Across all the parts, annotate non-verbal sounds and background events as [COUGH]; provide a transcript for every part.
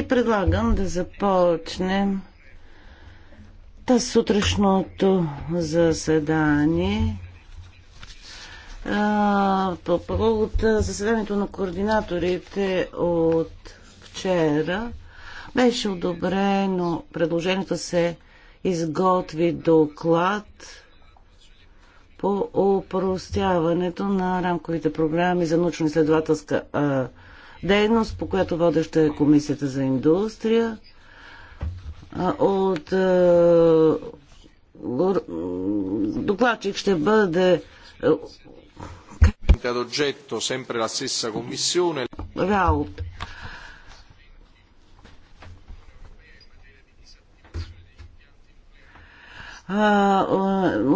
И предлагам да започнем тази сутрешното заседание. По повод заседанието на координаторите от вчера беше одобрено предложението се изготви доклад по упростяването на рамковите програми за научно-изследователска дейност, по която водеща е Комисията за индустрия. От е, докладчик ще бъде ad oggetto sempre la stessa commissione. Raut.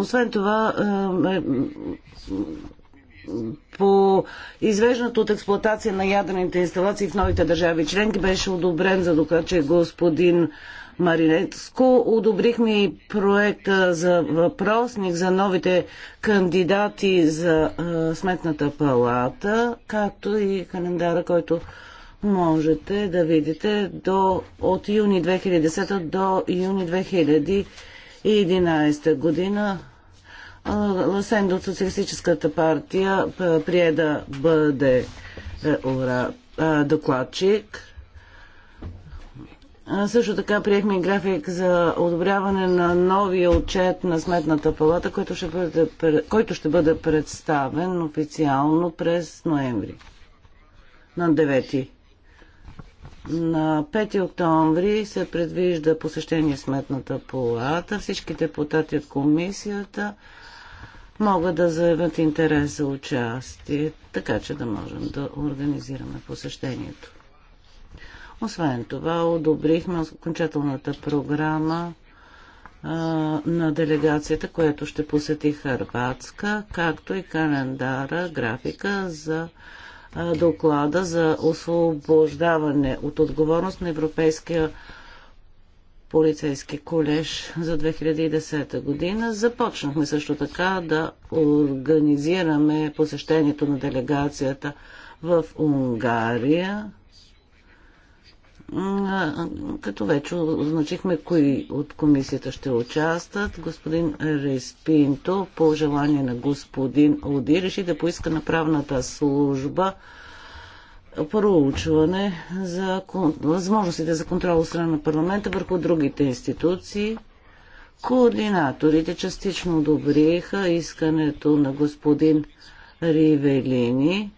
освен това, е, по извеждането от експлоатация на ядрените инсталации в новите държави членки беше одобрен за докладчик господин Маринецко. Одобрихме и проекта за въпросник за новите кандидати за а, Сметната палата, както и календара, който можете да видите до, от юни 2010 до юни 2011 година Ласенда от Социалистическата партия прие да бъде е, докладчик. Също така приехме график за одобряване на новия отчет на Сметната палата, който ще бъде, който ще бъде представен официално през ноември. На 9. На 5 октомври се предвижда посещение Сметната палата. Всички депутати от комисията могат да заявят интерес за участие, така че да можем да организираме посещението. Освен това, одобрихме окончателната програма а, на делегацията, която ще посети Харватска, както и календара, графика за а, доклада за освобождаване от отговорност на Европейския полицейски колеж за 2010 година. Започнахме също така да организираме посещението на делегацията в Унгария, като вече означихме кои от комисията ще участват. Господин Респинто, по желание на господин Оди, реши да поиска на правната служба проучване за възможностите за контрол от страна на парламента върху другите институции. Координаторите частично одобриха искането на господин Ривелини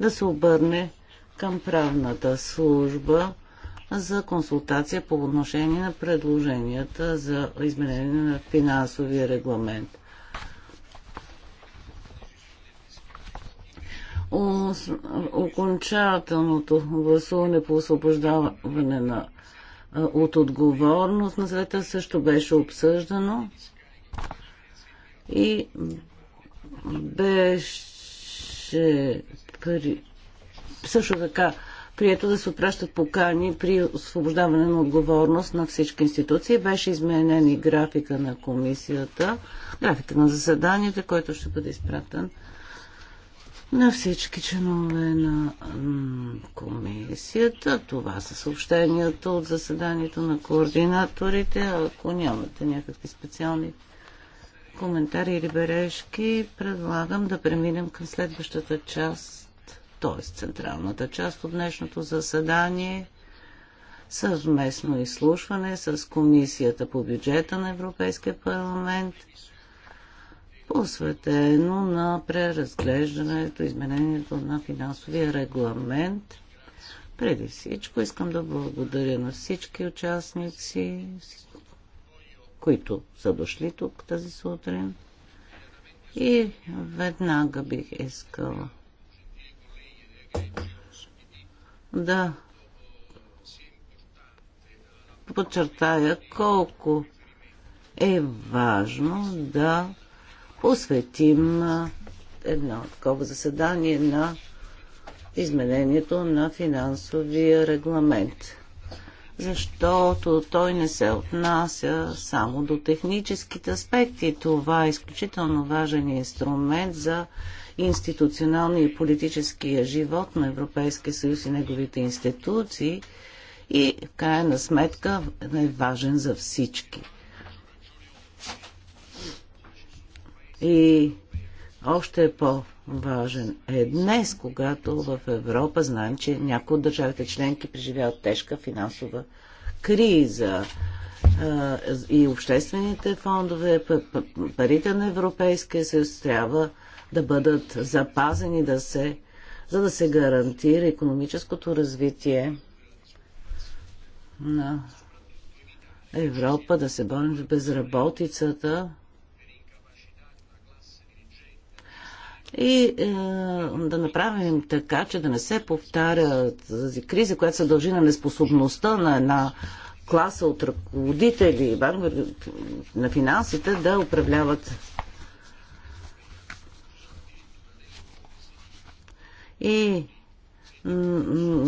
да се обърне към правната служба за консултация по отношение на предложенията за изменение на финансовия регламент. окончателното гласуване по освобождаване на, от отговорност на света също беше обсъждано и беше при... също така прието да се отпращат покани при освобождаване на отговорност на всички институции. Беше изменен и графика на комисията, графика на заседанията, който ще бъде изпратен на всички чинове на комисията. Това са съобщенията от заседанието на координаторите. Ако нямате някакви специални коментари или бережки, предлагам да преминем към следващата част, т.е. централната част от днешното заседание съвместно изслушване с Комисията по бюджета на Европейския парламент – посветено на преразглеждането, изменението на финансовия регламент. Преди всичко искам да благодаря на всички участници, които са дошли тук тази сутрин. И веднага бих искала да подчертая колко е важно да посветим едно такова заседание на изменението на финансовия регламент. Защото той не се отнася само до техническите аспекти. Това е изключително важен инструмент за институционалния и политическия живот на Европейския съюз и неговите институции и в крайна сметка е важен за всички. И още е по-важен е днес, когато в Европа знаем, че някои от държавите членки преживяват тежка финансова криза и обществените фондове, парите на Европейския съюз трябва да бъдат запазени, да се, за да се гарантира економическото развитие на Европа, да се борим с безработицата и е, да направим така, че да не се повтаря тази криза, която се дължи на неспособността на една класа от ръководители на финансите да управляват и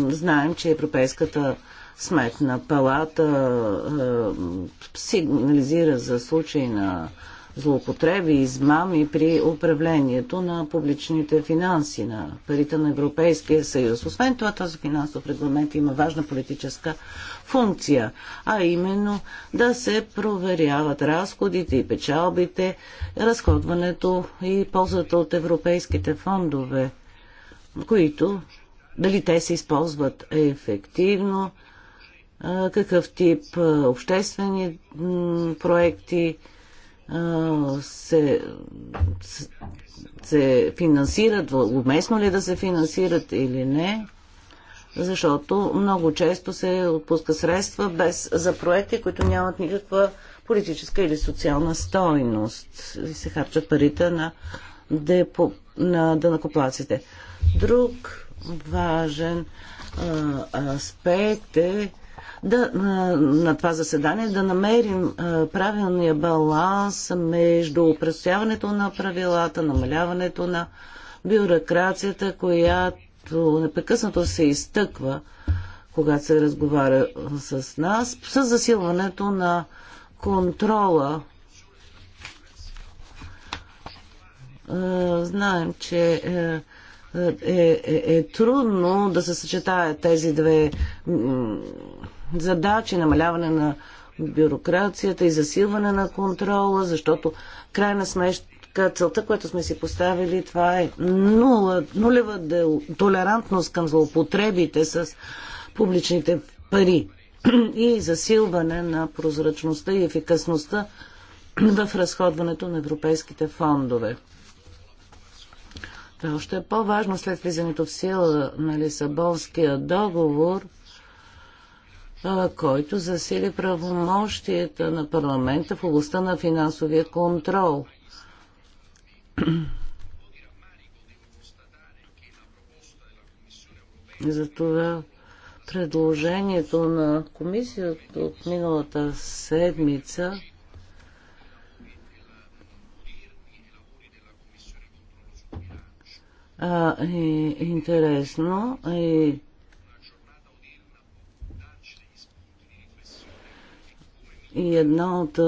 знаем, че Европейската сметна палата е, сигнализира за случай на злоупотреби, измами при управлението на публичните финанси, на парите на Европейския съюз. Освен това, този финансов регламент има важна политическа функция, а именно да се проверяват разходите и печалбите, разходването и ползата от европейските фондове, които дали те се използват ефективно, какъв тип обществени проекти се, се, финансират, уместно ли е да се финансират или не, защото много често се отпуска средства без, за проекти, които нямат никаква политическа или социална стойност и се харчат парите на, депо, на дънакоплаците. Друг важен а, аспект е да, на, на това заседание да намерим а, правилния баланс между упростяването на правилата, намаляването на бюрокрацията, която непрекъснато се изтъква, когато се разговаря с нас, с засилването на контрола. А, знаем, че е, е, е, е трудно да се съчетаят тези две задачи, намаляване на бюрокрацията и засилване на контрола, защото крайна сметка целта, която сме си поставили, това е нула, нулева дел, толерантност към злоупотребите с публичните пари [CLEARS THROAT] и засилване на прозрачността и ефикасността в разходването на европейските фондове. Това още е по-важно след влизането в сила на Лисабонския договор – който засили правомощията на парламента в областта на финансовия контрол. Затова предложението на комисията от миналата седмица а, е интересно и И една от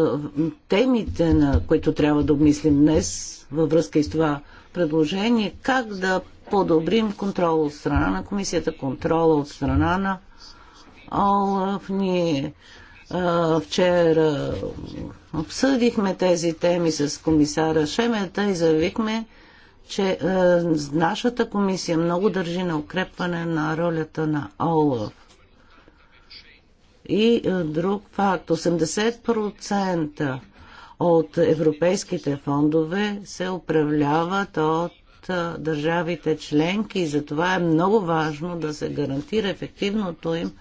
темите, на които трябва да обмислим днес във връзка с това предложение, е как да подобрим контрола от страна на комисията, контрола от страна на ОЛАФ. Ние вчера обсъдихме тези теми с комисара Шемета и заявихме, че нашата комисия много държи на укрепване на ролята на ОЛАФ. И е, друг факт, 80% от европейските фондове се управляват от е, държавите членки и затова е много важно да се гарантира ефективното им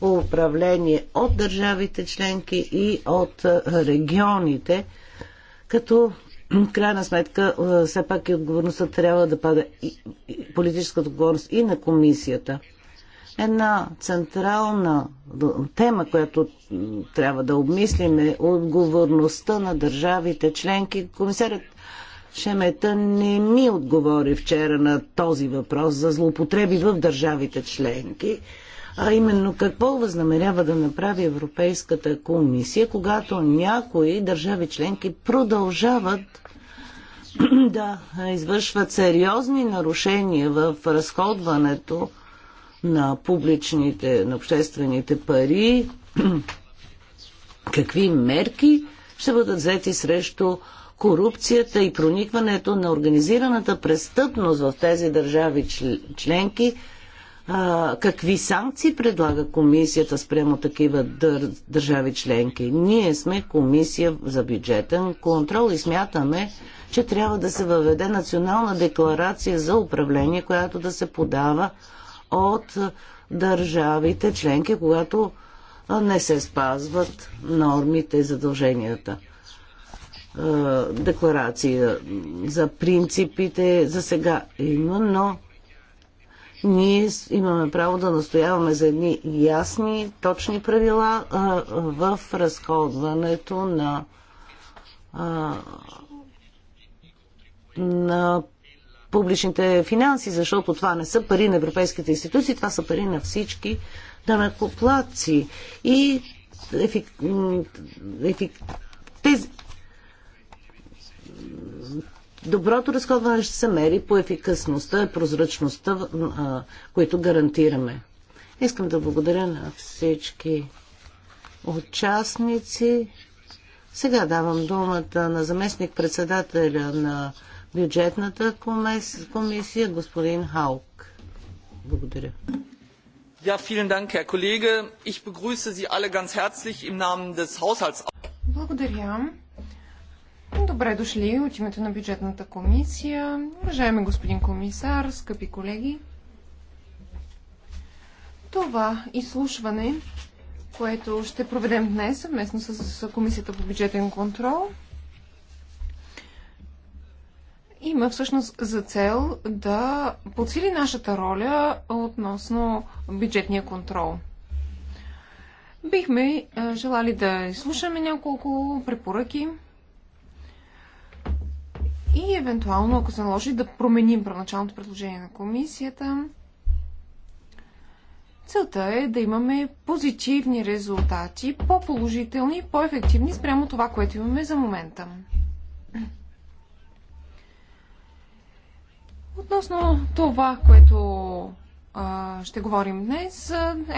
управление от държавите членки и от е, регионите, като в крайна сметка все пак и отговорността трябва да пада и политическата отговорност и на комисията. Една централна тема, която трябва да обмислим е отговорността на държавите членки. Комисарят Шемета не ми отговори вчера на този въпрос за злоупотреби в държавите членки, а именно какво възнамерява да направи Европейската комисия, когато някои държави членки продължават [CLEARS THROAT] да извършват сериозни нарушения в разходването на публичните, на обществените пари, [CLEARS THROAT] какви мерки ще бъдат взети срещу корупцията и проникването на организираната престъпност в тези държави членки, какви санкции предлага комисията спрямо такива дър, държави членки. Ние сме комисия за бюджетен контрол и смятаме, че трябва да се въведе национална декларация за управление, която да се подава от държавите членки, когато не се спазват нормите и задълженията. Декларация за принципите за сега има, но ние имаме право да настояваме за едни ясни, точни правила в разходването на на публичните финанси, защото това не са пари на европейските институции, това са пари на всички данъкоплаци. И ефик... Ефик... Тези... доброто разходване ще се мери по ефикасността и прозрачността, които гарантираме. Искам да благодаря на всички участници. Сега давам думата на заместник председателя на бюджетната комисия, господин Хаук. Благодаря. Ja, vielen Dank, Herr Kollege. Ich begrüße Sie alle ganz herzlich im Namen des Haushalts. Благодаря. Добре дошли от името на бюджетната комисия. Уважаеми господин комисар, скъпи колеги. Това изслушване, което ще проведем днес съвместно с Комисията по бюджетен контрол, има всъщност за цел да подсили нашата роля относно бюджетния контрол. Бихме желали да изслушаме няколко препоръки и евентуално, ако се наложи, да променим първоначалното предложение на комисията. Целта е да имаме позитивни резултати, по-положителни, по-ефективни спрямо това, което имаме за момента. Относно това, което а, ще говорим днес,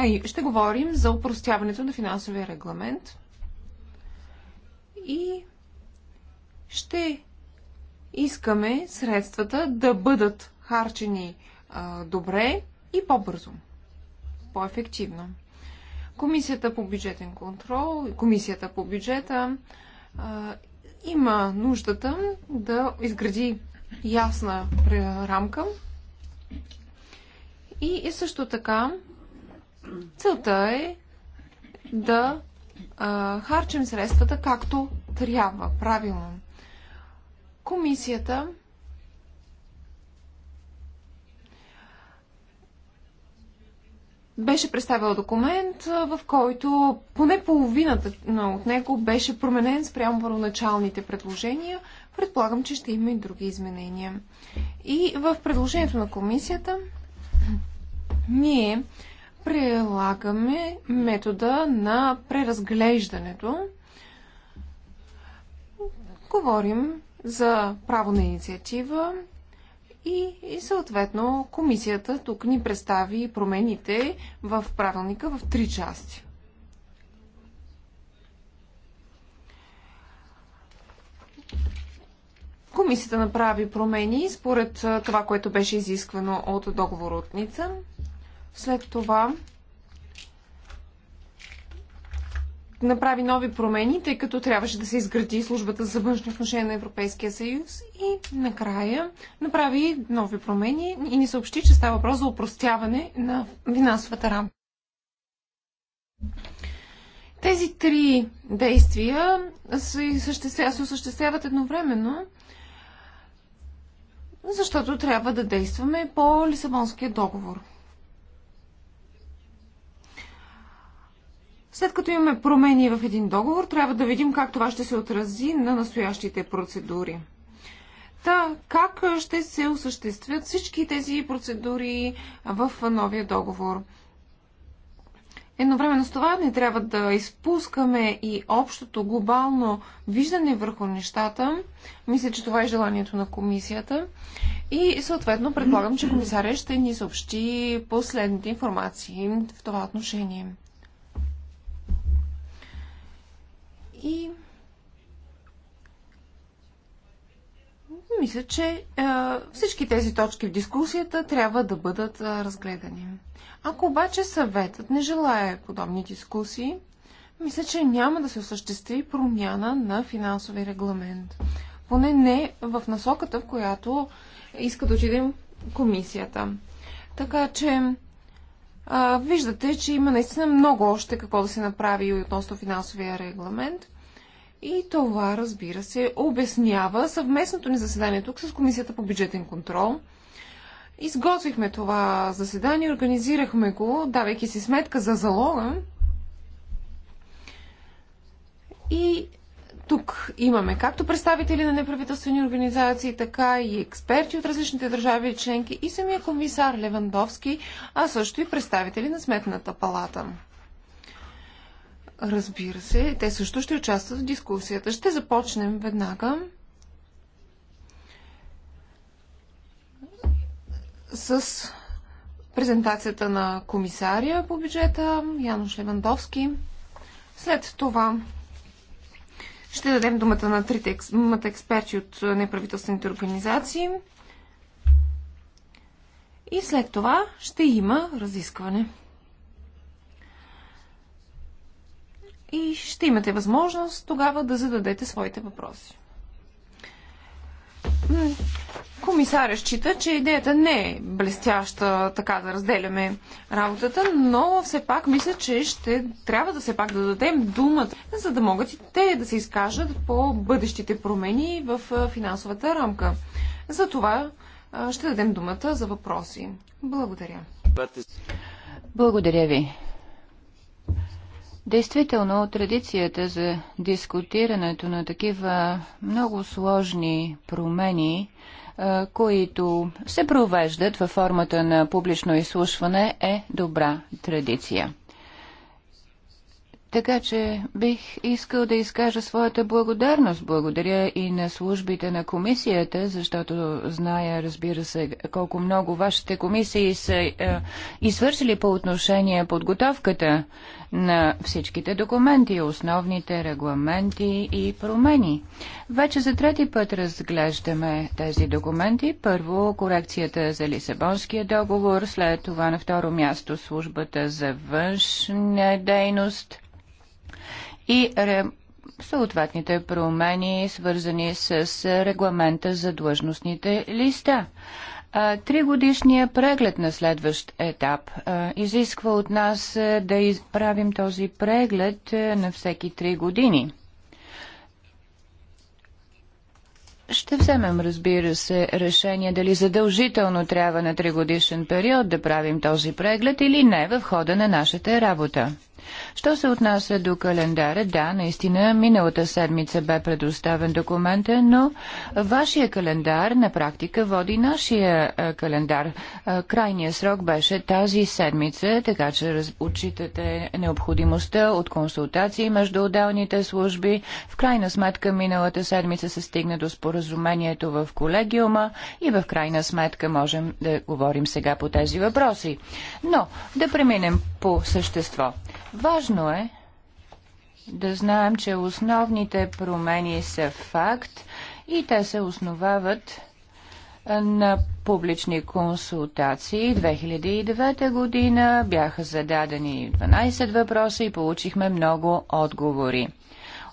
е, ще говорим за упростяването на финансовия регламент и ще искаме средствата да бъдат харчени а, добре и по-бързо, по-ефективно. Комисията по бюджетен контрол и Комисията по бюджета а, има нуждата да изгради ясна рамка. И, и също така, целта е да а, харчим средствата както трябва, правилно. Комисията беше представила документ, в който поне половината от него беше променен спрямо първоначалните предложения – Предполагам, че ще има и други изменения. И в предложението на комисията ние прилагаме метода на преразглеждането. Говорим за право на инициатива и, и съответно комисията тук ни представи промените в правилника в три части. Комисията направи промени според това, което беше изисквано от договор от Ница. След това направи нови промени, тъй като трябваше да се изгради службата за външни отношения на Европейския съюз и накрая направи нови промени и ни съобщи, че става въпрос за упростяване на финансовата рамка. Тези три действия се осъществяват едновременно защото трябва да действаме по Лисабонския договор. След като имаме промени в един договор, трябва да видим как това ще се отрази на настоящите процедури. Та, как ще се осъществят всички тези процедури в новия договор? Едновременно с това не трябва да изпускаме и общото глобално виждане върху нещата. Мисля, че това е желанието на комисията. И съответно предполагам, че комисаря ще ни съобщи последните информации в това отношение. И Мисля, че всички тези точки в дискусията трябва да бъдат разгледани. Ако обаче съветът не желая подобни дискусии, мисля, че няма да се осъществи промяна на финансови регламент. Поне не в насоката, в която иска да отидем комисията. Така че а, виждате, че има наистина много още какво да се направи и относно финансовия регламент. И това, разбира се, обяснява съвместното ни заседание тук с Комисията по бюджетен контрол. Изготвихме това заседание, организирахме го, давайки си сметка за залога. И тук имаме както представители на неправителствени организации, така и експерти от различните държави и членки и самия комисар Левандовски, а също и представители на Сметната палата. Разбира се, те също ще участват в дискусията. Ще започнем веднага с презентацията на комисария по бюджета Януш Левандовски. След това ще дадем думата на трите експерти от неправителствените организации. И след това ще има разискване. и ще имате възможност тогава да зададете своите въпроси. Комисаря счита, че идеята не е блестяща така да разделяме работата, но все пак мисля, че ще трябва да все пак да дадем думата, за да могат и те да се изкажат по бъдещите промени в финансовата рамка. За това ще дадем думата за въпроси. Благодаря. Благодаря ви. Действително, традицията за дискутирането на такива много сложни промени, които се провеждат във формата на публично изслушване, е добра традиция. Така че бих искал да изкажа своята благодарност. Благодаря и на службите на комисията, защото зная, разбира се, колко много вашите комисии са е, извършили по отношение подготовката на всичките документи, основните регламенти и промени. Вече за трети път разглеждаме тези документи. Първо корекцията за Лисабонския договор, след това на второ място службата за външна дейност – и съответните промени, свързани с регламента за длъжностните листа. Тригодишният преглед на следващ етап изисква от нас да изправим този преглед на всеки три години. Ще вземем, разбира се, решение дали задължително трябва на тригодишен период да правим този преглед или не в хода на нашата работа. Що се отнася до календара, да, наистина миналата седмица бе предоставен документа, но вашия календар на практика води нашия е, календар. Е, крайният срок беше тази седмица, така че отчитате необходимостта от консултации между отделните служби. В крайна сметка миналата седмица се стигна до споразумението в колегиума и в крайна сметка можем да говорим сега по тези въпроси. Но да преминем по същество. Важно е да знаем, че основните промени са факт и те се основават на публични консултации 2009 година бяха зададени 12 въпроса и получихме много отговори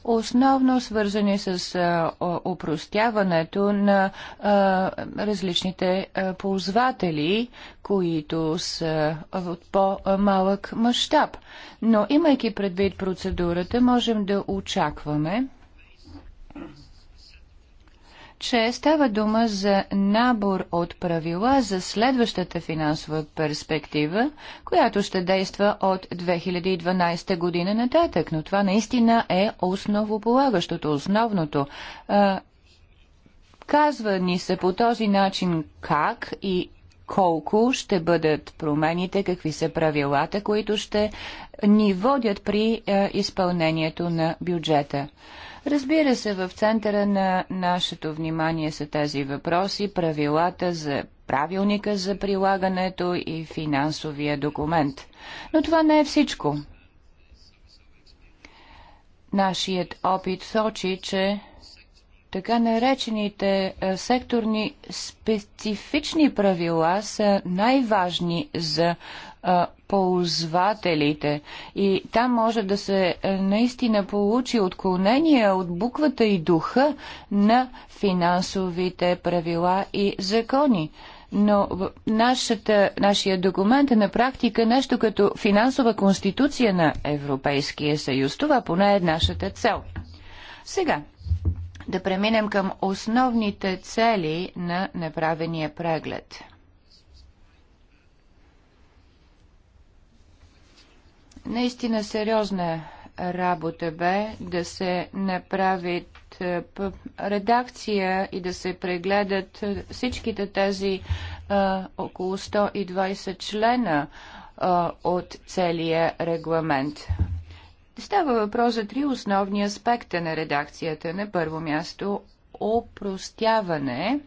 основно свързани с опростяването на различните ползватели, които са от по-малък мащаб. Но имайки предвид процедурата, можем да очакваме че става дума за набор от правила за следващата финансова перспектива, която ще действа от 2012 година нататък. Но това наистина е основополагащото, основното казва ни се по този начин как и колко ще бъдат промените, какви са правилата, които ще ни водят при изпълнението на бюджета. Разбира се, в центъра на нашето внимание са тези въпроси, правилата за правилника за прилагането и финансовия документ. Но това не е всичко. Нашият опит сочи, че така наречените секторни специфични правила са най-важни за ползвателите. И там може да се е, наистина получи отклонение от буквата и духа на финансовите правила и закони но нашата, нашия документ е на практика нещо като финансова конституция на Европейския съюз. Това поне е нашата цел. Сега, да преминем към основните цели на направения преглед. Наистина сериозна работа бе да се направят е, редакция и да се прегледат всичките тези а, е, около 120 члена а, е, от целия регламент. Става въпрос за три основни аспекта на редакцията. На първо място опростяване,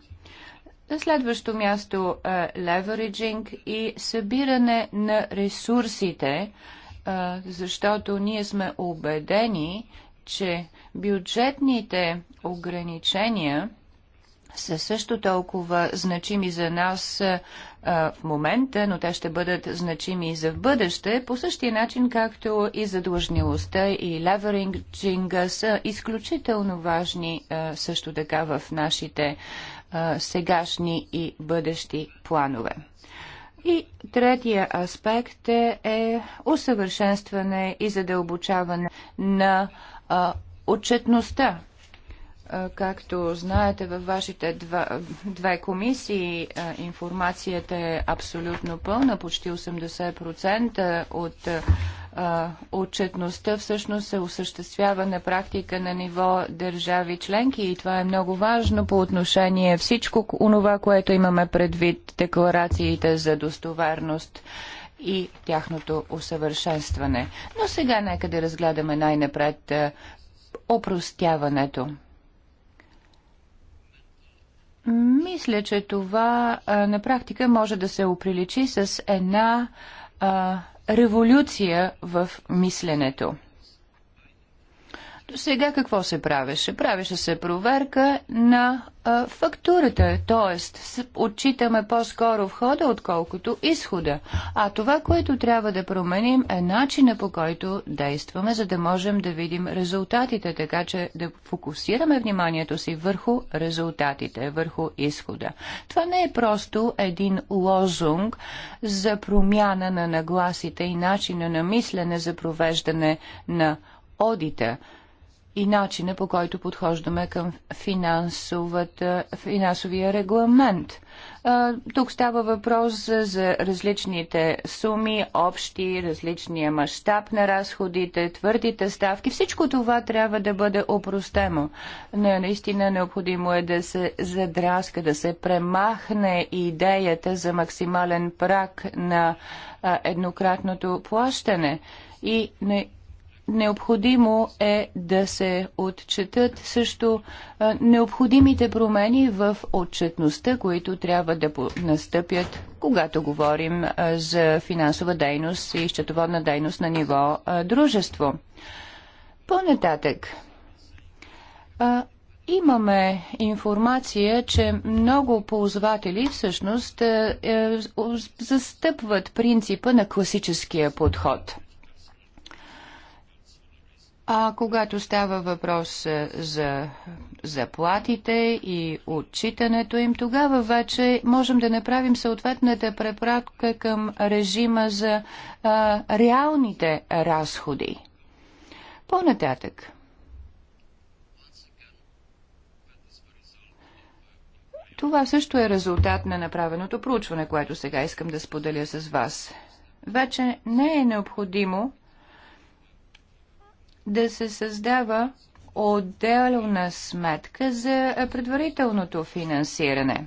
на следващо място левериджинг и събиране на ресурсите, защото ние сме убедени, че бюджетните ограничения са също толкова значими за нас а, в момента, но те ще бъдат значими и за в бъдеще, по същия начин както и задлъжнилостта и леверинджинга са изключително важни а, също така в нашите а, сегашни и бъдещи планове. И третия аспект е, е усъвършенстване и задълбочаване на а, отчетността Както знаете във вашите два, две комисии, информацията е абсолютно пълна, почти 80% от а, отчетността всъщност се осъществява на практика на ниво държави членки и това е много важно по отношение всичко онова, което имаме предвид декларациите за достоверност и тяхното усъвършенстване. Но сега нека да разгледаме най-напред опростяването. Мисля, че това а, на практика може да се оприличи с една а, революция в мисленето. Сега какво се правеше? Правеше се проверка на а, фактурата, т.е. отчитаме по-скоро входа, отколкото изхода. А това, което трябва да променим е начина по който действаме, за да можем да видим резултатите, така че да фокусираме вниманието си върху резултатите, върху изхода. Това не е просто един лозунг за промяна на нагласите и начина на мислене за провеждане на одита и начина по който подхождаме към финансовия регламент. Тук става въпрос за, за различните суми, общи, различния мащаб на разходите, твърдите ставки. Всичко това трябва да бъде опростено. Не, наистина необходимо е да се задраска, да се премахне идеята за максимален прак на еднократното плащане. И не, Необходимо е да се отчетат също необходимите промени в отчетността, които трябва да настъпят, когато говорим за финансова дейност и счетоводна дейност на ниво дружество. По-нататък, Имаме информация, че много ползватели всъщност е, е, застъпват принципа на класическия подход – а когато става въпрос е, за заплатите и отчитането им, тогава вече можем да направим съответната препратка към режима за а, реалните разходи. По-нататък. Това също е резултат на направеното проучване, което сега искам да споделя с вас. Вече не е необходимо да се създава отделна сметка за предварителното финансиране.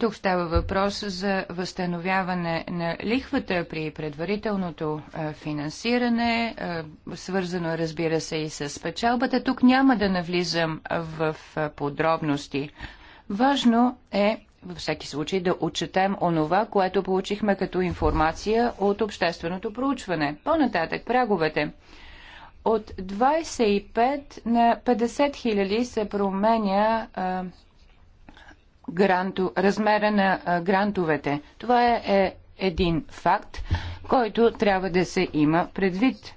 Тук става въпрос за възстановяване на лихвата при предварителното финансиране, свързано разбира се и с печалбата. Тук няма да навлизам в подробности. Важно е във всеки случай да отчетем онова, което получихме като информация от общественото проучване. По-нататък, праговете. От 25 на 50 хиляди се променя а, гранту, размера на а, грантовете. Това е, е един факт, който трябва да се има предвид.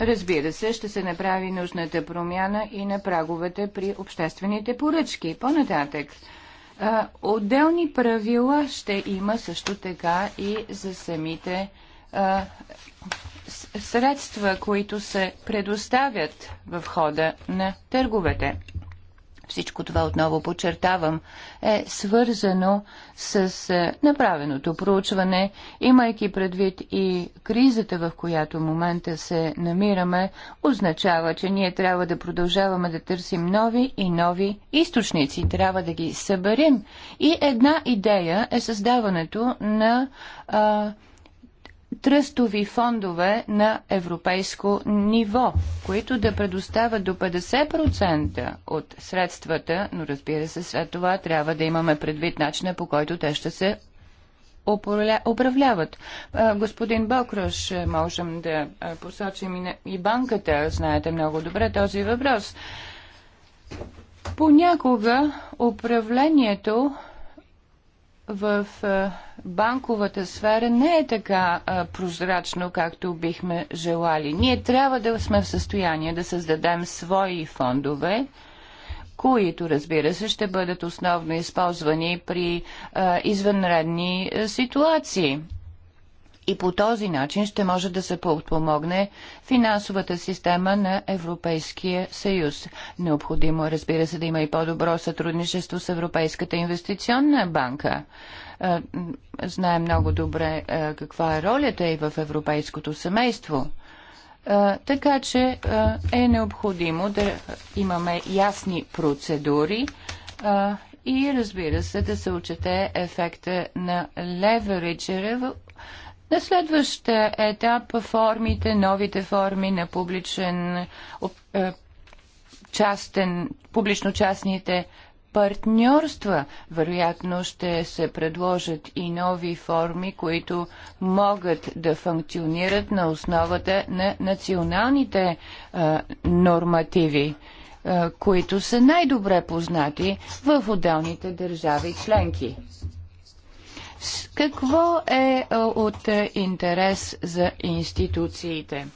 Разбира се, ще се направи нужната промяна и на праговете при обществените поръчки. По-нататък, Отделни правила ще има също така и за самите средства, които се предоставят в хода на търговете всичко това отново подчертавам, е свързано с е, направеното проучване, имайки предвид и кризата, в която в момента се намираме, означава, че ние трябва да продължаваме да търсим нови и нови източници. Трябва да ги съберем. И една идея е създаването на а, тръстови фондове на европейско ниво, които да предоставят до 50% от средствата, но разбира се, след това трябва да имаме предвид начина по който те ще се управляват. Господин Бокрош, можем да посочим и банката, знаете много добре този въпрос. Понякога управлението в банковата сфера не е така а, прозрачно, както бихме желали. Ние трябва да сме в състояние да създадем свои фондове, които, разбира се, ще бъдат основно използвани при а, извънредни а, ситуации. И по този начин ще може да се подпомогне финансовата система на Европейския съюз. Необходимо е, разбира се, да има и по-добро сътрудничество с Европейската инвестиционна банка. Е, знае много добре е, каква е ролята и в европейското семейство. Е, така че е необходимо да имаме ясни процедури и разбира се да се отчете ефекта на левериджера на следващия етап формите, новите форми на публичен частен, публично-частните партньорства. Вероятно ще се предложат и нови форми, които могат да функционират на основата на националните а, е, нормативи, а, е, които са най-добре познати в отделните държави членки. Какво е, е от интерес за институциите?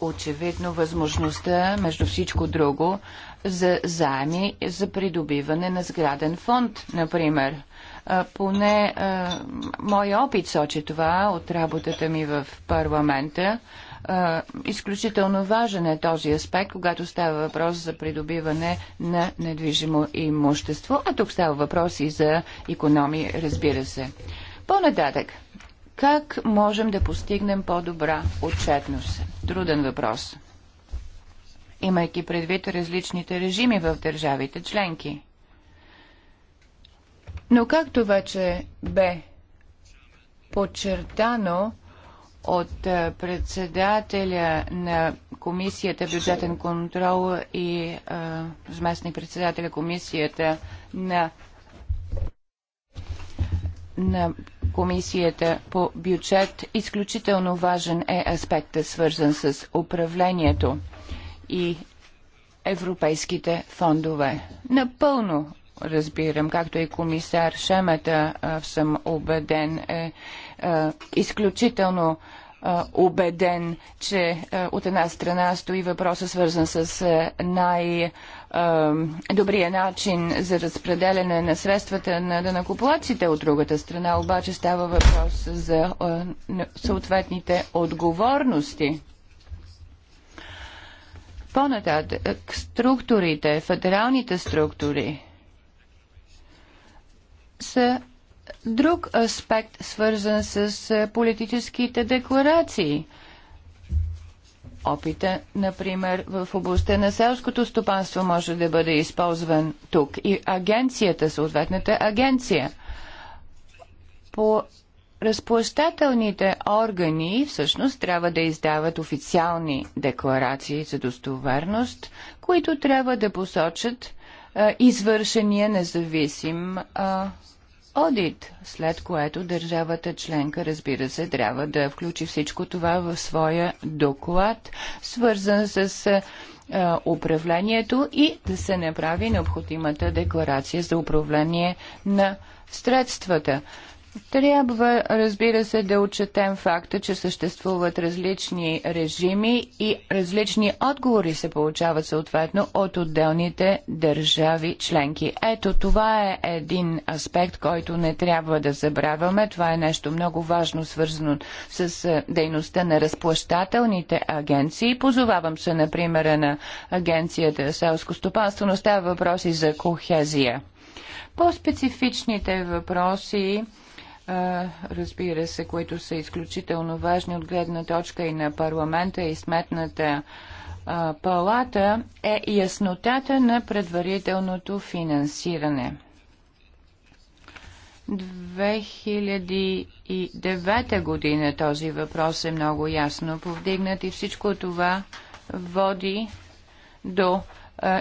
Очевидно възможността, между всичко друго, за заеми за придобиване на сграден фонд, например. Поне моят опит сочи това от работата ми в парламента. Изключително важен е този аспект, когато става въпрос за придобиване на недвижимо имущество, а тук става въпрос и за економии, разбира се. По-нататък, как можем да постигнем по-добра отчетност? Труден въпрос имайки предвид различните режими в държавите членки. Но както вече бе подчертано от е, председателя на Комисията бюджетен контрол и е, заместник председателя Комисията на на Комисията по бюджет, изключително важен е аспектът, свързан с управлението и европейските фондове. Напълно разбирам, както и комисар Шемета съм убеден, е, е изключително убеден, че от една страна стои въпроса свързан с най-добрия начин за разпределяне на средствата на данакоплаците, от другата страна обаче става въпрос за съответните отговорности. По-нататък структурите, федералните структури са друг аспект, свързан с е, политическите декларации. Опита, например, в областта на селското стопанство може да бъде използван тук и агенцията, съответната агенция. По разплащателните органи всъщност трябва да издават официални декларации за достоверност, които трябва да посочат а, извършения независим а, одит, след което държавата членка, разбира се, трябва да включи всичко това в своя доклад, свързан с а, управлението и да се направи необходимата декларация за управление на средствата. Трябва, разбира се, да отчетем факта, че съществуват различни режими и различни отговори се получават съответно от отделните държави членки. Ето това е един аспект, който не трябва да забравяме. Това е нещо много важно, свързано с дейността на разплащателните агенции. Позовавам се, например, на агенцията селско стопанство, но става въпроси за кохезия. По-специфичните въпроси разбира се, които са изключително важни от гледна точка и на парламента и сметната палата, е яснотата на предварителното финансиране. 2009 година този въпрос е много ясно повдигнат и всичко това води до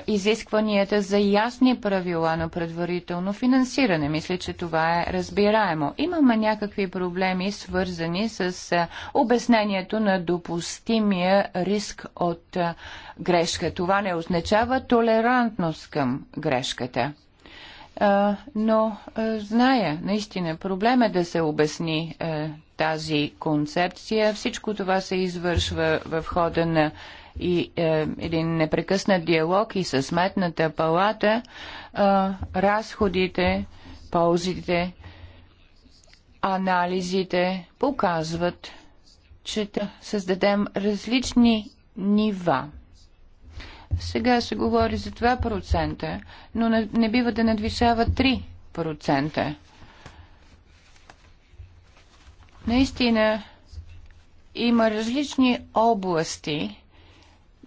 изискванията за ясни правила на предварително финансиране. Мисля, че това е разбираемо. Имаме някакви проблеми, свързани с обяснението на допустимия риск от грешка. Това не означава толерантност към грешката но зная, наистина, проблем е да се обясни тази концепция. Всичко това се извършва в хода на и е, един непрекъснат диалог и с сметната палата, е, разходите, ползите, анализите показват, че да създадем различни нива. Сега се говори за 2%, но не, не бива да надвишава 3%. Наистина има различни области,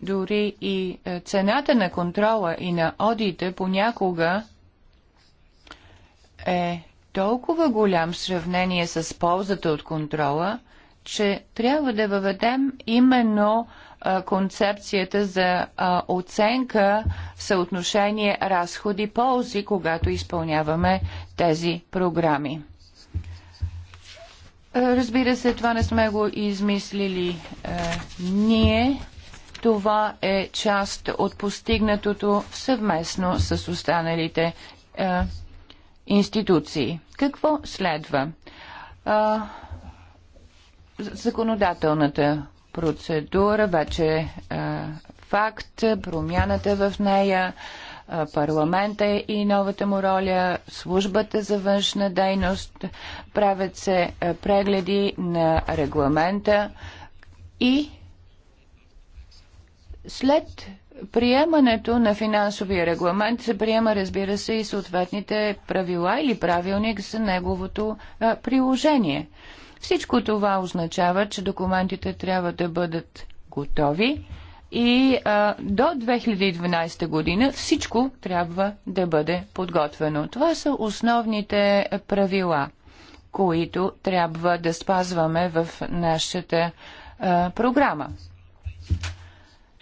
дори и е, цената на контрола и на одите понякога е толкова голям в сравнение с ползата от контрола, че трябва да въведем именно а, е, концепцията за а, е, оценка в съотношение разходи-ползи, когато изпълняваме тези програми. Разбира се, това не сме го измислили е, ние. Това е част от постигнатото съвместно с останалите е, институции. Какво следва? Е, законодателната процедура вече е факт, промяната в нея, е, парламента и новата му роля, службата за външна дейност, правят се е, прегледи на регламента и след приемането на финансовия регламент се приема, разбира се, и съответните правила или правилник за неговото а, приложение. Всичко това означава, че документите трябва да бъдат готови и а, до 2012 година всичко трябва да бъде подготвено. Това са основните правила, които трябва да спазваме в нашата а, програма.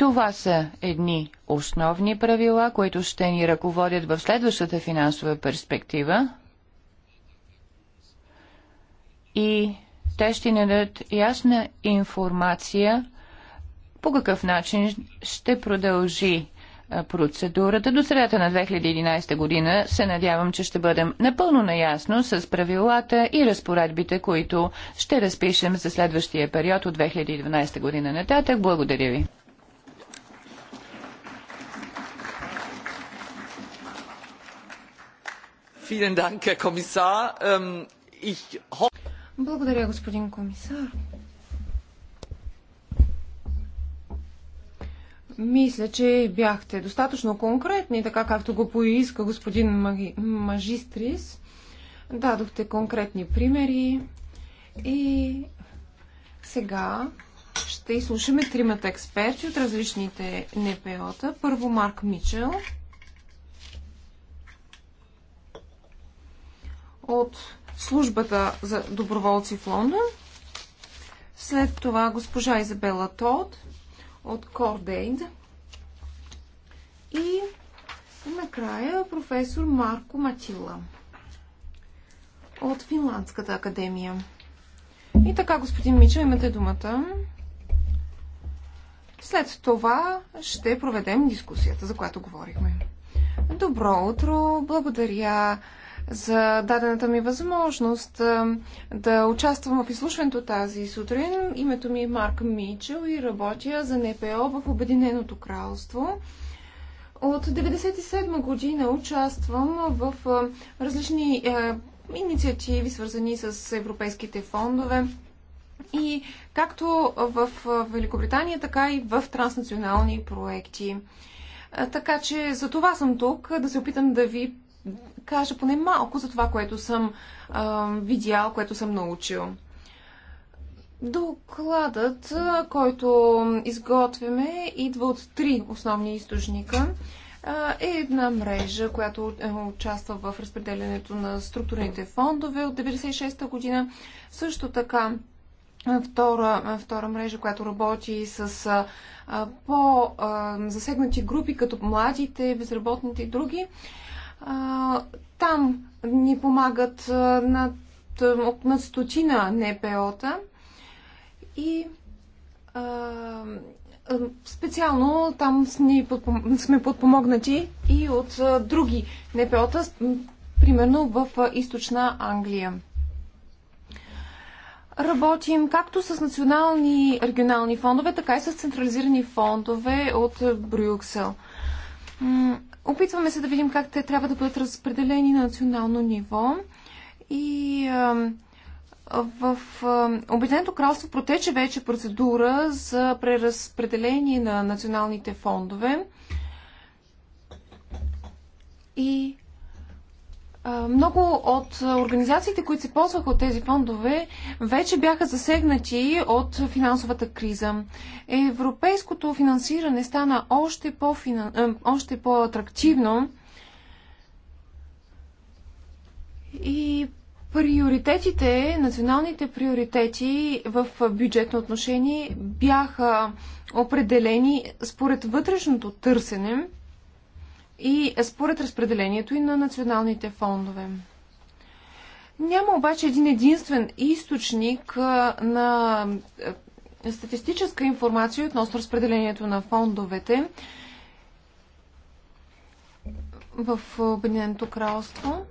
Това са едни основни правила, които ще ни ръководят в следващата финансова перспектива и те ще ни дадат ясна информация по какъв начин ще продължи процедурата. До средата на 2011 година се надявам, че ще бъдем напълно наясно с правилата и разпоредбите, които ще разпишем за следващия период от 2012 година нататък. Благодаря ви. Ähm, Благодаря, господин комисар. Мисля, че бяхте достатъчно конкретни, така както го поиска господин Мажистрис. Дадохте конкретни примери и сега ще изслушаме тримата експерти от различните НПО-та. Първо Марк Мичел – от службата за доброволци в Лондон. След това госпожа Изабела Тод от Кордейд. И накрая професор Марко Матила от Финландската академия. И така, господин Мичо, имате думата. След това ще проведем дискусията, за която говорихме. Добро утро, благодаря за дадената ми възможност да участвам в изслушването тази сутрин. Името ми е Марк Мичел и работя за НПО в Обединеното кралство. От 1997 година участвам в различни инициативи, свързани с европейските фондове. И както в Великобритания, така и в транснационални проекти. Така че за това съм тук, да се опитам да ви кажа поне малко за това, което съм а, видял, което съм научил. Докладът, който изготвяме, идва от три основни източника. Е една мрежа, която е, участва в разпределянето на структурните фондове от 1996 година. Също така втора, втора мрежа, която работи с по-засегнати групи, като младите, безработните и други там ни помагат над, над стотина НПО-та и а, специално там сме, сме подпомогнати и от други НПО-та, примерно в източна Англия. Работим както с национални регионални фондове, така и с централизирани фондове от Брюксел. Опитваме се да видим как те трябва да бъдат разпределени на национално ниво и а, в Обединеното кралство протече вече процедура за преразпределение на националните фондове и много от организациите, които се ползваха от тези фондове, вече бяха засегнати от финансовата криза. Европейското финансиране стана още, по -финан... още по-атрактивно и приоритетите, националните приоритети в бюджетно отношение бяха определени според вътрешното търсене – и според разпределението и на националните фондове. Няма обаче един единствен източник на статистическа информация относно разпределението на фондовете в Обединеното кралство.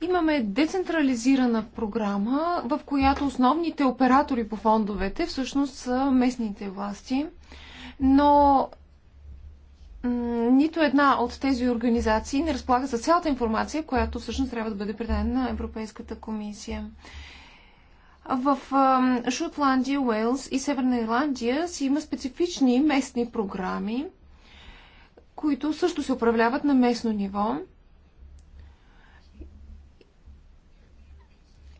Имаме децентрализирана програма, в която основните оператори по фондовете всъщност са местните власти, но нито една от тези организации не разполага с цялата информация, която всъщност трябва да бъде предадена на Европейската комисия. В Шотландия, Уелс и Северна Ирландия си има специфични местни програми, които също се управляват на местно ниво.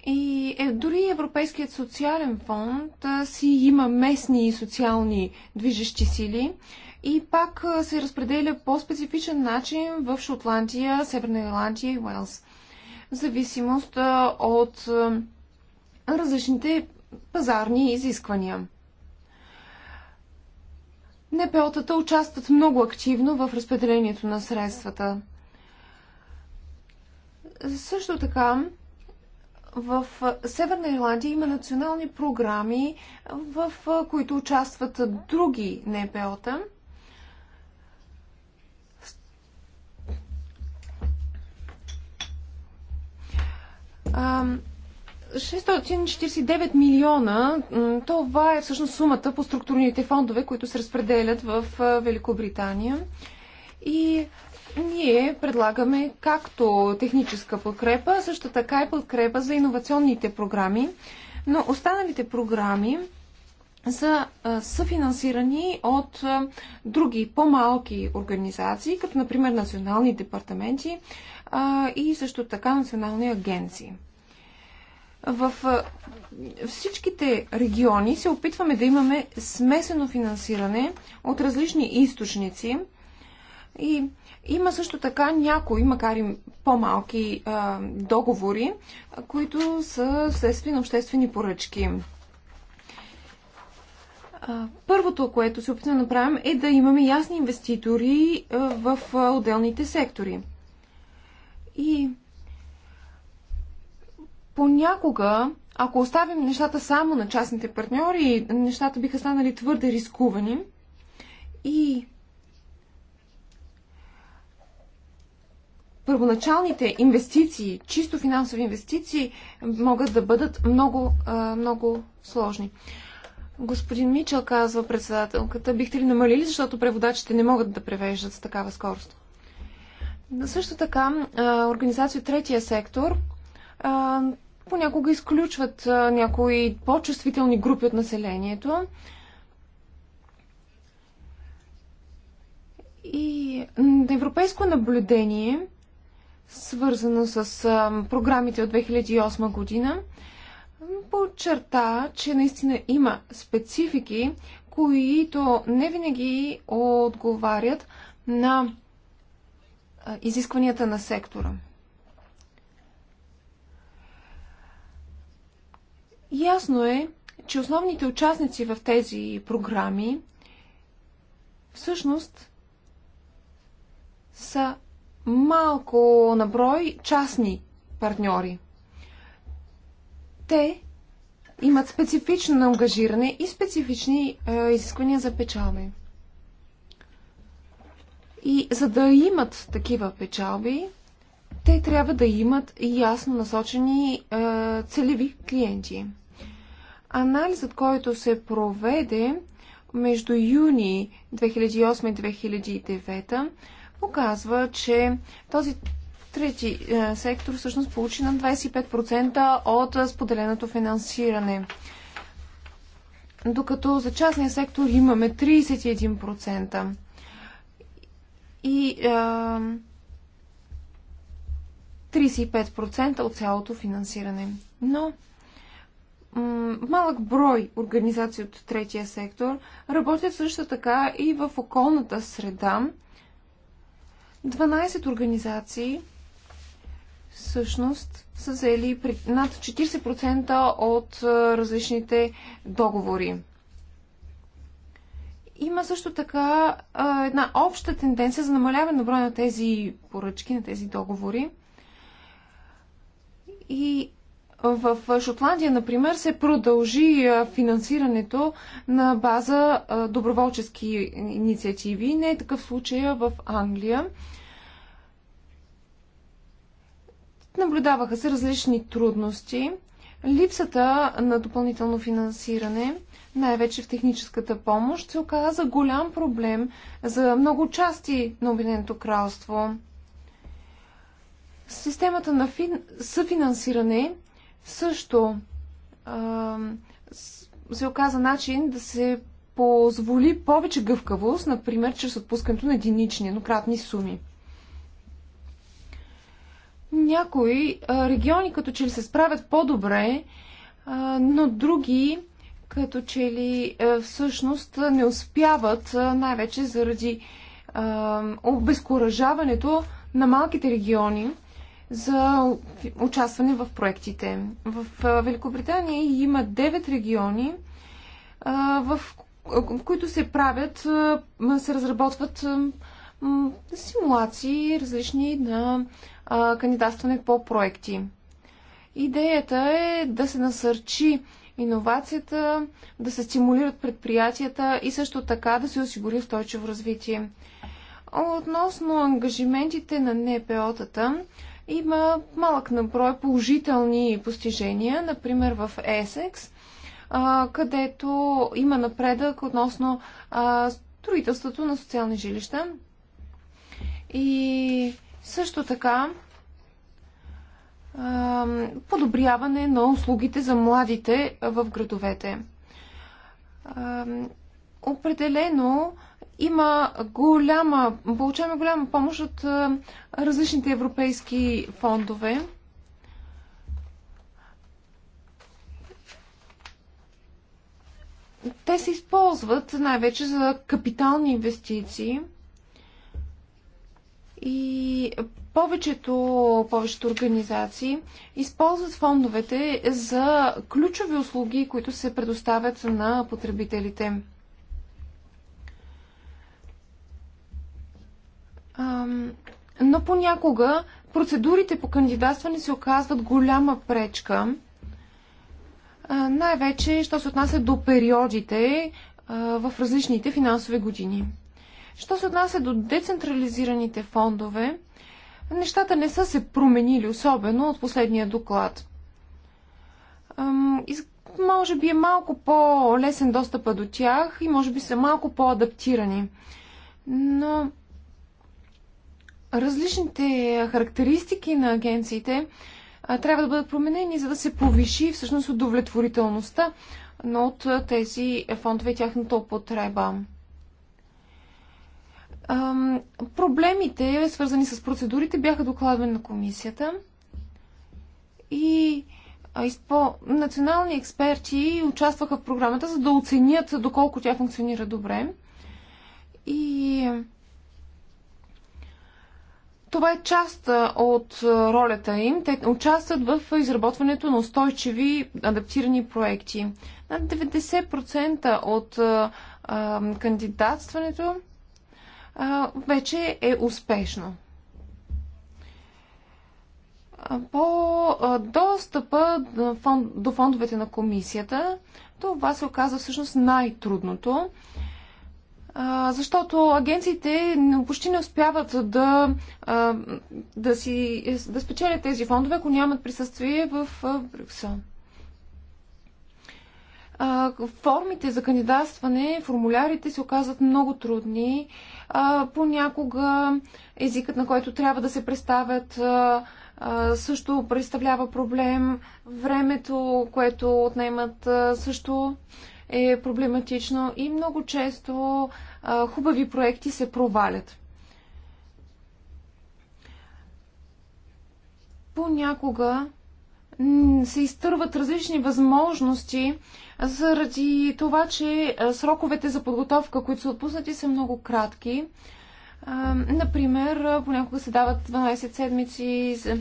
И е, дори Европейският социален фонд а, си има местни и социални движещи сили и пак се разпределя по специфичен начин в Шотландия, Северна Ирландия и Уелс. В зависимост от различните пазарни изисквания. НПО-тата участват много активно в разпределението на средствата. Също така, в Северна Ирландия има национални програми, в които участват други НПО-та – 649 милиона, това е всъщност сумата по структурните фондове, които се разпределят в Великобритания. И ние предлагаме както техническа подкрепа, също така и подкрепа за иновационните програми, но останалите програми са съфинансирани от други по-малки организации, като например национални департаменти и също така национални агенции. В всичките региони се опитваме да имаме смесено финансиране от различни източници и има също така някои, макар и по-малки договори, които са следствие на обществени поръчки. Първото, което се опитваме да направим, е да имаме ясни инвеститори в отделните сектори. И понякога, ако оставим нещата само на частните партньори, нещата биха станали твърде рискувани. И първоначалните инвестиции, чисто финансови инвестиции, могат да бъдат много, много сложни. Господин Мичел, казва председателката, бихте ли намалили, защото преводачите не могат да превеждат с такава скорост? Също така, организация третия сектор понякога изключват някои по-чувствителни групи от населението. И европейско наблюдение, свързано с програмите от 2008 година, подчерта, че наистина има специфики, които не винаги отговарят на изискванията на сектора. Ясно е, че основните участници в тези програми всъщност са малко наброй частни партньори те имат специфично ангажиране и специфични е, изисквания за печалби. И за да имат такива печалби, те трябва да имат ясно насочени е, целеви клиенти. Анализът, който се проведе между юни 2008 и 2009, показва, че този трети е, сектор всъщност получи на 25% от е, споделеното финансиране. Докато за частния сектор имаме 31%. И а, 35% е, от цялото финансиране. Но малък брой организации от третия сектор работят също така и в околната среда. 12 организации всъщност са заели над 40% от различните договори. Има също така една обща тенденция за намаляване на броя на тези поръчки, на тези договори. И в Шотландия, например, се продължи финансирането на база доброволчески инициативи. Не е такъв случай в Англия. Наблюдаваха се различни трудности, липсата на допълнително финансиране, най-вече в техническата помощ, се оказа голям проблем за много части на Обединеното кралство. Системата на фин... съфинансиране също а, се оказа начин да се позволи повече гъвкавост, например, чрез отпускането на единични, еднократни суми някои региони като че ли се справят по-добре, но други като че ли всъщност не успяват, най-вече заради обезкуражаването на малките региони за участване в проектите. В Великобритания има 9 региони, в които се правят, се разработват симулации различни на кандидатстване по проекти. Идеята е да се насърчи иновацията, да се стимулират предприятията и също така да се осигури устойчиво развитие. Относно ангажиментите на НПО-тата, има малък наброй положителни постижения, например в ЕСЕКС, където има напредък относно строителството на социални жилища. И също така, подобряване на услугите за младите в градовете. Определено има голяма, получаваме голяма помощ от различните европейски фондове. Те се използват най-вече за капитални инвестиции – и повечето, повечето организации използват фондовете за ключови услуги, които се предоставят на потребителите. Но понякога процедурите по кандидатстване се оказват голяма пречка. Най-вече, що се отнася до периодите в различните финансови години. Що се отнася до децентрализираните фондове, нещата не са се променили особено от последния доклад. Може би е малко по-лесен достъпа до тях и може би са малко по-адаптирани. Но различните характеристики на агенциите трябва да бъдат променени, за да се повиши всъщност удовлетворителността но от тези фондове и тяхната употреба. Ам, проблемите, свързани с процедурите, бяха докладвани на комисията и национални експерти участваха в програмата, за да оценят доколко тя функционира добре. И това е част от ролята им. Те участват в изработването на устойчиви адаптирани проекти. Над 90% от а, кандидатстването вече е успешно. По достъпа до фондовете на комисията, това се оказа всъщност най-трудното, защото агенциите почти не успяват да, да, си, да спечелят тези фондове, ако нямат присъствие в Брюксел. Формите за кандидатстване, формулярите се оказват много трудни а, понякога езикът, на който трябва да се представят, а, а, също представлява проблем. Времето, което отнемат, а, също е проблематично и много често а, хубави проекти се провалят. Понякога се изтърват различни възможности заради това, че сроковете за подготовка, които са отпуснати, са много кратки. Например, понякога се дават 12 седмици за,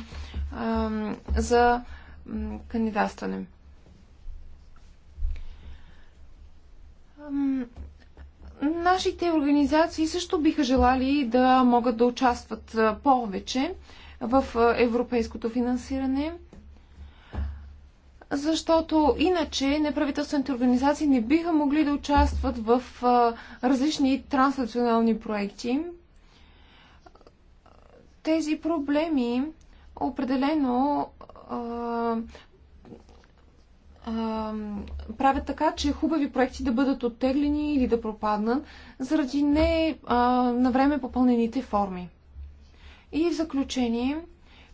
за кандидатстване. Нашите организации също биха желали да могат да участват повече в европейското финансиране защото иначе неправителствените организации не биха могли да участват в различни транснационални проекти. Тези проблеми определено а, а, правят така, че хубави проекти да бъдат оттеглени или да пропаднат заради не а, на време попълнените форми. И в заключение,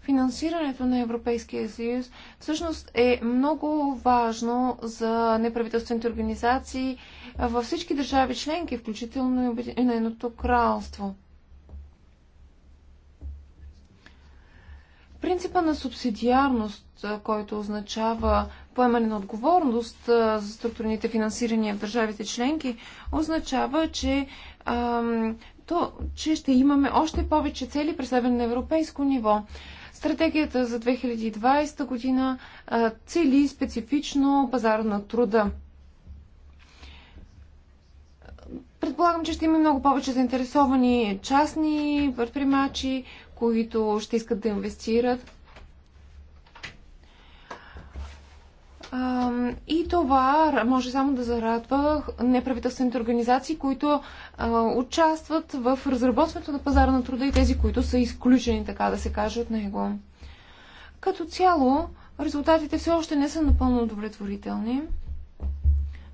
Финансирането на Европейския съюз всъщност е много важно за неправителствените организации във всички държави членки, включително и Обединеното кралство. Принципа на субсидиарност, който означава поемане на отговорност за структурните финансирания в държавите членки, означава, че то, че ще имаме още повече цели преследване на европейско ниво. Стратегията за 2020 година цели специфично пазара на труда. Предполагам, че ще има много повече заинтересовани частни предприемачи, които ще искат да инвестират. И това може само да зарадва неправителствените организации, които участват в разработването на пазара на труда и тези, които са изключени, така да се каже, от него. Като цяло, резултатите все още не са напълно удовлетворителни,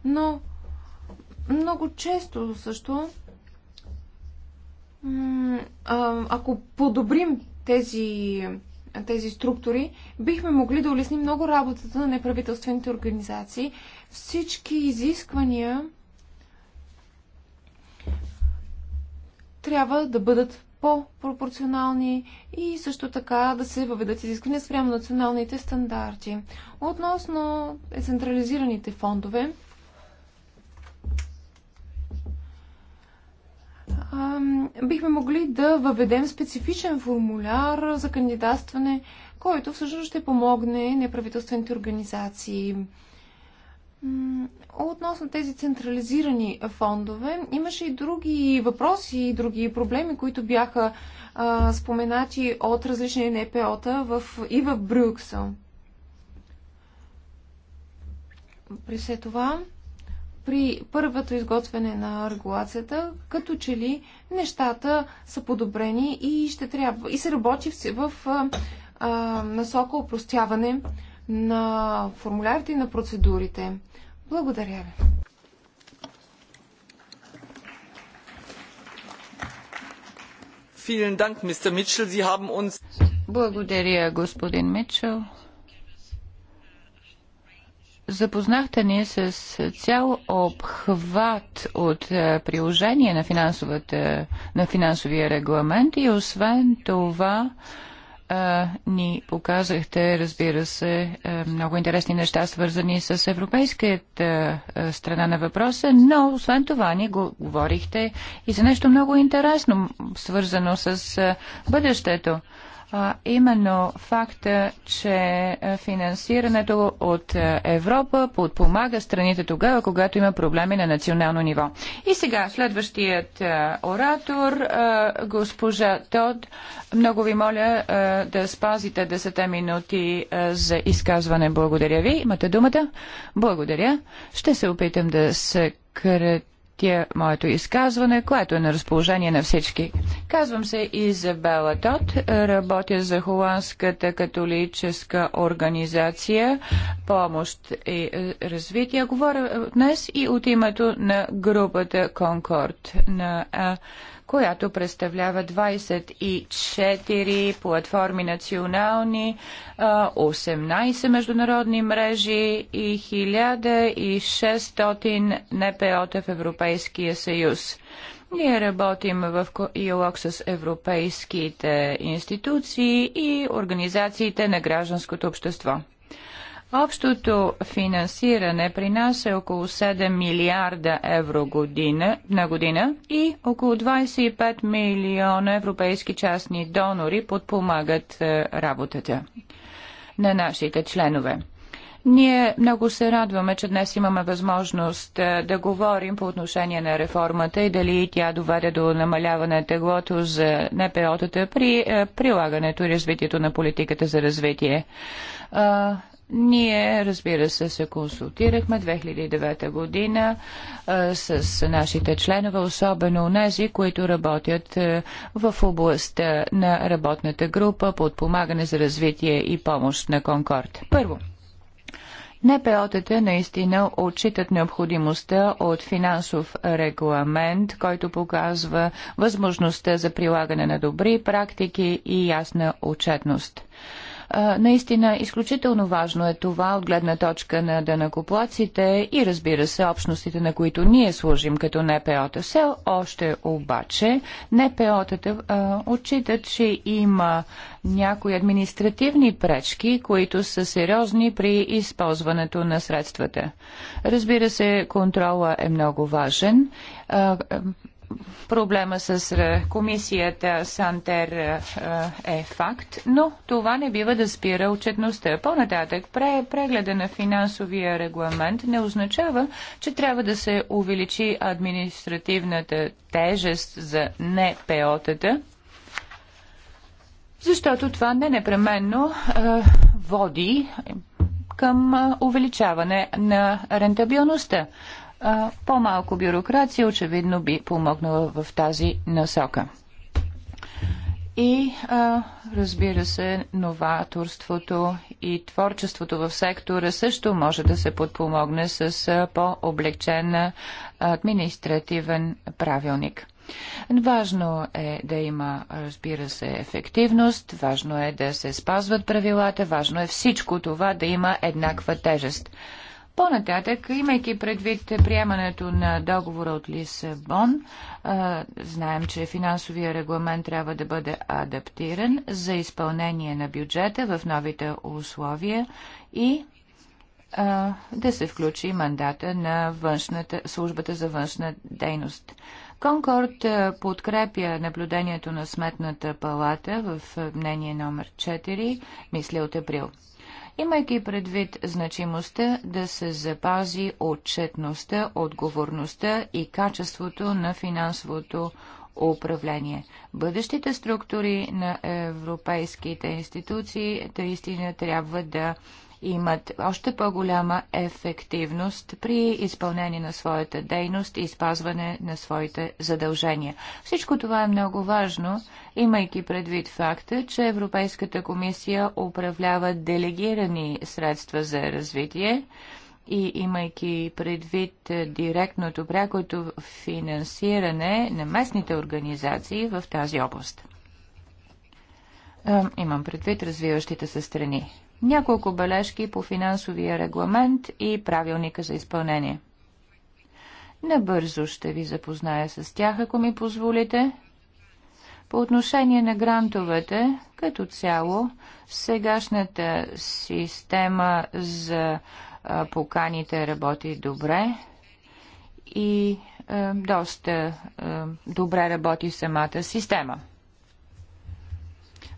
но много често също, ако подобрим тези тези структури, бихме могли да улесним много работата на неправителствените организации. Всички изисквания трябва да бъдат по-пропорционални и също така да се въведат изисквания спрямо националните стандарти. Относно централизираните фондове, бихме могли да въведем специфичен формуляр за кандидатстване, който всъщност ще помогне неправителствените организации. Относно тези централизирани фондове, имаше и други въпроси и други проблеми, които бяха а, споменати от различни НПО-та в, и в Брюксел. При все това, при първото изготвяне на регулацията, като че ли нещата са подобрени и ще трябва и се работи в, в а, насока упростяване на формулярите и на процедурите. Благодаря ви. Благодаря, господин Митчел. Запознахте ни с цял обхват от е, приложение на, на финансовия регламент и освен това е, ни показахте, разбира се, е, много интересни неща, свързани с европейската страна на въпроса, но освен това ни го говорихте и за нещо много интересно, свързано с бъдещето а именно факта, че финансирането от Европа подпомага страните тогава, когато има проблеми на национално ниво. И сега следващият оратор, госпожа Тод, много ви моля да спазите 10 минути за изказване. Благодаря ви. Имате думата. Благодаря. Ще се опитам да се крат тия е моето изказване, което е на разположение на всички. Казвам се Изабела Тот, работя за Холандската католическа организация Помощ и е, развитие. Говоря днес и от името на групата Конкорд на която представлява 24 платформи национални, 18 международни мрежи и 1600 НПО-та в Европейския съюз. Ние работим в диалог с европейските институции и организациите на гражданското общество. Общото финансиране при нас е около 7 милиарда евро година, на година и около 25 милиона европейски частни донори подпомагат е, работата на нашите членове. Ние много се радваме, че днес имаме възможност е, да говорим по отношение на реформата и дали тя доведе до намаляване теглото за НПО-тата при е, прилагането и развитието на политиката за развитие. Ние, разбира се, се консултирахме 2009 година а, с нашите членове, особено тези, които работят а, в областта на работната група по отпомагане за развитие и помощ на Конкорд. Първо, НПО-тата наистина отчитат необходимостта от финансов регламент, който показва възможността за прилагане на добри практики и ясна отчетност. Наистина, изключително важно е това от гледна точка на дънакоплаците и разбира се, общностите, на които ние служим като НПО-та. Все още обаче НПО-тата отчитат, че има някои административни пречки, които са сериозни при използването на средствата. Разбира се, контрола е много важен проблема с е, комисията Сантер е, е факт, но това не бива да спира отчетността. По-нататък, прегледа на финансовия регламент не означава, че трябва да се увеличи административната тежест за НПО-тата, защото това не непременно е, води към увеличаване на рентабилността по-малко бюрокрация очевидно би помогнала в тази насока. И а, разбира се, новаторството и творчеството в сектора също може да се подпомогне с по-облегчен административен правилник. Важно е да има, разбира се, ефективност, важно е да се спазват правилата, важно е всичко това да има еднаква тежест. По-нататък, имайки предвид приемането на договора от Лисабон, знаем, че финансовия регламент трябва да бъде адаптиран за изпълнение на бюджета в новите условия и да се включи мандата на външната, службата за външна дейност. Конкорд подкрепя наблюдението на Сметната палата в мнение номер 4, мисля от април имайки предвид значимостта да се запази отчетността, отговорността и качеството на финансовото управление. Бъдещите структури на европейските институции наистина трябва да имат още по-голяма ефективност при изпълнение на своята дейност и спазване на своите задължения. Всичко това е много важно, имайки предвид факта, че Европейската комисия управлява делегирани средства за развитие и имайки предвид директното прякото финансиране на местните организации в тази област. Имам предвид развиващите се страни. Няколко бележки по финансовия регламент и правилника за изпълнение. Набързо ще ви запозная с тях, ако ми позволите. По отношение на грантовете, като цяло, сегашната система за поканите работи добре и е, доста е, добре работи самата система.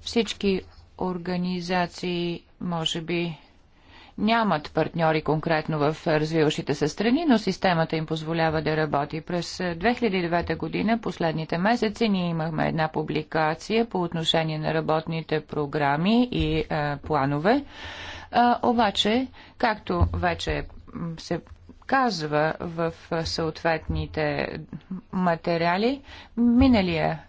Всички организации може би нямат партньори конкретно в развиващите се страни, но системата им позволява да работи. През 2009 е, година, последните месеци, ние имахме една публикация по отношение на работните програми и е, планове. Е, обаче, както вече се казва в е, съответните материали, миналия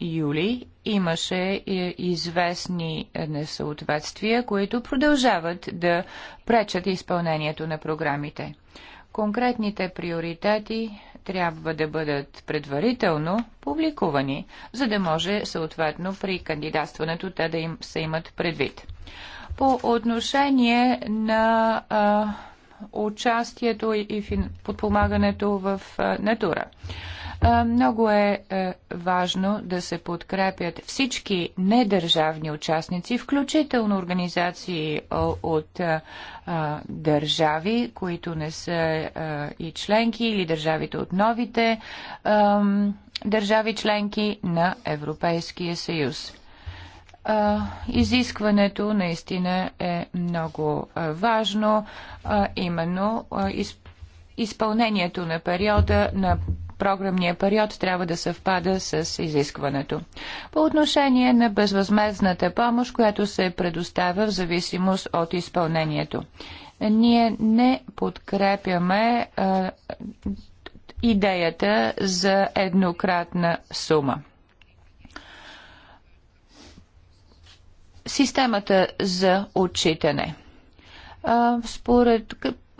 юли имаше е, известни е, несъответствия, които продължават да пречат изпълнението на програмите. Конкретните приоритети трябва да бъдат предварително публикувани, за да може съответно при кандидатстването те да им се имат предвид. По отношение на а, участието и, и подпомагането в а, натура. Е, много е, е важно да се подкрепят всички недържавни участници, включително организации от е, държави, които не са и членки, или държавите от новите държави членки на Европейския съюз. Изискването наистина е много важно, именно изпълнението на периода на програмния период трябва да съвпада с изискването. По отношение на безвъзмезната помощ, която се предоставя в зависимост от изпълнението. Ние не подкрепяме а, идеята за еднократна сума. Системата за отчитане. А, според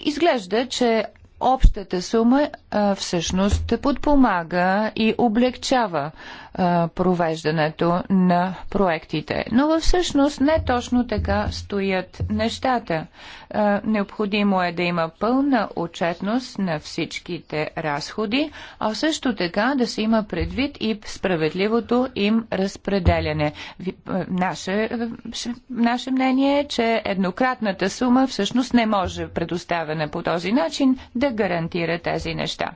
изглежда, че общата сума а, всъщност подпомага и облегчава а, провеждането на проектите. Но всъщност не точно така стоят нещата. А, необходимо е да има пълна отчетност на всичките разходи, а също така да се има предвид и справедливото им разпределяне. Наше, наше мнение е, че еднократната сума всъщност не може предоставена по този начин да гарантира тези неща.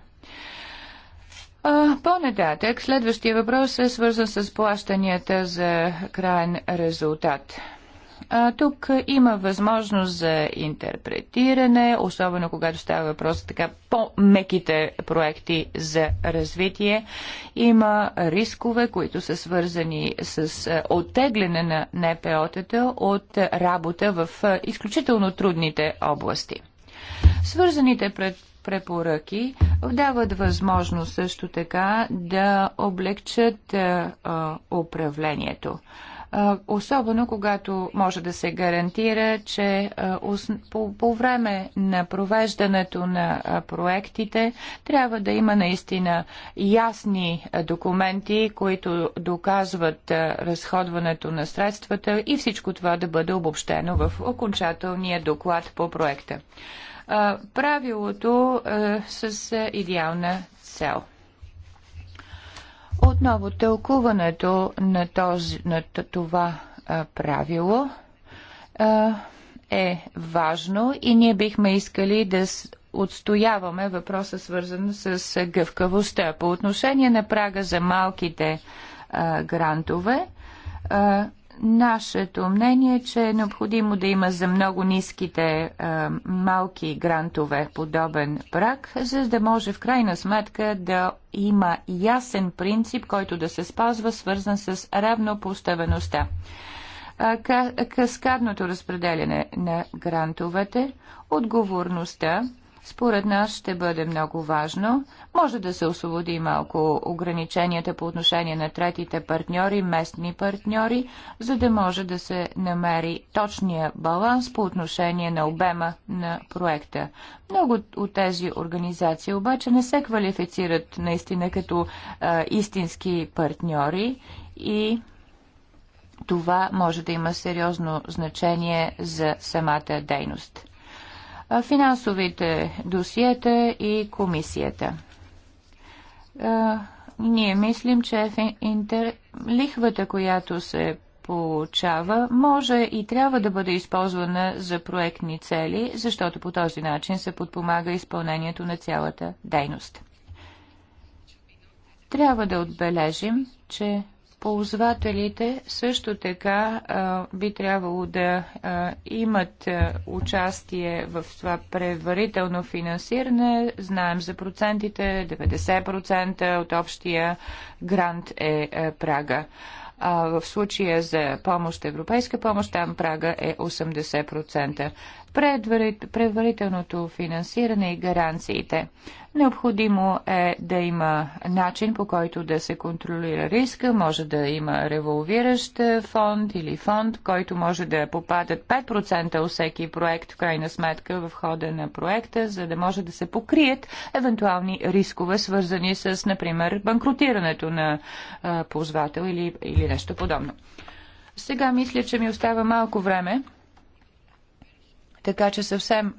По-нататък, следващия въпрос е свързан с плащанията за крайен резултат. А, тук има възможност за интерпретиране, особено когато става въпрос за така по-меките проекти за развитие. Има рискове, които са свързани с оттегляне на НПО-тата от работа в изключително трудните области. Свързаните пред препоръки дават възможност също така да облегчат а, управлението. А, особено когато може да се гарантира, че а, ос, по, по време на провеждането на проектите трябва да има наистина ясни документи, които доказват разходването на средствата и всичко това да бъде обобщено в окончателния доклад по проекта правилото с идеална цел. Отново тълкуването на, този, на това правило е важно и ние бихме искали да отстояваме въпроса свързан с гъвкавостта. По отношение на прага за малките а, грантове, а, Нашето мнение е, че е необходимо да има за много ниските а, е, малки грантове подобен прак, за да може в крайна сметка да има ясен принцип, който да се спазва, свързан с равнопоставеността. Каскадното разпределяне на грантовете, отговорността според нас ще бъде много важно. Може да се освободи малко ограниченията по отношение на третите партньори, местни партньори, за да може да се намери точния баланс по отношение на обема на проекта. Много от тези организации обаче не се квалифицират наистина като а, истински партньори и това може да има сериозно значение за самата дейност финансовите досиета и комисията. Ние мислим, че лихвата, която се получава, може и трябва да бъде използвана за проектни цели, защото по този начин се подпомага изпълнението на цялата дейност. Трябва да отбележим, че Ползвателите също така а, би трябвало да а, имат а, участие в това предварително финансиране. Знаем за процентите, 90% от общия грант е а, е прага. А в случая за помощ, европейска помощ, там прага е 80%. Предварителното финансиране и гаранциите. Необходимо е да има начин по който да се контролира риска. Може да има револвиращ е, фонд или фонд, който може да попадат 5% от всеки проект, в крайна сметка, в хода на проекта, за да може да се покрият евентуални рискове, свързани с, например, банкротирането на а, е, ползвател или, или нещо подобно. Сега мисля, че ми остава малко време, така че съвсем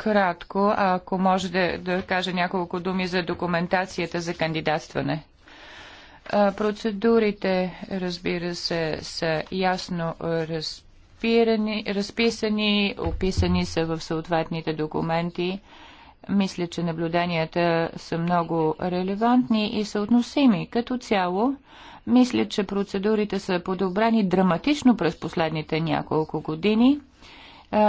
кратко, ако може да, да кажа няколко думи за документацията за кандидатстване. Процедурите, разбира се, са ясно разпирани, разписани, описани са в съответните документи. Мисля, че наблюденията са много релевантни и съотносими. Като цяло, мисля, че процедурите са подобрени драматично през последните няколко години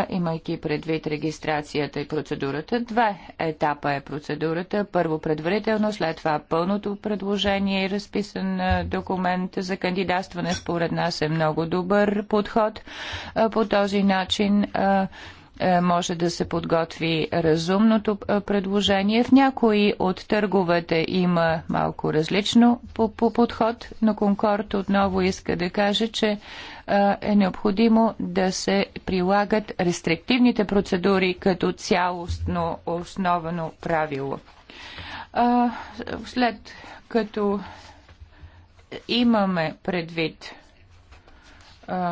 имайки предвид регистрацията и процедурата. Два етапа е процедурата. Първо предварително, след това пълното предложение и разписан документ за кандидатстване според нас е много добър подход. По този начин може да се подготви разумното предложение. В някои от търговете има малко различно по, подход, но Конкорд отново иска да каже, че е необходимо да се прилагат рестриктивните процедури като цялостно основано правило. След като имаме предвид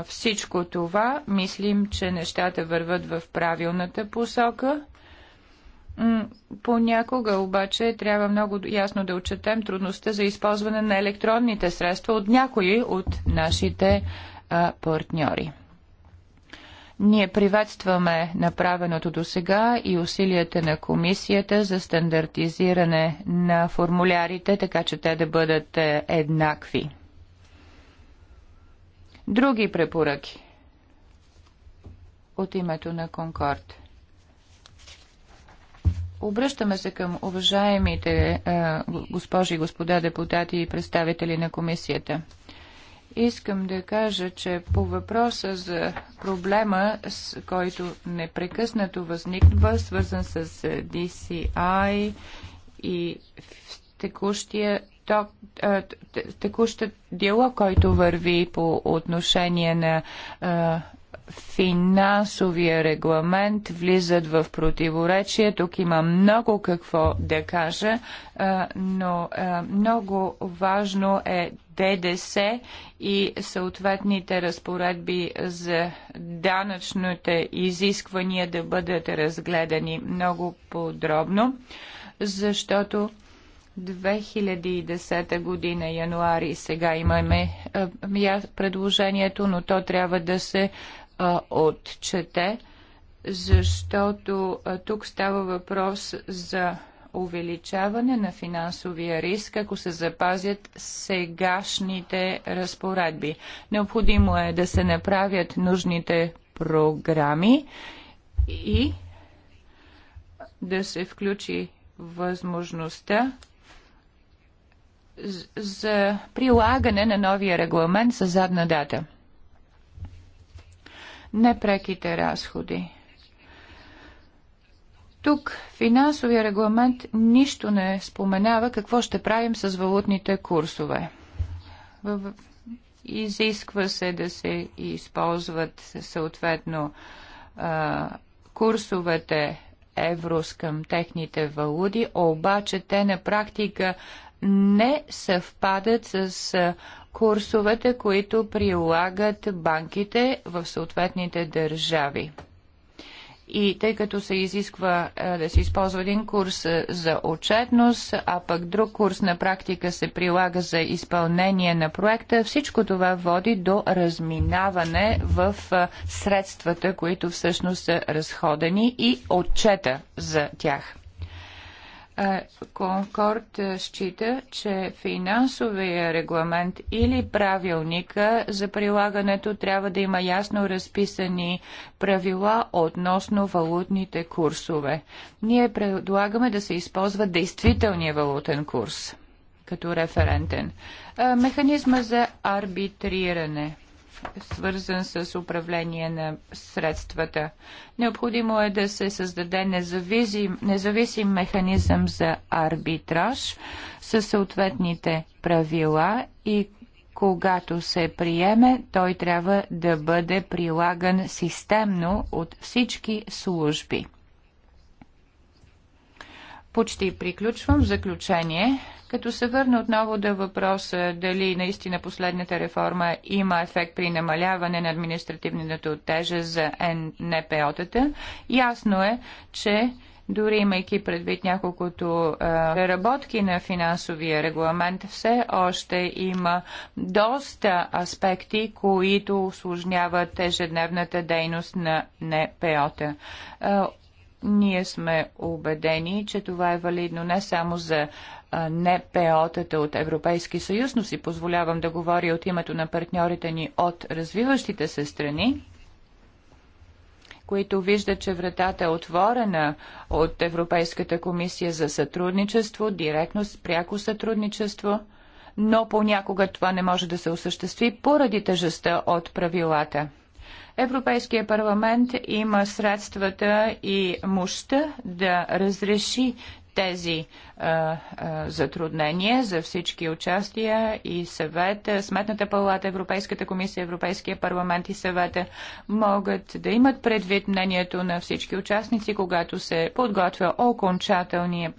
всичко това, мислим, че нещата върват в правилната посока. Понякога обаче трябва много ясно да отчетем трудността за използване на електронните средства от някои от нашите а, партньори. Ние приветстваме направеното до сега и усилията на комисията за стандартизиране на формулярите, така че те да бъдат е, еднакви. Други препоръки от името на Конкорд. Обръщаме се към уважаемите е, госпожи и господа депутати и представители на комисията искам да кажа, че по въпроса за проблема, с който непрекъснато възниква, свързан с е, DCI и текущия е, текущия диалог, който върви по отношение на е, финансовия регламент влизат в противоречие. Тук има много какво да кажа, но много важно е ДДС и съответните разпоредби за данъчните изисквания да бъдат разгледани много подробно, защото 2010 година, януари, сега имаме предложението, но то трябва да се а, отчете, защото а, тук става въпрос за увеличаване на финансовия риск, ако се запазят сегашните разпоредби. Необходимо е да се направят нужните програми и да се включи възможността за прилагане на новия регламент със задна дата непреките разходи. Тук финансовия регламент нищо не споменава какво ще правим с валутните курсове. Изисква се да се използват съответно курсовете евро към техните валуди, обаче те на практика не съвпадат с курсовете, които прилагат банките в съответните държави. И тъй като се изисква е, да се използва един курс е, за отчетност, а пък друг курс на практика се прилага за изпълнение на проекта, всичко това води до разминаване в е, средствата, които всъщност са разходени и отчета за тях. Е, Конкорд счита, че финансовия регламент или правилника за прилагането трябва да има ясно разписани правила относно валутните курсове. Ние предлагаме да се използва действителния валутен курс като референтен. Е, механизма за арбитриране – свързан с управление на средствата. Необходимо е да се създаде независим, независим механизъм за арбитраж със съответните правила и когато се приеме, той трябва да бъде прилаган системно от всички служби. Почти приключвам в заключение. Като се върна отново до въпроса дали наистина последната реформа има ефект при намаляване на административната тежа за НПО-тата, ясно е, че дори имайки предвид няколкото преработки на финансовия регламент, все още има доста аспекти, които осложняват ежедневната дейност на НПО-та. Ние сме убедени, че това е валидно не само за НПО-тата от Европейски съюз, но си позволявам да говоря от името на партньорите ни от развиващите се страни, които виждат, че вратата е отворена от Европейската комисия за сътрудничество, директно пряко сътрудничество, но понякога това не може да се осъществи поради тежестта от правилата – Европейския парламент има средствата и мощта да разреши тези а, а, затруднения за всички участия и съвета, Сметната палата, Европейската комисия, Европейския парламент и съвета могат да имат предвид мнението на всички участници, когато се подготвя окончателния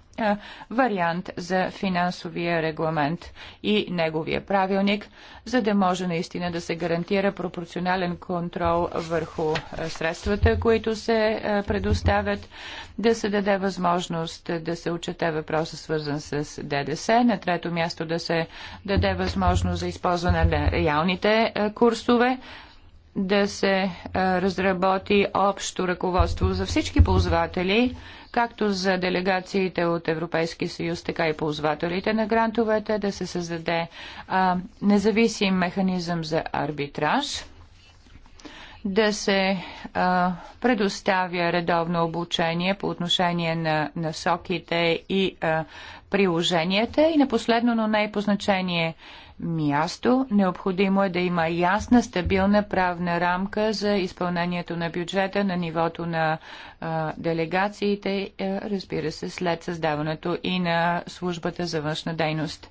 вариант за финансовия регламент и неговия правилник, за да може наистина да се гарантира пропорционален контрол върху средствата, които се предоставят, да се даде възможност да се учете въпроса свързан с ДДС, на трето място да се даде възможност за използване на реалните курсове, да се разработи общо ръководство за всички ползватели, както за делегациите от Европейски съюз, така и ползвателите на грантовете, да се създаде а, независим механизъм за арбитраж, да се а, предоставя редовно обучение по отношение на насоките и а, приложенията и на последно, но най-по значение място. Необходимо е да има ясна, стабилна правна рамка за изпълнението на бюджета на нивото на делегациите, е, разбира се, след създаването и на службата за външна дейност.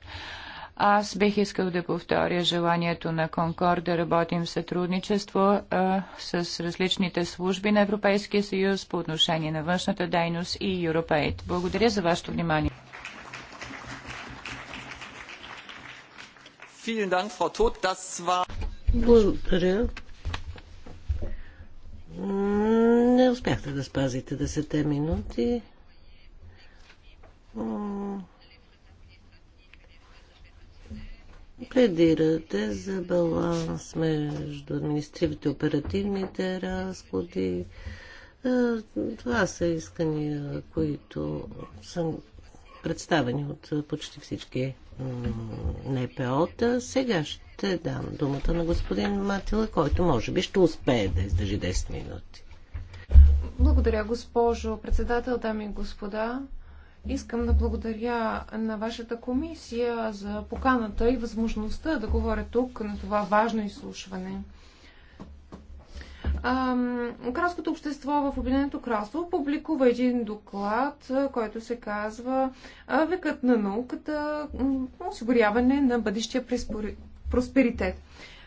Аз бих искал да повторя желанието на Конкор да работим в сътрудничество а, е, с различните служби на Европейския съюз по отношение на външната дейност и Европейт. Благодаря за вашето внимание. Благодаря. Не успяхте да спазите 10 минути. Пледирате за баланс между административните и оперативните разходи. Е, това са искания, които съм представени от почти всички НПО-та. Сега ще дам думата на господин Матила, който може би ще успее да издържи 10 минути. Благодаря, госпожо председател, дами и господа. Искам да благодаря на вашата комисия за поканата и възможността да говоря тук на това важно изслушване. Кралското общество в Обединеното кралство публикува един доклад, който се казва Векът на науката, осигуряване на бъдещия просперитет.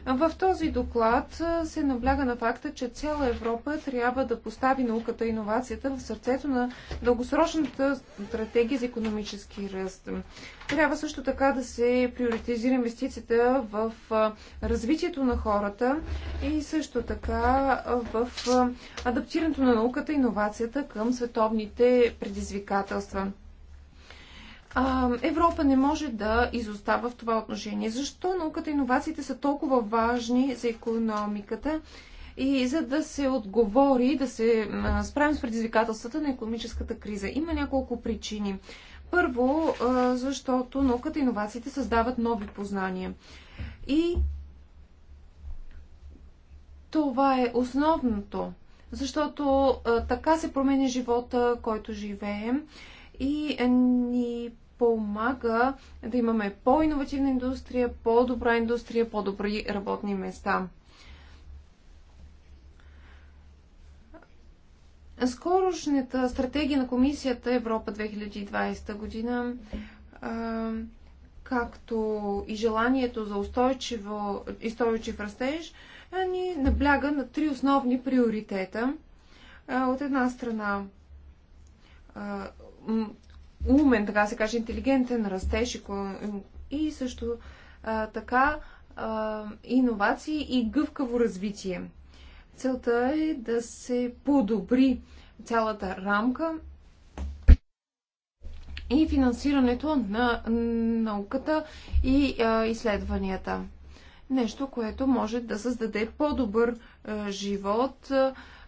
В този доклад се набляга на факта, че цяла Европа трябва да постави науката и иновацията в сърцето на дългосрочната стратегия за економически ръст. Трябва също така да се приоритизира инвестицията в развитието на хората и също така в адаптирането на науката и иновацията към световните предизвикателства. Европа не може да изостава в това отношение. Защо науката и иновациите са толкова важни за економиката и за да се отговори, да се справим с предизвикателствата на економическата криза? Има няколко причини. Първо, защото науката и иновациите създават нови познания. И това е основното, защото така се променя живота, който живеем и ни помага да имаме по-инновативна индустрия, по-добра индустрия, по-добри работни места. Скорошната стратегия на комисията Европа 2020 година, както и желанието за устойчиво, устойчив растеж, ни набляга на три основни приоритета. От една страна умен, така се каже, интелигентен растеж и също а, така а, иновации и гъвкаво развитие. Целта е да се подобри цялата рамка и финансирането на науката и а, изследванията. Нещо, което може да създаде по-добър живот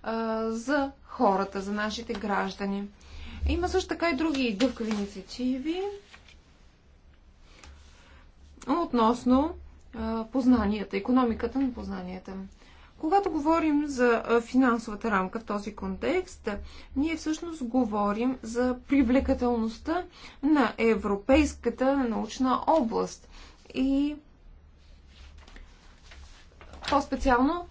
а, за хората, за нашите граждани. Има също така и други гъвкави инициативи относно познанията, економиката на познанията. Когато говорим за финансовата рамка в този контекст, ние всъщност говорим за привлекателността на европейската научна област и по-специално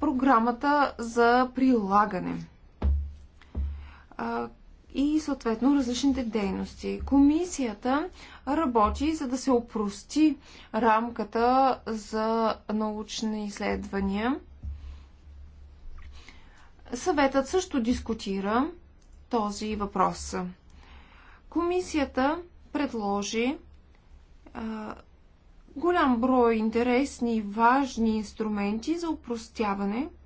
програмата за прилагане и съответно различните дейности. Комисията работи за да се опрости рамката за научни изследвания. Съветът също дискутира този въпрос. Комисията предложи голям брой интересни и важни инструменти за упростяване –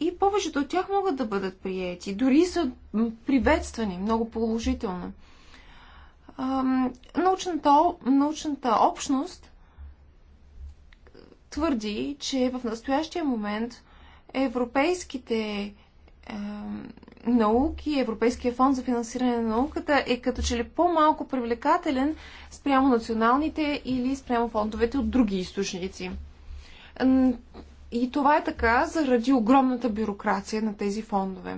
и повечето от тях могат да бъдат приети, дори са приветствани много положително. Научната, научната общност твърди, че в настоящия момент европейските науки, Европейския фонд за финансиране на науката е като че ли по-малко привлекателен спрямо националните или спрямо фондовете от други източници. И това е така заради огромната бюрокрация на тези фондове.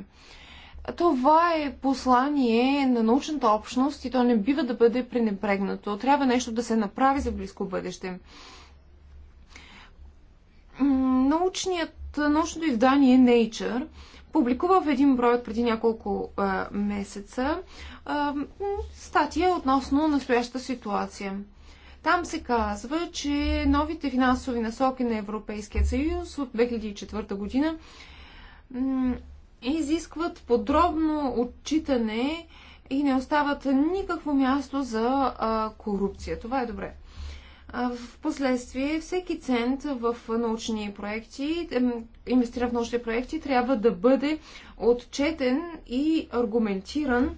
Това е послание на научната общност и то не бива да бъде пренебрегнато. Трябва нещо да се направи за близко бъдеще. Научният, научното издание Nature публикува в един брой преди няколко а, месеца а, статия относно настоящата ситуация. Там се казва, че новите финансови насоки на Европейския съюз от 2004 година изискват подробно отчитане и не остават никакво място за а, корупция. Това е добре. В последствие всеки цент в научни проекти, инвестира в научни проекти, трябва да бъде отчетен и аргументиран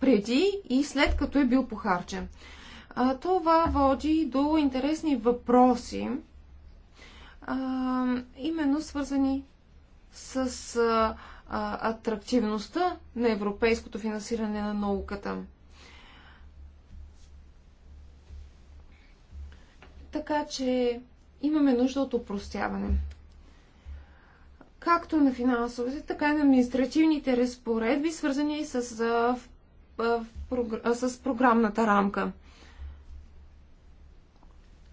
преди и след като е бил похарчен. А, това води до интересни въпроси, а, именно свързани с а, а, атрактивността на европейското финансиране на науката. Така че имаме нужда от упростяване. Както на финансовите, така и на административните разпоредби, свързани с, а, в, а, в, а, с програмната рамка.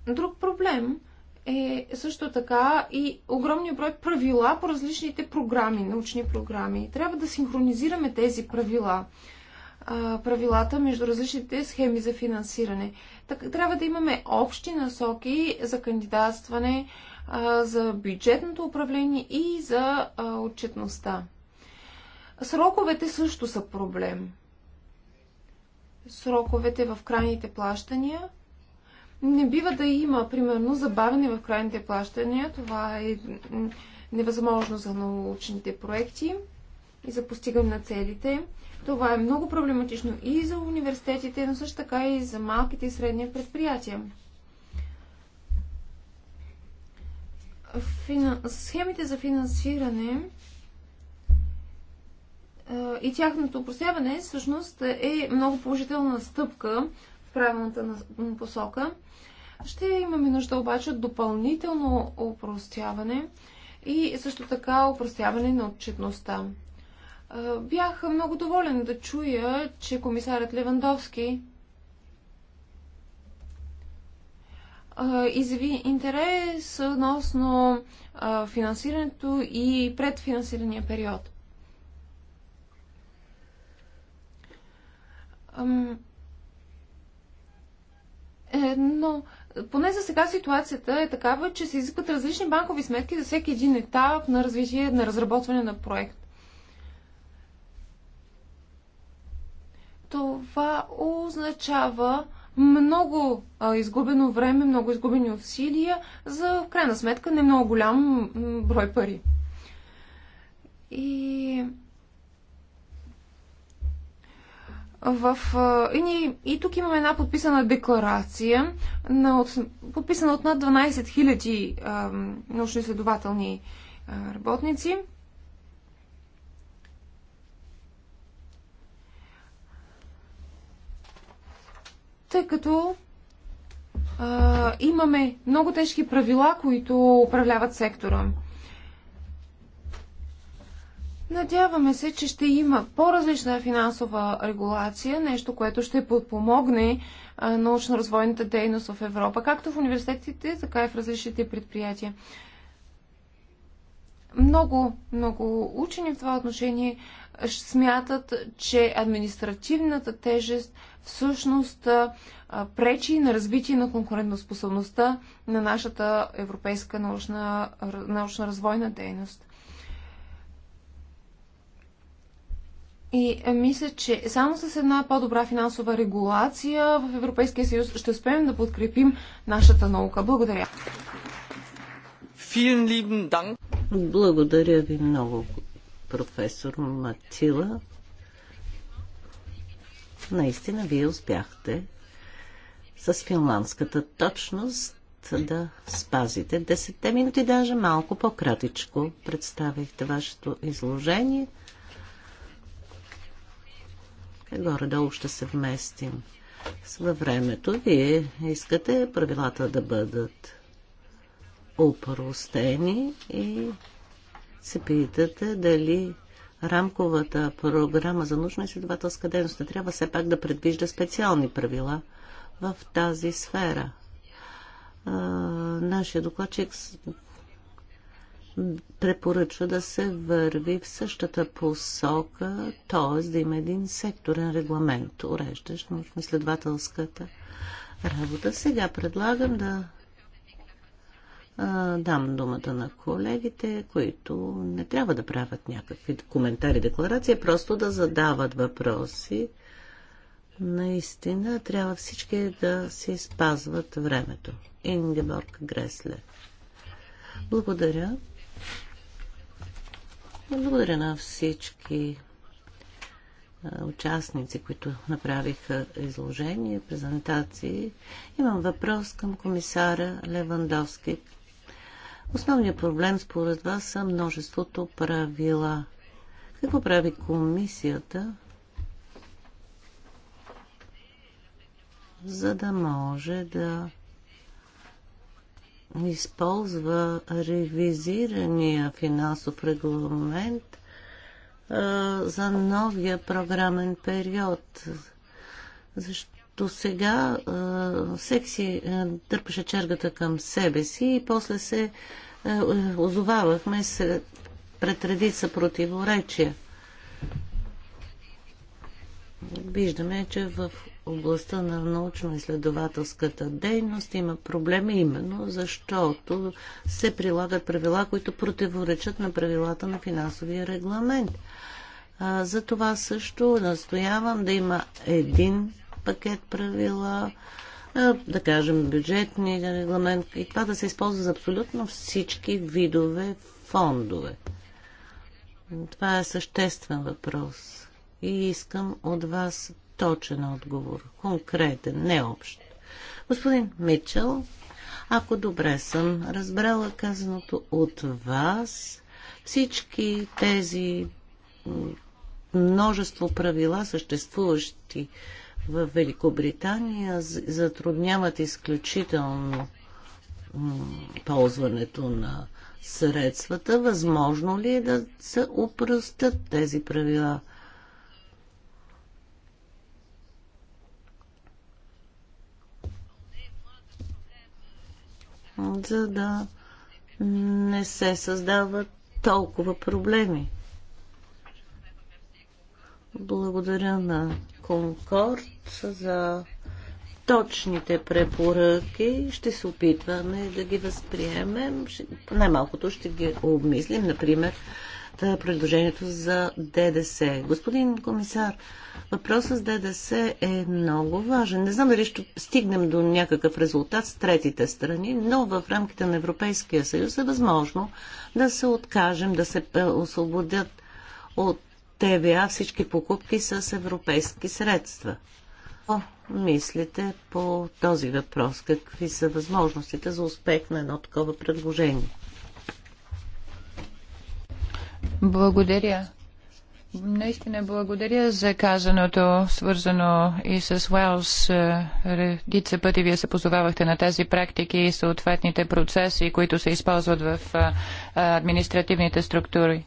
Друг проблем е също така и огромния брой правила по различните програми, научни програми. Трябва да синхронизираме тези правила, правилата между различните схеми за финансиране. трябва да имаме общи насоки за кандидатстване, за бюджетното управление и за отчетността. Сроковете също са проблем. Сроковете в крайните плащания – не бива да има, примерно, забавяне в крайните плащания. Това е невъзможно за научните проекти и за постигане на целите. Това е много проблематично и за университетите, но също така и за малките и средни предприятия. Фина... Схемите за финансиране и тяхното упростяване всъщност е много положителна стъпка правилната посока. Ще имаме нужда обаче от допълнително упростяване и също така упростяване на отчетността. Бях много доволен да чуя, че комисарят Левандовски изяви интерес относно финансирането и предфинансирания период но поне за сега ситуацията е такава, че се изискват различни банкови сметки за всеки един етап на развитие, на разработване на проект. Това означава много а, изгубено време, много изгубени усилия за, в крайна сметка, не много голям брой пари. И в... И, ни, и тук имаме една подписана декларация, на, от, подписана от над 12 000 научно-изследователни работници. Тъй като а, имаме много тежки правила, които управляват сектора. Надяваме се, че ще има по-различна финансова регулация, нещо, което ще подпомогне научно-развойната дейност в Европа, както в университетите, така и в различните предприятия. Много, много учени в това отношение смятат, че административната тежест всъщност пречи на развитие на конкурентоспособността на нашата европейска научна, научно-развойна дейност. И е, мисля, че само с една по-добра финансова регулация в Европейския съюз ще успеем да подкрепим нашата наука. Благодаря. Благодаря ви много, професор Матила. Наистина, вие успяхте с финландската точност да спазите 10 минути, даже малко по-кратичко представихте вашето изложение. Горе-долу ще се вместим във времето. Вие искате правилата да бъдат упростени и се питате дали рамковата програма за нужна изследователска дейност не трябва все пак да предвижда специални правила в тази сфера. А, нашия докладчик препоръчва да се върви в същата посока, т.е. да има един секторен регламент, уреждащ научно-изследователската работа. Сега предлагам да дам думата на колегите, които не трябва да правят някакви коментари, декларации, просто да задават въпроси. Наистина трябва всички да си спазват времето. Ингеборг Гресле. Благодаря. Благодаря на всички участници, които направиха изложения, презентации. Имам въпрос към комисара Левандовски. Основният проблем според вас са множеството правила. Какво прави комисията, за да може да използва ревизирания финансов регламент а, за новия програмен период. Защото сега а, всеки си търпеше чергата към себе си и после се озовавахме се пред редица противоречия. Виждаме, че в областта на научно-изследователската дейност има проблеми именно защото се прилагат правила, които противоречат на правилата на финансовия регламент. За това също настоявам да има един пакет правила, да кажем бюджетни регламент и това да се използва за абсолютно всички видове фондове. Това е съществен въпрос. И искам от вас точен отговор, конкретен, не общ. Господин Мичел, ако добре съм разбрала казаното от вас, всички тези множество правила, съществуващи в Великобритания, затрудняват изключително ползването на средствата. Възможно ли е да се упростят тези правила? за да не се създават толкова проблеми. Благодаря на Конкорд за точните препоръки. Ще се опитваме да ги възприемем. Най-малкото ще ги обмислим, например, е, предложението за ДДС. Господин комисар, въпросът с ДДС е много важен. Не знам дали ще стигнем до някакъв резултат с третите страни, но в рамките на Европейския съюз е възможно да се откажем, да се е, освободят от ТВА всички покупки с европейски средства. Какво мислите по този въпрос? Какви са възможностите за успех на едно такова предложение? Благодаря. Наистина благодаря за казаното, свързано и с Уелс. Редица пъти вие се позовавахте на тези практики и съответните процеси, които се използват в административните структури.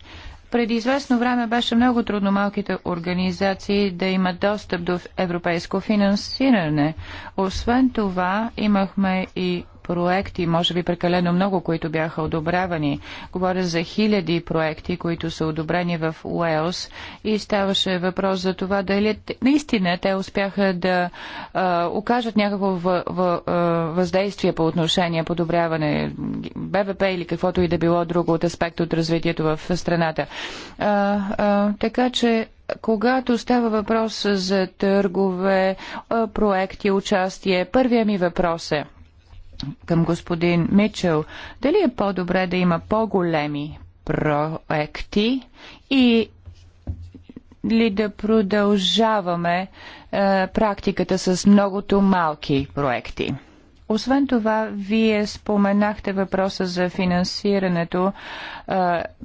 Преди известно време беше много трудно малките организации да имат достъп до европейско финансиране. Освен това, имахме и проекти, може би прекалено много, които бяха одобрявани. Говоря за хиляди проекти, които са одобрени в Уелс и ставаше въпрос за това дали наистина те успяха да а, окажат някакво в, в, въздействие по отношение подобряване БВП или каквото и да било друго от аспект от развитието в страната. А, а, така че когато става въпрос за търгове, проекти, участие, първия ми въпрос е – към господин Мичел. Дали е по-добре да има по-големи проекти и ли да продължаваме е, практиката с многото малки проекти? Освен това, вие споменахте въпроса за финансирането,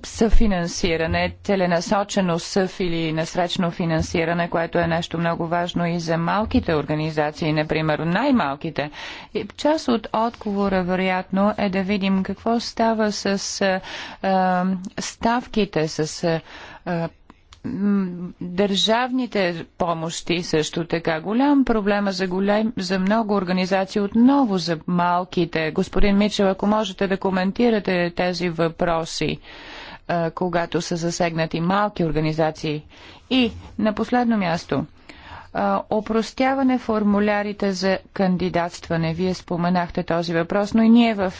съфинансиране, целенасочено съф или насречно финансиране, което е нещо много важно и за малките организации, например най-малките. Част от отговора, вероятно, е да видим какво става с ставките, с държавните помощи също така. Голям проблема за, голем, за много организации, отново за малките. Господин Мичел, ако можете да коментирате тези въпроси, когато са засегнати малки организации. И на последно място – опростяване формулярите за кандидатстване. Вие споменахте този въпрос, но и ние в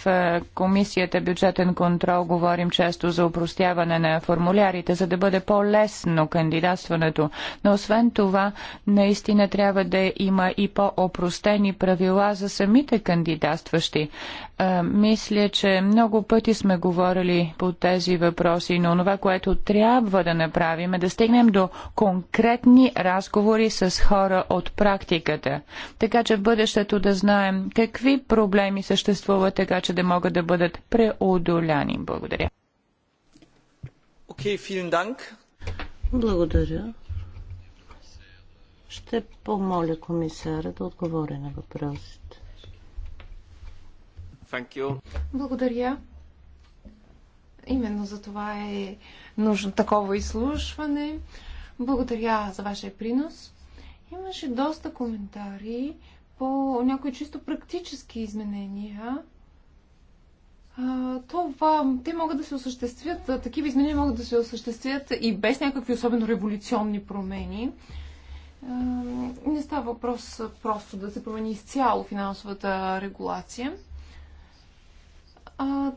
комисията бюджетен контрол говорим често за опростяване на формулярите, за да бъде по-лесно кандидатстването. Но освен това, наистина трябва да има и по-опростени правила за самите кандидатстващи. мисля, че много пъти сме говорили по тези въпроси, но това, което трябва да направим е да стигнем до конкретни разговори с хора от практиката, така че в бъдещето да знаем какви проблеми съществуват, така че да могат да бъдат преодоляни. Благодаря. Okay, vielen Dank. Благодаря. Ще помоля комисара да отговори на въпросите. Thank you. Благодаря. Именно за това е нужно такова изслушване. Благодаря за вашия принос. Имаше доста коментари по някои чисто практически изменения. това, те могат да се осъществят, такива изменения могат да се осъществят и без някакви особено революционни промени. не става въпрос просто да се промени изцяло финансовата регулация.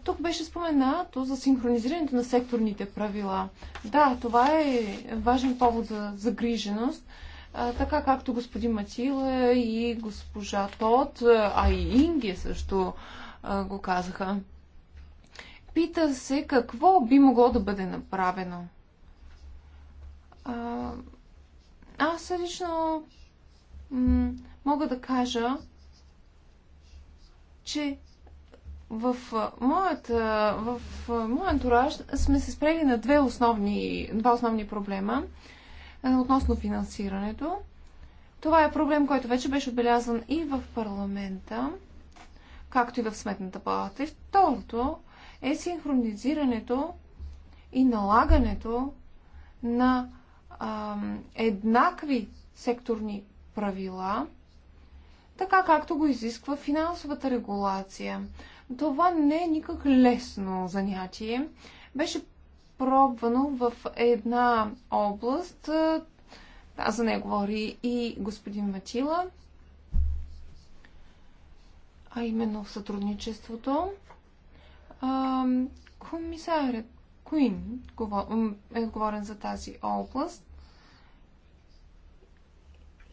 тук беше споменато за синхронизирането на секторните правила. Да, това е важен повод за загриженост така както господин Матила и госпожа Тот, а и Инги също го казаха. Пита се какво би могло да бъде направено. А, аз лично мога да кажа, че в моят, в моят ураж сме се спрели на две основни, два основни проблема – е, относно финансирането. Това е проблем, който вече беше отбелязан и в парламента, както и в сметната палата. И второто е синхронизирането и налагането на а, еднакви секторни правила, така както го изисква финансовата регулация. Това не е никак лесно занятие. Беше пробвано в една област. Е, да, за нея говори и господин Матила, а именно в сътрудничеството. А, е, комисарят Куин е отговорен за тази област.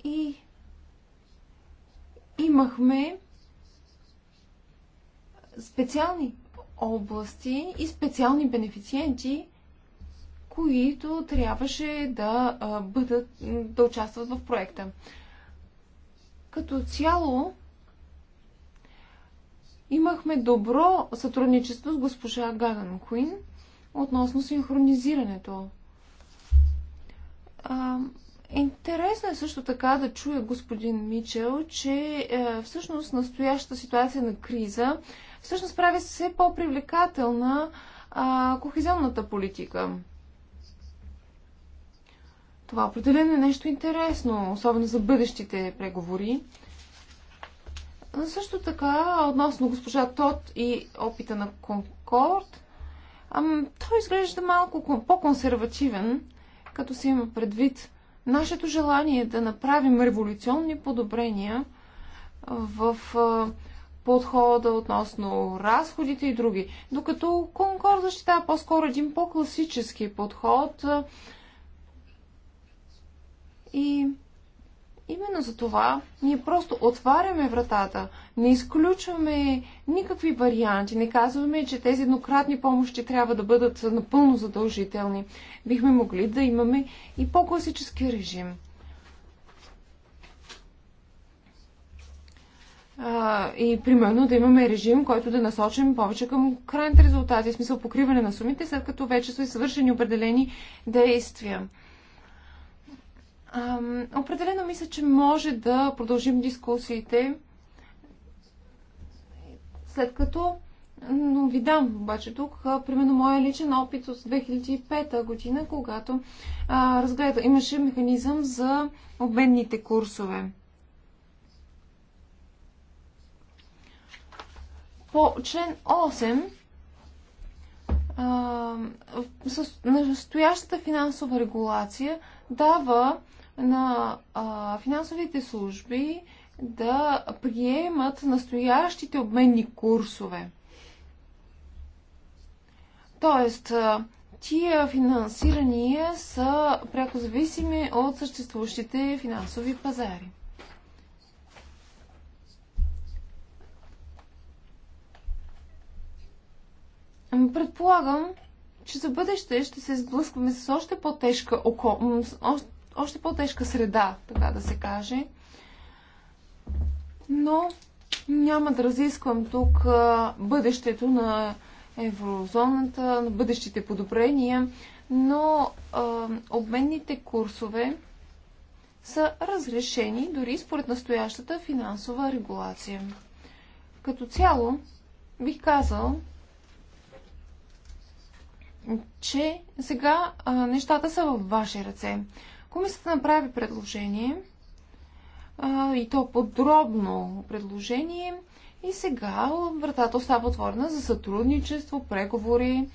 И имахме специални области и специални бенефициенти, които трябваше да бъдат, да участват в проекта. Като цяло имахме добро сътрудничество с госпожа Гаган Куин относно синхронизирането. А, интересно е също така да чуя господин Мичел, че е, всъщност настоящата ситуация на криза всъщност прави все по-привлекателна кохезионната политика. Това определено е нещо интересно, особено за бъдещите преговори. също така, относно госпожа Тот и опита на Конкорд, той изглежда малко по-консервативен, като се има предвид нашето желание да направим революционни подобрения в подхода относно разходите и други. Докато Конкорд защитава по-скоро един по-класически подход, и именно за това ние просто отваряме вратата, не изключваме никакви варианти, не казваме, че тези еднократни помощи трябва да бъдат напълно задължителни. Бихме могли да имаме и по-класически режим. и примерно да имаме режим, който да насочим повече към крайните резултати, в смисъл покриване на сумите, след като вече са извършени определени действия. Ам, определено мисля, че може да продължим дискусиите, след като но ви дам обаче тук, примерно, моя личен опит от 2005 година, когато а, разгледа, имаше механизъм за обменните курсове. По член 8 а, настоящата финансова регулация дава на а, финансовите служби да приемат настоящите обменни курсове. Тоест, тия финансирания са пряко зависими от съществуващите финансови пазари. Ами, предполагам, че за бъдеще ще се сблъскваме с още по-тежка, око още по-тежка среда, така да се каже. Но няма да разисквам тук бъдещето на еврозоната, на бъдещите подобрения, но а, обменните курсове са разрешени дори според настоящата финансова регулация. Като цяло, бих казал, че сега а, нещата са във ваши ръце. Комисията направи предложение и то подробно предложение и сега вратата остава отворена за сътрудничество, преговори.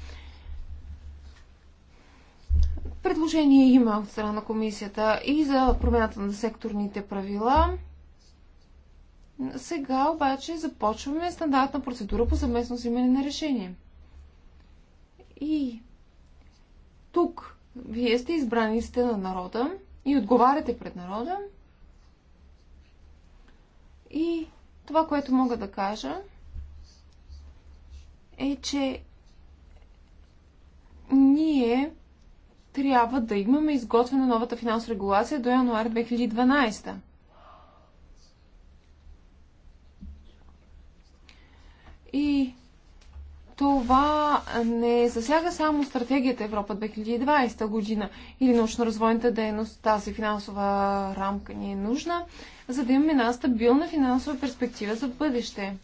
Предложение има от страна на комисията и за промяната на секторните правила. Сега обаче започваме стандартна процедура по съвместно взимане на решение. И тук вие сте избраниците на народа и отговаряте пред народа. И това, което мога да кажа, е, че ние трябва да имаме изготвена новата финансова регулация до януари 2012. И това не засяга само стратегията Европа 2020 година или научно-развойната дейност. Тази финансова рамка ни е нужна, за да имаме една стабилна финансова перспектива за бъдеще.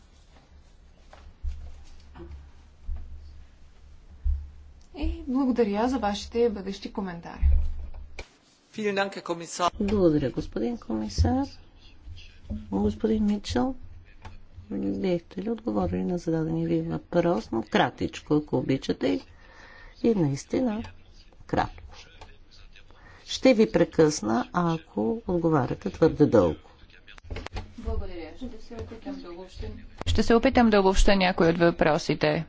И благодаря за вашите бъдещи коментари. Благодаря, господин комисар. Господин Мичел. Нали, бихте ли отговорили на зададения ви въпрос, но кратичко, ако обичате и наистина кратко. Ще ви прекъсна, ако отговаряте твърде дълго. Благодаря. Ще се опитам да обобщя. Ще се опитам да обобща някои от въпросите. Е,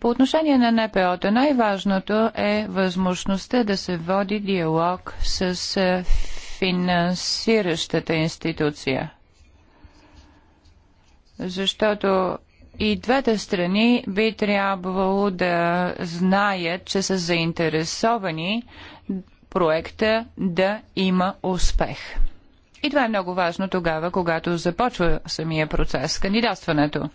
по отношение на НПО-та, най-важното е възможността да се води диалог с е, финансиращата институция защото и двете страни би трябвало да знаят, че са заинтересовани проекта да има успех. И това е много важно тогава, когато започва самия процес, кандидатстването.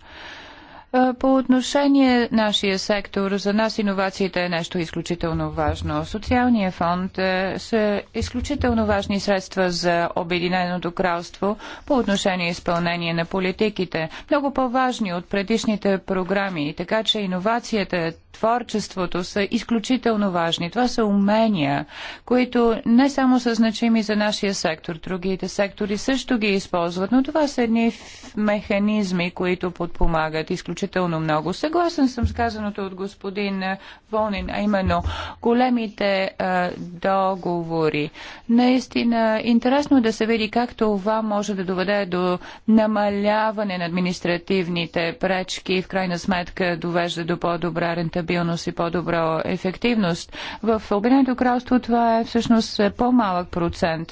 Е, по отношение нашия сектор, за нас иновациите е нещо изключително важно. Социалния фонд е, са изключително важни средства за Обединеното кралство по отношение изпълнение на политиките. Много по-важни от предишните програми, така че иновацията, творчеството са изключително важни. Това са умения, които не само са значими за нашия сектор, другите сектори също ги използват, но това са едни механизми, които подпомагат изключително изключително много. Съгласен съм с казаното от господин е, Волнин, а именно големите а, е, договори. Наистина интересно е да се види как това може да доведе до намаляване на административните пречки и в крайна сметка довежда до по-добра рентабилност и по-добра ефективност. В Обединеното кралство това е всъщност по-малък процент.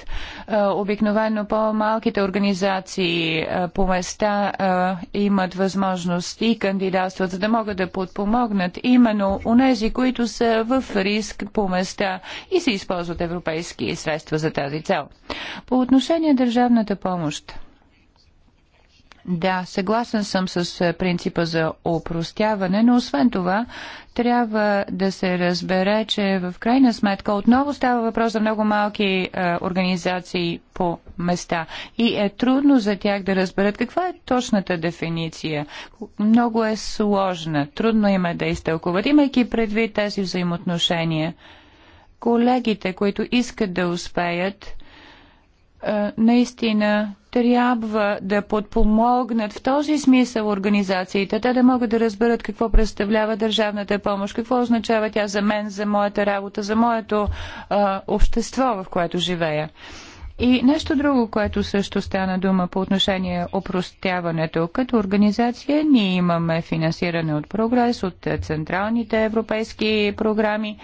Обикновено по-малките организации по места имат възможност и кандидатстват, за да могат да подпомогнат именно унези, които са в риск по места и се използват европейски средства за тази цел. По отношение на държавната помощ. Да, съгласен съм с е, принципа за опростяване, но освен това трябва да се разбере, че в крайна сметка отново става въпрос за много малки е, организации по места и е трудно за тях да разберат каква е точната дефиниция. Много е сложна, трудно им е да изтълкуват, имайки предвид тези взаимоотношения. Колегите, които искат да успеят, наистина трябва да подпомогнат в този смисъл организациите, те да могат да разберат какво представлява държавната помощ, какво означава тя за мен, за моята работа, за моето а, общество, в което живея. И нещо друго, което също стана дума по отношение опростяването. Като организация ние имаме финансиране от прогрес, от централните европейски програми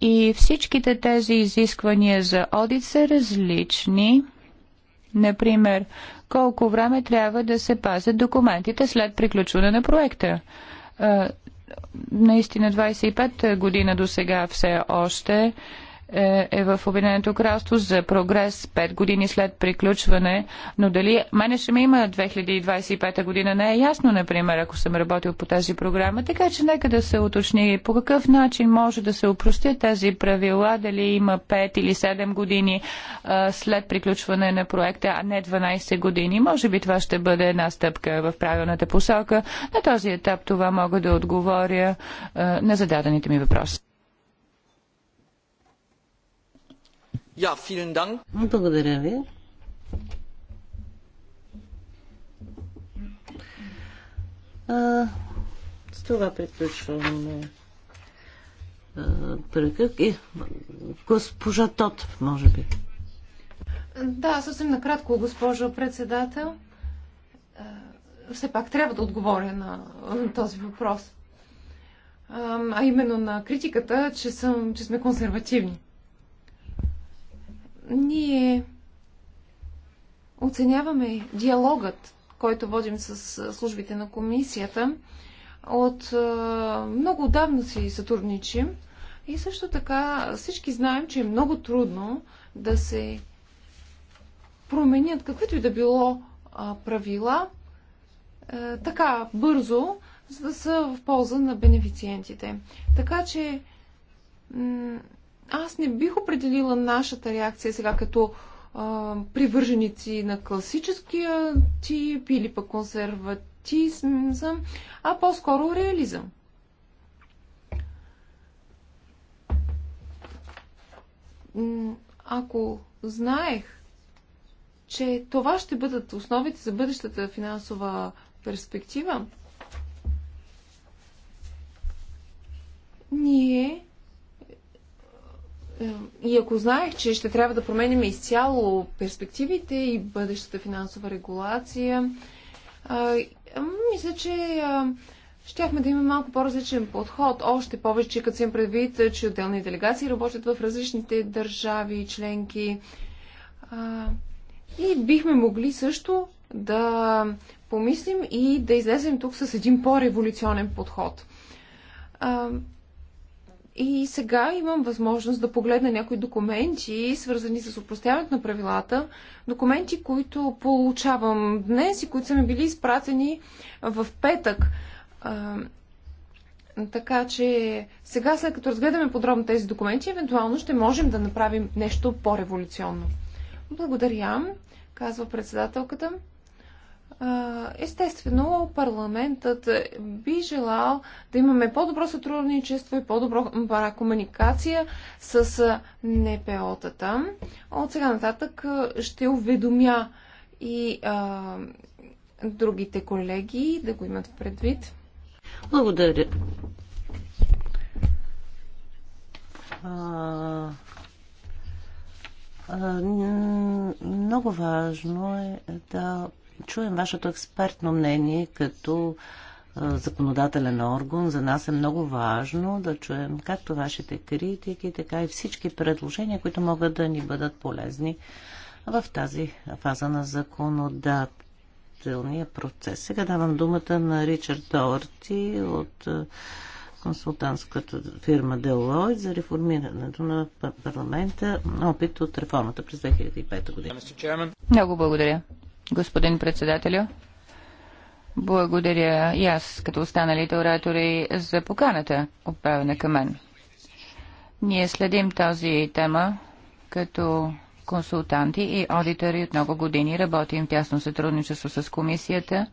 и всичките тези изисквания за одит са различни. Например, колко време трябва да се пазят документите след приключване на проекта. Наистина 25 година до сега все още е, е в Обединеното кралство за прогрес 5 години след приключване, но дали мене ще ме има 2025 година не е ясно, например, ако съм работил по тази програма, така че нека да се уточни по какъв начин може да се упростят тези правила, дали има 5 или 7 години а, е, след приключване на проекта, а не 12 години. Може би това ще бъде една стъпка в правилната посока. На този етап това мога да отговоря а, е, на зададените ми въпроси. Благодаря ви. с това приключваме прекък. И госпожа Тотов, може би. Да, съвсем накратко, госпожо председател. Все пак трябва да отговоря на този въпрос. А именно на критиката, че, съм, че сме консервативни. Ние оценяваме диалогът, който водим с службите на комисията. От много отдавна си сътрудничим и също така всички знаем, че е много трудно да се променят каквито и да било правила така бързо, за да са в полза на бенефициентите. Така че аз не бих определила нашата реакция сега като а, привърженици на класическия тип или пък консерватизъм, а по-скоро реализъм. Ако знаех, че това ще бъдат основите за бъдещата финансова перспектива, ние е, и ако знаех, че ще трябва да променим изцяло перспективите и бъдещата финансова регулация, а, мисля, че а, щяхме да имаме малко по-различен подход. Още повече, като съм предвид, че отделни делегации работят в различните държави и членки. А, и бихме могли също да помислим и да излезем тук с един по-революционен подход. И сега имам възможност да погледна някои документи, свързани с упростяването на правилата, документи, които получавам днес и които са ми били изпратени в петък. А, така че сега, след като разгледаме подробно тези документи, евентуално ще можем да направим нещо по-революционно. Благодаря, казва председателката. Естествено, парламентът би желал да имаме по-добро сътрудничество и по-добра комуникация с НПО-тата. От сега нататък ще уведомя и а, другите колеги да го имат предвид. Благодаря. А, а, много важно е да чуем вашето експертно мнение като законодателен орган. За нас е много важно да чуем както вашите критики, така и всички предложения, които могат да ни бъдат полезни в тази фаза на законодателния процес. Сега давам думата на Ричард Торти от консултантската фирма Делой за реформирането на парламента, опит от реформата през 2005 година. Много благодаря господин председателю. Благодаря и аз, като останалите оратори, за поканата, отправена към мен. Ние следим тази тема като консултанти и аудитори от много години. Работим в тясно сътрудничество с комисията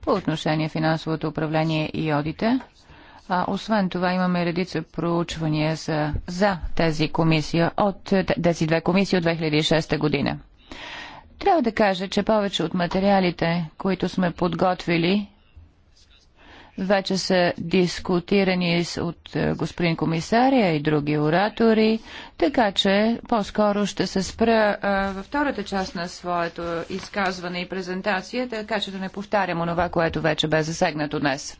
по отношение финансовото управление и одите, А, освен това имаме редица проучвания за, за тази комисия от тези две комисии от 2006 година. Трябва да кажа, че повече от материалите, които сме подготвили, вече са дискутирани от е, господин комисария и други оратори, така че по-скоро ще се спра е, във втората част на своето изказване и презентация, така че да не повтарям онова, което вече бе засегнато днес.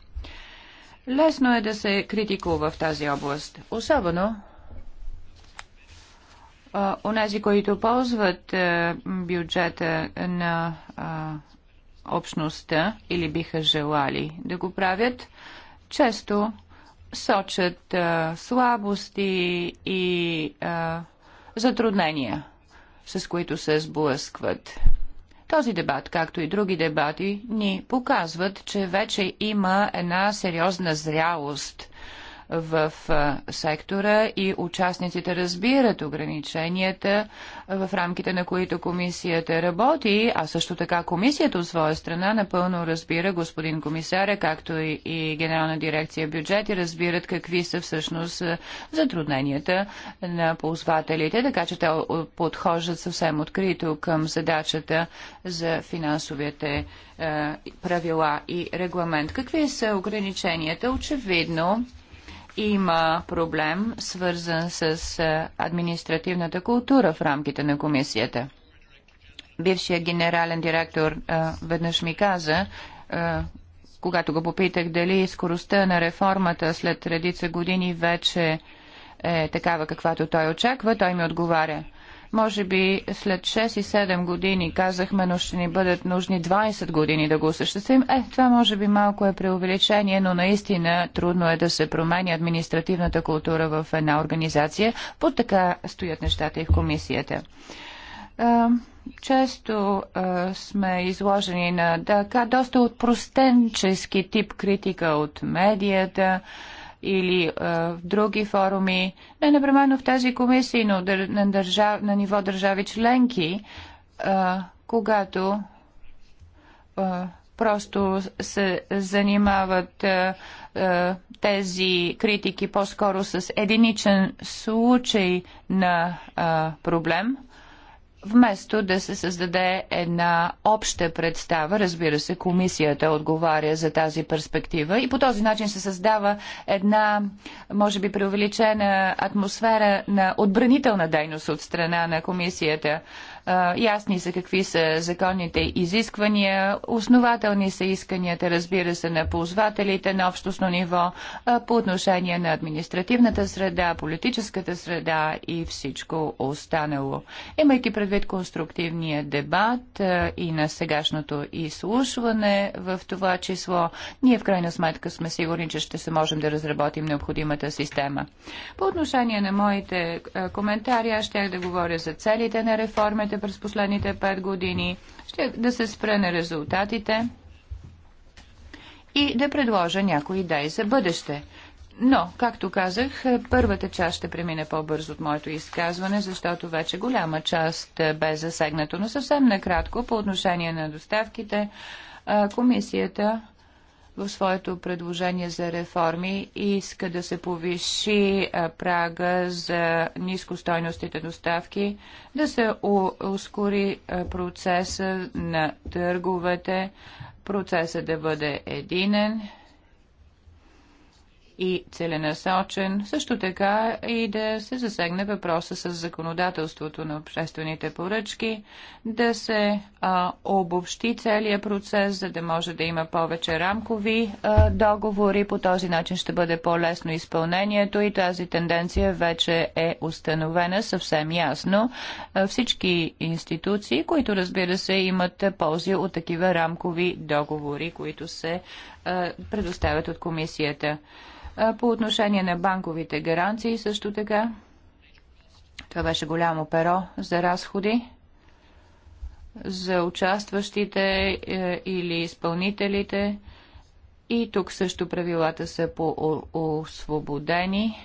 Лесно е да се критикува в тази област, особено онези, които ползват бюджета на общността или биха желали да го правят, често сочат слабости и затруднения, с които се сблъскват. Този дебат, както и други дебати, ни показват, че вече има една сериозна зрялост в сектора и участниците разбират ограниченията, в рамките на които комисията работи, а също така комисията от своя страна напълно разбира господин комисаря, както и, Генерална дирекция бюджет и разбират какви са всъщност затрудненията на ползвателите, така че те подхождат съвсем открито към задачата за финансовите правила и регламент. Какви са ограниченията? Очевидно, има проблем, свързан с е, административната култура в рамките на комисията. Бившия генерален директор а, е, веднъж ми каза, а, е, когато го попитах дали скоростта на реформата след редица години вече е такава, каквато той очаква, той ми отговаря. Може би след 6 и 7 години казахме, но ще ни бъдат нужни 20 години да го осъществим. Е, това може би малко е преувеличение, но наистина трудно е да се промени административната култура в една организация. По така стоят нещата и в комисията. Често а, сме изложени на така, доста отпростенчески тип критика от медията, или е, в други форуми, не непременно в тези комисии, но на, държав, на ниво държави членки, е, когато е, просто се занимават тези критики по-скоро с единичен случай на проблем, вместо да се създаде една обща представа, разбира се, комисията отговаря за тази перспектива и по този начин се създава една, може би, преувеличена атмосфера на отбранителна дейност от страна на комисията. Ясни са какви са законните изисквания, основателни са исканията, разбира се, на ползвателите на общостно ниво по отношение на административната среда, политическата среда и всичко останало. Имайки предвид конструктивния дебат и на сегашното изслушване в това число, ние в крайна сметка сме сигурни, че ще се можем да разработим необходимата система. По отношение на моите коментари, аз ще да говоря за целите на реформата, направените през последните 5 години. Ще да се спре на резултатите и да предложа някои идеи за бъдеще. Но, както казах, първата част ще премине по-бързо от моето изказване, защото вече голяма част бе засегнато. Но съвсем накратко, по отношение на доставките, комисията в своето предложение за реформи иска да се повиши прага за нискостойностите доставки, да се ускори процеса на търговете, процесът да бъде единен и целенасочен, също така и да се засегне въпроса с законодателството на обществените поръчки, да се а, обобщи целият процес, за да може да има повече рамкови а, договори. По този начин ще бъде по-лесно изпълнението и тази тенденция вече е установена съвсем ясно. А, всички институции, които разбира се имат ползи от такива рамкови договори, които се а, предоставят от комисията по отношение на банковите гаранции също така. Това беше голямо перо за разходи за участващите е, или изпълнителите. И тук също правилата са по освободени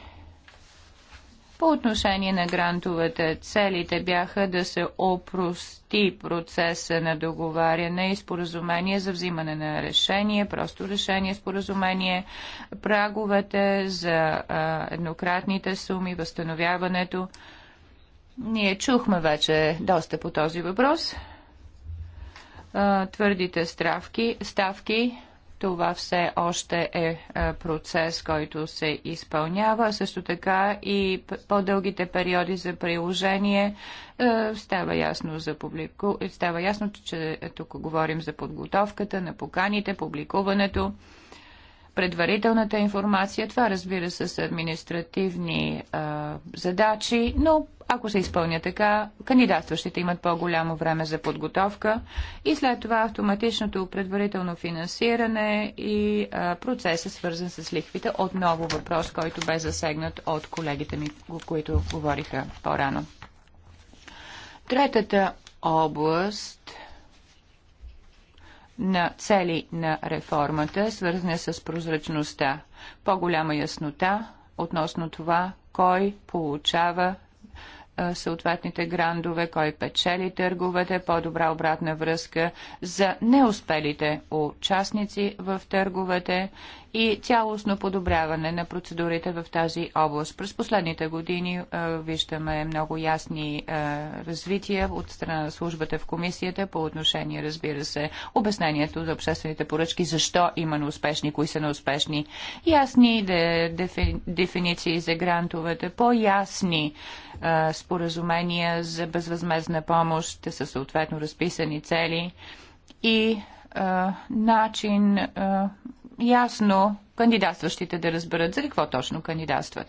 по отношение на грантовете, целите бяха да се опрости процеса на договаряне и споразумение за взимане на решение, просто решение, споразумение, праговете за а, еднократните суми, възстановяването. Ние чухме вече доста по този въпрос. А, твърдите стравки, ставки това все още е, е процес, който се изпълнява. Също така и по-дългите периоди за приложение е, става ясно за публику... става ясно, че тук говорим за подготовката на поканите, публикуването предварителната информация. Това разбира се са административни а, задачи, но ако се изпълня така, кандидатстващите имат по-голямо време за подготовка и след това автоматичното предварително финансиране и а, процеса свързан с лихвите. Отново въпрос, който бе засегнат от колегите ми, които говориха по-рано. Третата област на цели на реформата, свързане с прозрачността. По-голяма яснота относно това, кой получава съответните грандове, кой печели търговете, по-добра обратна връзка за неуспелите участници в търговете и цялостно подобряване на процедурите в тази област. През последните години е, виждаме много ясни е, развития от страна на службата в комисията по отношение, разбира се, обяснението за обществените поръчки, защо има успешни, кои са успешни, ясни де, дефи, дефиниции за грантовете, по-ясни е, споразумения за безвъзмезна помощ със съответно разписани цели и е, начин е, ясно кандидатстващите да разберат за какво точно кандидатстват.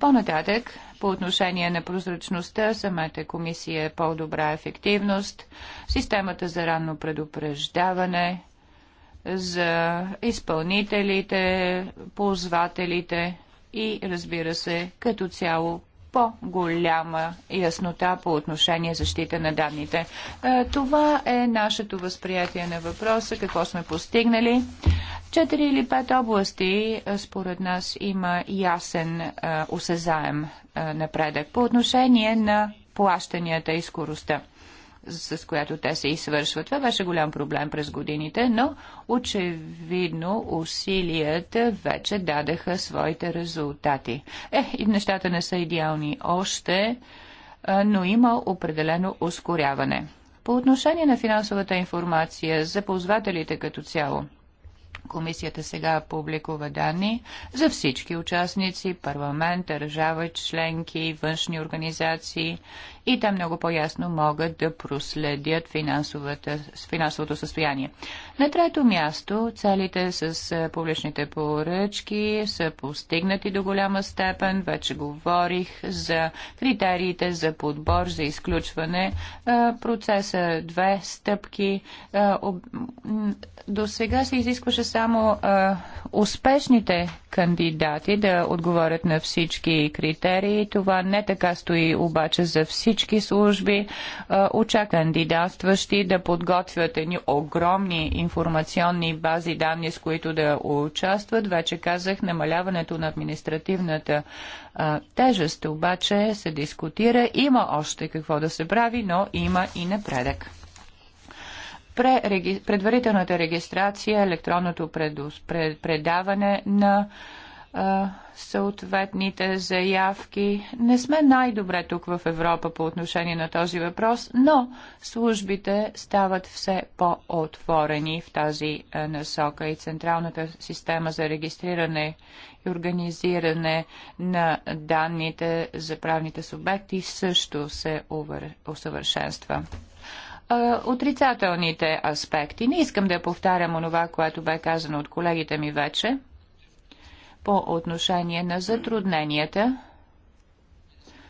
По-нататък, по отношение на прозрачността, самата комисия е по-добра ефективност, системата за ранно предупреждаване, за изпълнителите, ползвателите и, разбира се, като цяло по-голяма яснота по отношение защита на данните. Това е нашето възприятие на въпроса, какво сме постигнали. Четири или пет области, според нас, има ясен осезаем напредък по отношение на плащанията и скоростта с която те се извършват. Това беше голям проблем през годините, но очевидно усилията вече дадаха своите резултати. Е, и нещата не са идеални още, но има определено ускоряване. По отношение на финансовата информация за ползвателите като цяло – Комисията сега публикува данни за всички участници, парламент, държава, членки, външни организации и те много по-ясно могат да проследят финансовото състояние. На трето място, целите с публичните поръчки са постигнати до голяма степен. Вече говорих за критериите за подбор, за изключване. Процеса две стъпки. До сега се изискваше само успешните кандидати да отговорят на всички критерии. Това не така стои обаче за всички всички служби. Е, Очаквам кандидатстващи да подготвят едни огромни информационни бази данни, с които да участват. Вече казах, намаляването на административната е, тежест обаче се дискутира. Има още какво да се прави, но има и напредък предварителната регистрация, електронното предаване на съответните заявки. Не сме най-добре тук в Европа по отношение на този въпрос, но службите стават все по-отворени в тази насока и Централната система за регистриране и организиране на данните за правните субекти също се усъвършенства отрицателните аспекти. Не искам да повтарям онова, което бе казано от колегите ми вече по отношение на затрудненията,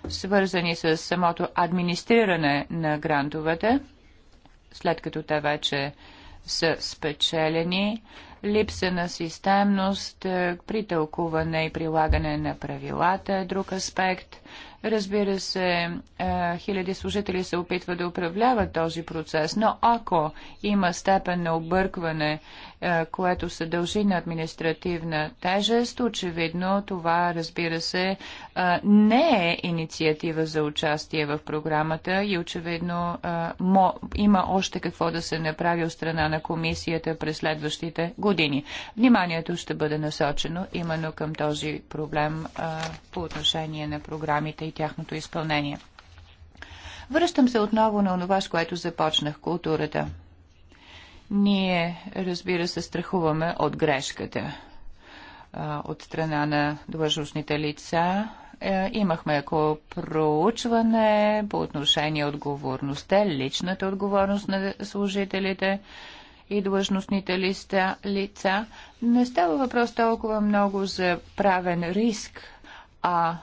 свързани с самото администриране на грантовете, след като те вече са спечелени, липса на системност е, при тълкуване и прилагане на правилата е друг аспект. Разбира се, е, хиляди служители се опитват да управляват този процес, но ако има степен на объркване е, което се дължи на административна тежест. Очевидно това, разбира се, е, не е инициатива за участие в програмата и очевидно е, има още какво да се направи от страна на комисията през следващите години. Вниманието ще бъде насочено именно към този проблем по отношение на програмите и тяхното изпълнение. Връщам се отново на това, с което започнах културата. Ние, разбира се, страхуваме от грешката от страна на длъжностните лица. Е, имахме ако проучване по отношение отговорността, личната отговорност на служителите и длъжностните листа, лица. Не става въпрос толкова много за правен риск, а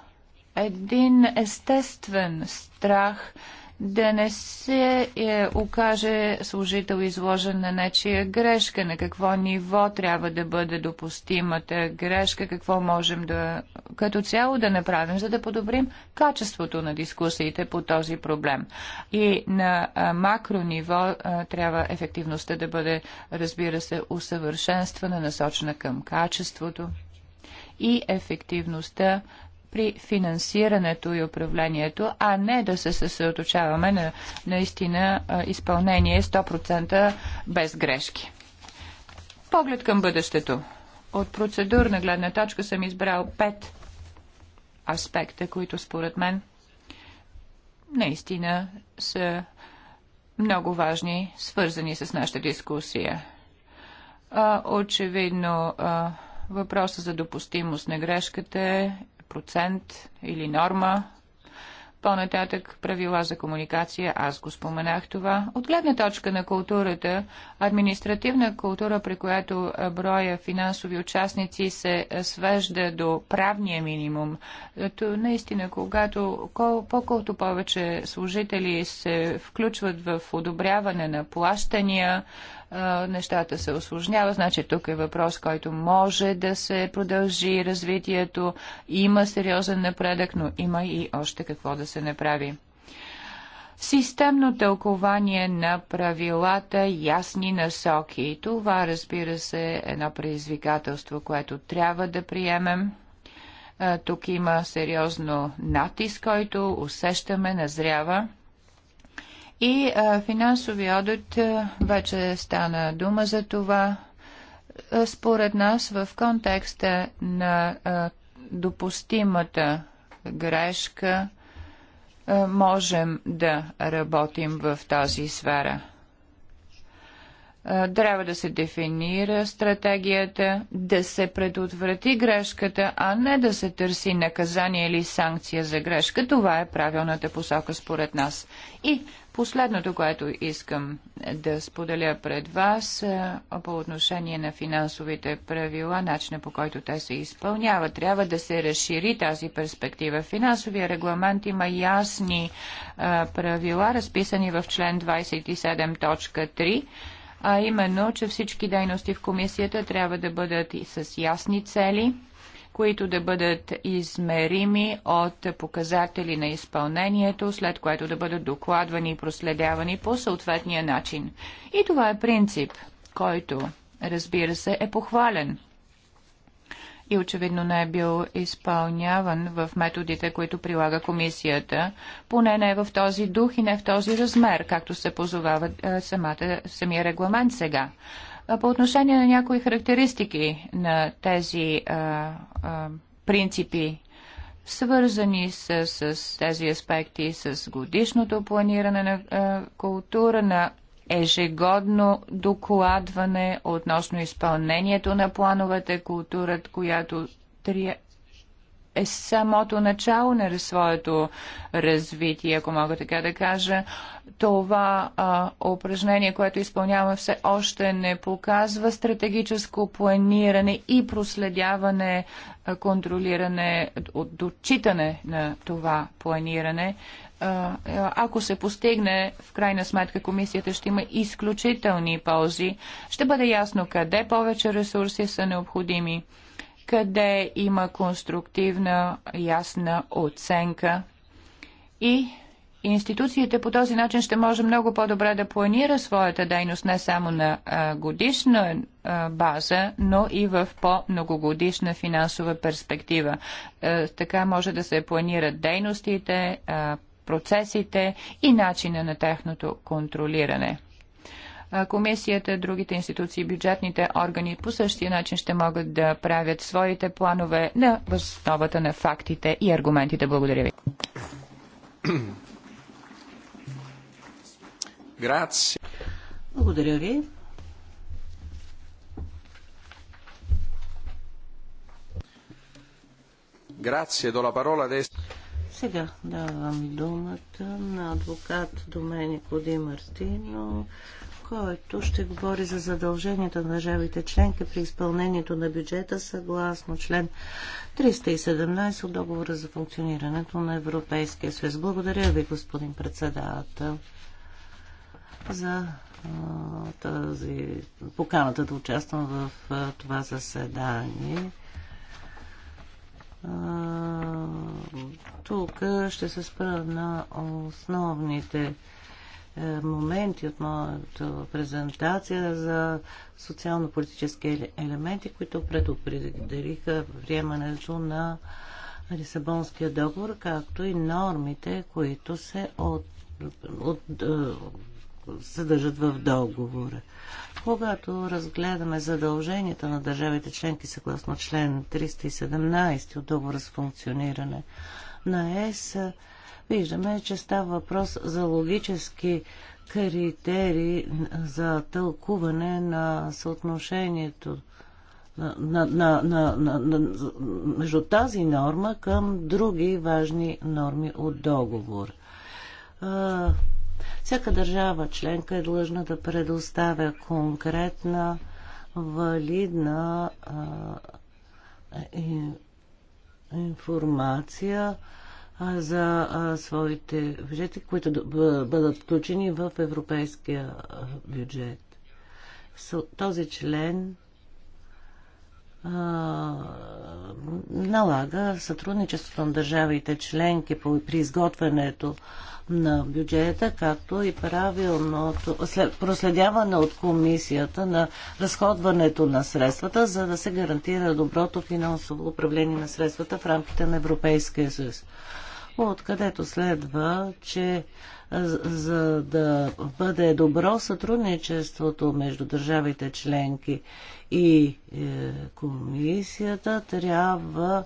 един естествен страх – да не се е, окаже служител изложен на нечия грешка, на какво ниво трябва да бъде допустимата грешка, какво можем да като цяло да направим, за да подобрим качеството на дискусиите по този проблем. И на макро ниво трябва ефективността да бъде, разбира се, усъвършенствана, насочена към качеството и ефективността при финансирането и управлението, а не да се съсредоточаваме на наистина изпълнение 100% без грешки. Поглед към бъдещето. От процедурна гледна точка съм избрал пет аспекта, които според мен наистина са много важни, свързани с нашата дискусия. очевидно, въпроса за допустимост на грешката процент или норма. По-нататък правила за комуникация, аз го споменах това. От гледна точка на културата, административна култура, при която броя финансови участници се свежда до правния минимум, то наистина, когато по-колкото повече служители се включват в одобряване на плащания, нещата се осложняват. Значи тук е въпрос, който може да се продължи развитието. Има сериозен напредък, но има и още какво да се направи. Системно тълкование на правилата, ясни насоки. Това, разбира се, е едно предизвикателство, което трябва да приемем. Тук има сериозно натиск, който усещаме, назрява. И финансовия одит вече стана дума за това. Според нас в контекста на допустимата грешка можем да работим в тази сфера. Трябва да се дефинира стратегията, да се предотврати грешката, а не да се търси наказание или санкция за грешка. Това е правилната посока според нас. И Последното, което искам да споделя пред вас е, по отношение на финансовите правила, начина по който те се изпълняват, трябва да се разшири тази перспектива. Финансовия регламент има ясни е, правила, разписани в член 27.3 а именно, че всички дейности в комисията трябва да бъдат и с ясни цели – които да бъдат измерими от показатели на изпълнението, след което да бъдат докладвани и проследявани по съответния начин. И това е принцип, който, разбира се, е похвален и очевидно не е бил изпълняван в методите, които прилага комисията, поне не в този дух и не в този размер, както се позовава е, самата, самия регламент сега. По отношение на някои характеристики на тези а, а, принципи, свързани с, с тези аспекти, с годишното планиране на а, култура, на ежегодно докладване относно изпълнението на плановете, културата, която е самото начало на своето развитие, ако мога така да кажа. Това а, упражнение, което изпълнява все още не показва стратегическо планиране и проследяване, контролиране, дочитане на това планиране ако се постигне, в крайна сметка комисията ще има изключителни ползи. Ще бъде ясно къде повече ресурси са необходими къде има конструктивна, ясна оценка и институциите по този начин ще може много по-добре да планира своята дейност не само на годишна база, но и в по-многогодишна финансова перспектива. Е, така може да се планират дейностите, процесите и начина на техното контролиране комисията, другите институции, бюджетните органи по същия начин ще могат да правят своите планове на основата на фактите и аргументите. Благодаря ви. [CLEARS THROAT] Благодаря ви. Сега давам думата на адвокат Доменико Ди Мартино, който ще говори за задълженията на държавите членки при изпълнението на бюджета съгласно член 317 от договора за функционирането на Европейския съюз. Благодаря ви, господин председател, за тази поканата да участвам в това заседание. Тук ще се спра на основните е, моменти от моята презентация за социално-политически елементи, които предопределиха приемането на Лисабонския договор, както и нормите, които се от, от, е, съдържат в договора. Когато разгледаме задълженията на държавите членки съгласно член 317 от договора с функциониране на ЕС, виждаме, че става въпрос за логически критерии за тълкуване на съотношението на, на, на, на, на, на, между тази норма към други важни норми от договор. А, всяка държава членка е длъжна да предоставя конкретна, валидна а, и, информация а, за своите бюджети, които бъдат включени в европейския бюджет. Този член налага сътрудничеството на държавите членки при изготвянето на бюджета, както и правилното проследяване от комисията на разходването на средствата, за да се гарантира доброто финансово управление на средствата в рамките на Европейския съюз откъдето следва, че за да бъде добро сътрудничеството между държавите членки и е, комисията, трябва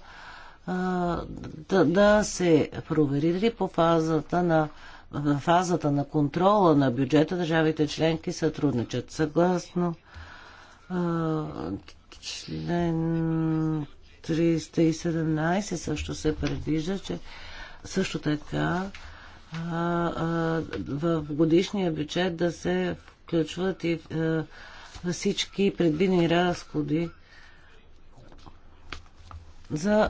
да, да се провери дали по фазата на в фазата на контрола на бюджета държавите членки сътрудничат. Съгласно а, член 317 също се предвижда, че също така в годишния бюджет да се включват и всички предвидени разходи за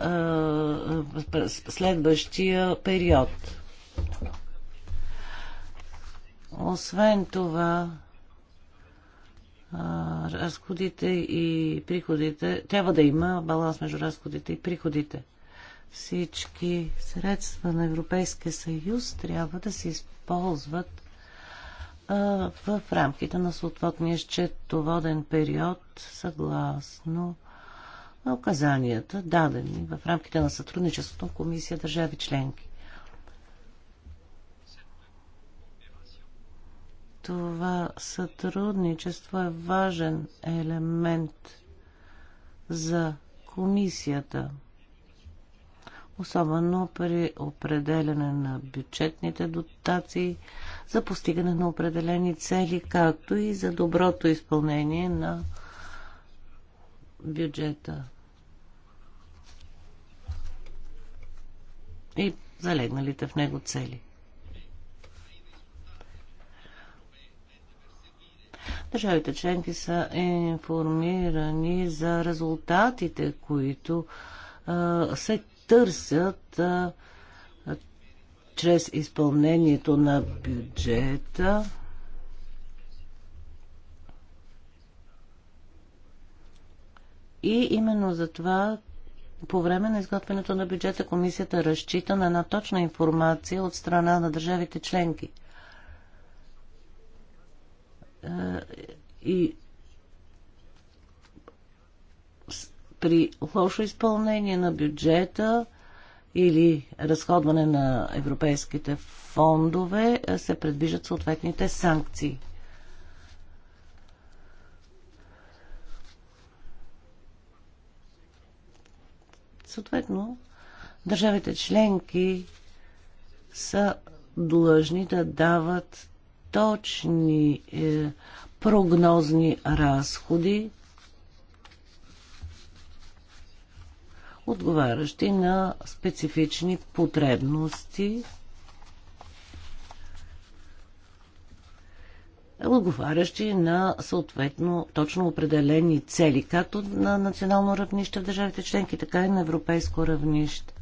следващия период. Освен това, разходите и приходите, трябва да има баланс между разходите и приходите. Всички средства на Европейския съюз трябва да се използват в рамките на съответния счетоводен период, съгласно на указанията, дадени в рамките на сътрудничеството на Комисия държави членки. Това сътрудничество е важен елемент за комисията особено при определене на бюджетните дотации за постигане на определени цели, както и за доброто изпълнение на бюджета. И залегналите в него цели. Държавите членки са информирани за резултатите, които се търсят а, а, чрез изпълнението на бюджета и именно за това по време на изготвянето на бюджета комисията разчита на една точна информация от страна на държавите членки. И при лошо изпълнение на бюджета или разходване на европейските фондове се предвижат съответните санкции. Съответно, държавите членки са длъжни да дават точни е, прогнозни разходи отговарящи на специфични потребности, отговарящи на съответно точно определени цели, както на национално равнище в държавите членки, така и на европейско равнище.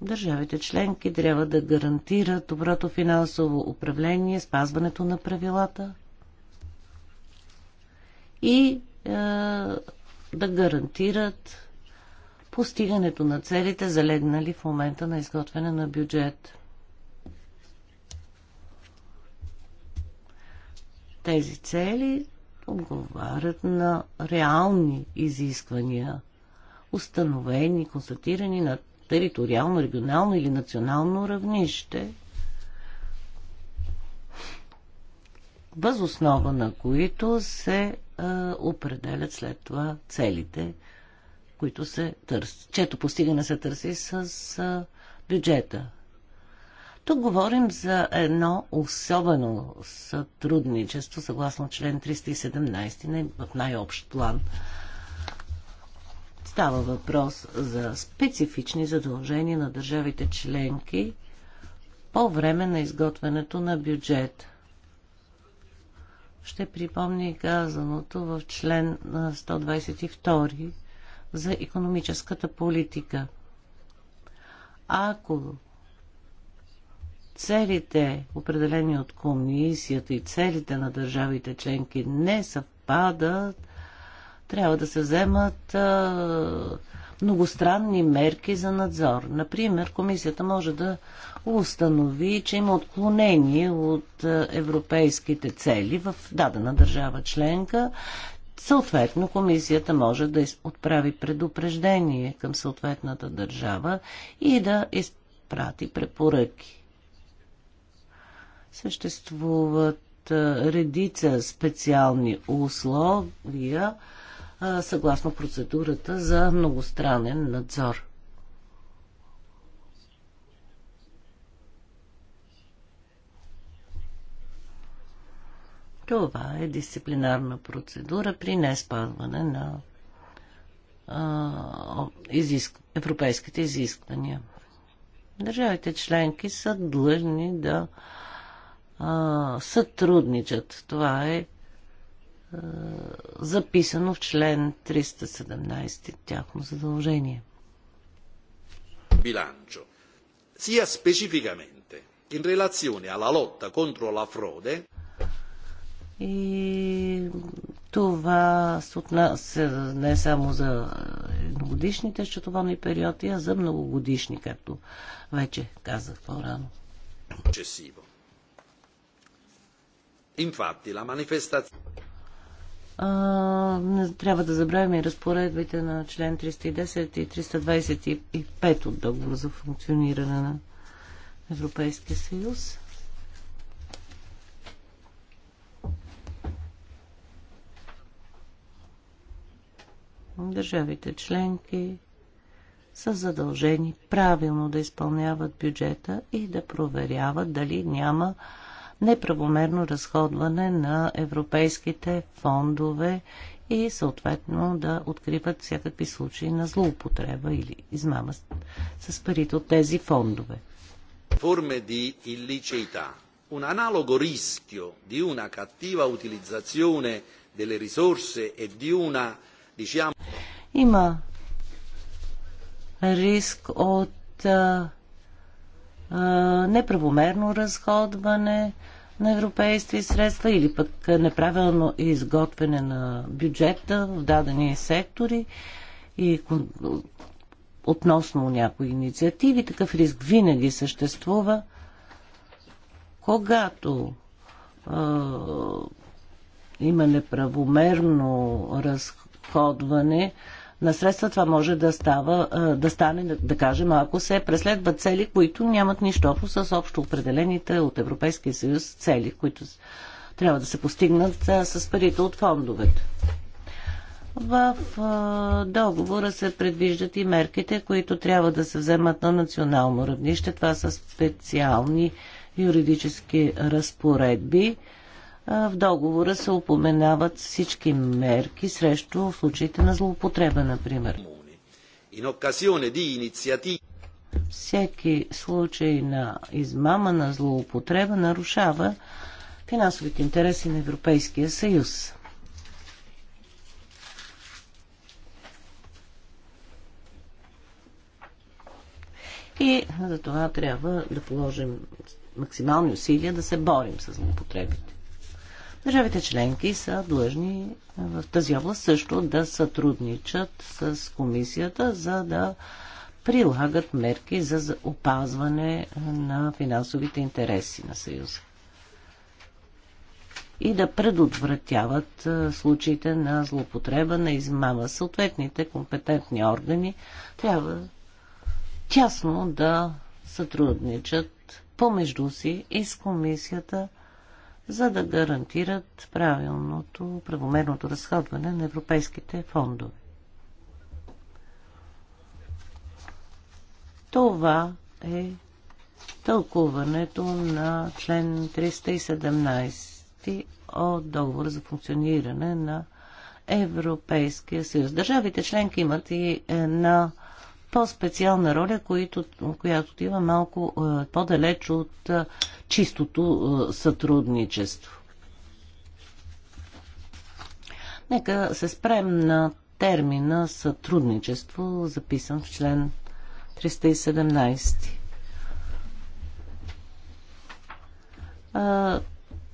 Държавите членки трябва да гарантират доброто финансово управление, спазването на правилата и е, да гарантират постигането на целите, залегнали в момента на изготвяне на бюджет. Тези цели отговарят на реални изисквания, установени, констатирани на териториално, регионално или национално равнище, възоснова на които се а, определят след това целите, които се търсят, чето постигане се търси с а, бюджета. Тук говорим за едно особено сътрудничество, съгласно член 317 в най-общ план. Става въпрос за специфични задължения на държавите членки по време на изготвянето на бюджета. Ще припомня казаното в член 122 за економическата политика. Ако целите, определени от комисията и целите на държавите членки не съвпадат, трябва да се вземат а, многостранни мерки за надзор. Например, комисията може да установи, че има отклонение от е, европейските цели в дадена държава членка. Съответно, комисията може да отправи предупреждение към съответната държава и да изпрати препоръки. Съществуват е, редица специални условия, съгласно процедурата за многостранен надзор. Това е дисциплинарна процедура при неспазване на а, изиск... европейските изисквания. Държавите членки са длъжни да а, сътрудничат. Това е е, записано в член 317 тяхно задължение. Bilancio. Sia specificamente in relazione alla lotta contro la frode. И това се отнася не само за едногодишните счетоводни периоди, а за многогодишни, както вече казах по-рано. Infatti la manifestazione а, не трябва да забравим и разпоредбите на член 310 и 325 от договора за функциониране на Европейския съюз. Държавите членки са задължени правилно да изпълняват бюджета и да проверяват дали няма неправомерно разходване на европейските фондове и съответно да откриват всякакви случаи на злоупотреба или измама с парите от тези фондове. Форме illiceità. Un analogo rischio di una cattiva utilizzazione delle risorse e di una, diciamo... Има риск от а, eh, неправомерно разходване на европейски средства или пък неправилно изготвяне на бюджета в дадени сектори и относно някои инициативи. Такъв риск винаги съществува, когато а, има неправомерно разходване на средства, това може да, става, да стане, да кажем, ако се преследват цели, които нямат нищо общо с общо определените от Европейския съюз цели, които трябва да се постигнат с парите от фондовете. В договора се предвиждат и мерките, които трябва да се вземат на национално равнище. Това са специални юридически разпоредби в договора се упоменават всички мерки срещу случаите на злоупотреба, например. Всеки случай на измама, на злоупотреба нарушава финансовите интереси на Европейския съюз. И за това трябва да положим максимални усилия да се борим с злоупотребите. Държавите членки са длъжни в тази област също да сътрудничат с комисията, за да прилагат мерки за опазване на финансовите интереси на Съюза и да предотвратяват случаите на злопотреба, на измама. Съответните компетентни органи трябва тясно да сътрудничат помежду си и с комисията за да гарантират правилното, правомерното разходване на европейските фондове. Това е тълкуването на член 317 от договора за функциониране на Европейския съюз. Държавите членки имат и една по-специална роля, която, която отива малко е, по-далеч от е, чистото е, сътрудничество. Нека се спрем на термина сътрудничество, записан в член 317.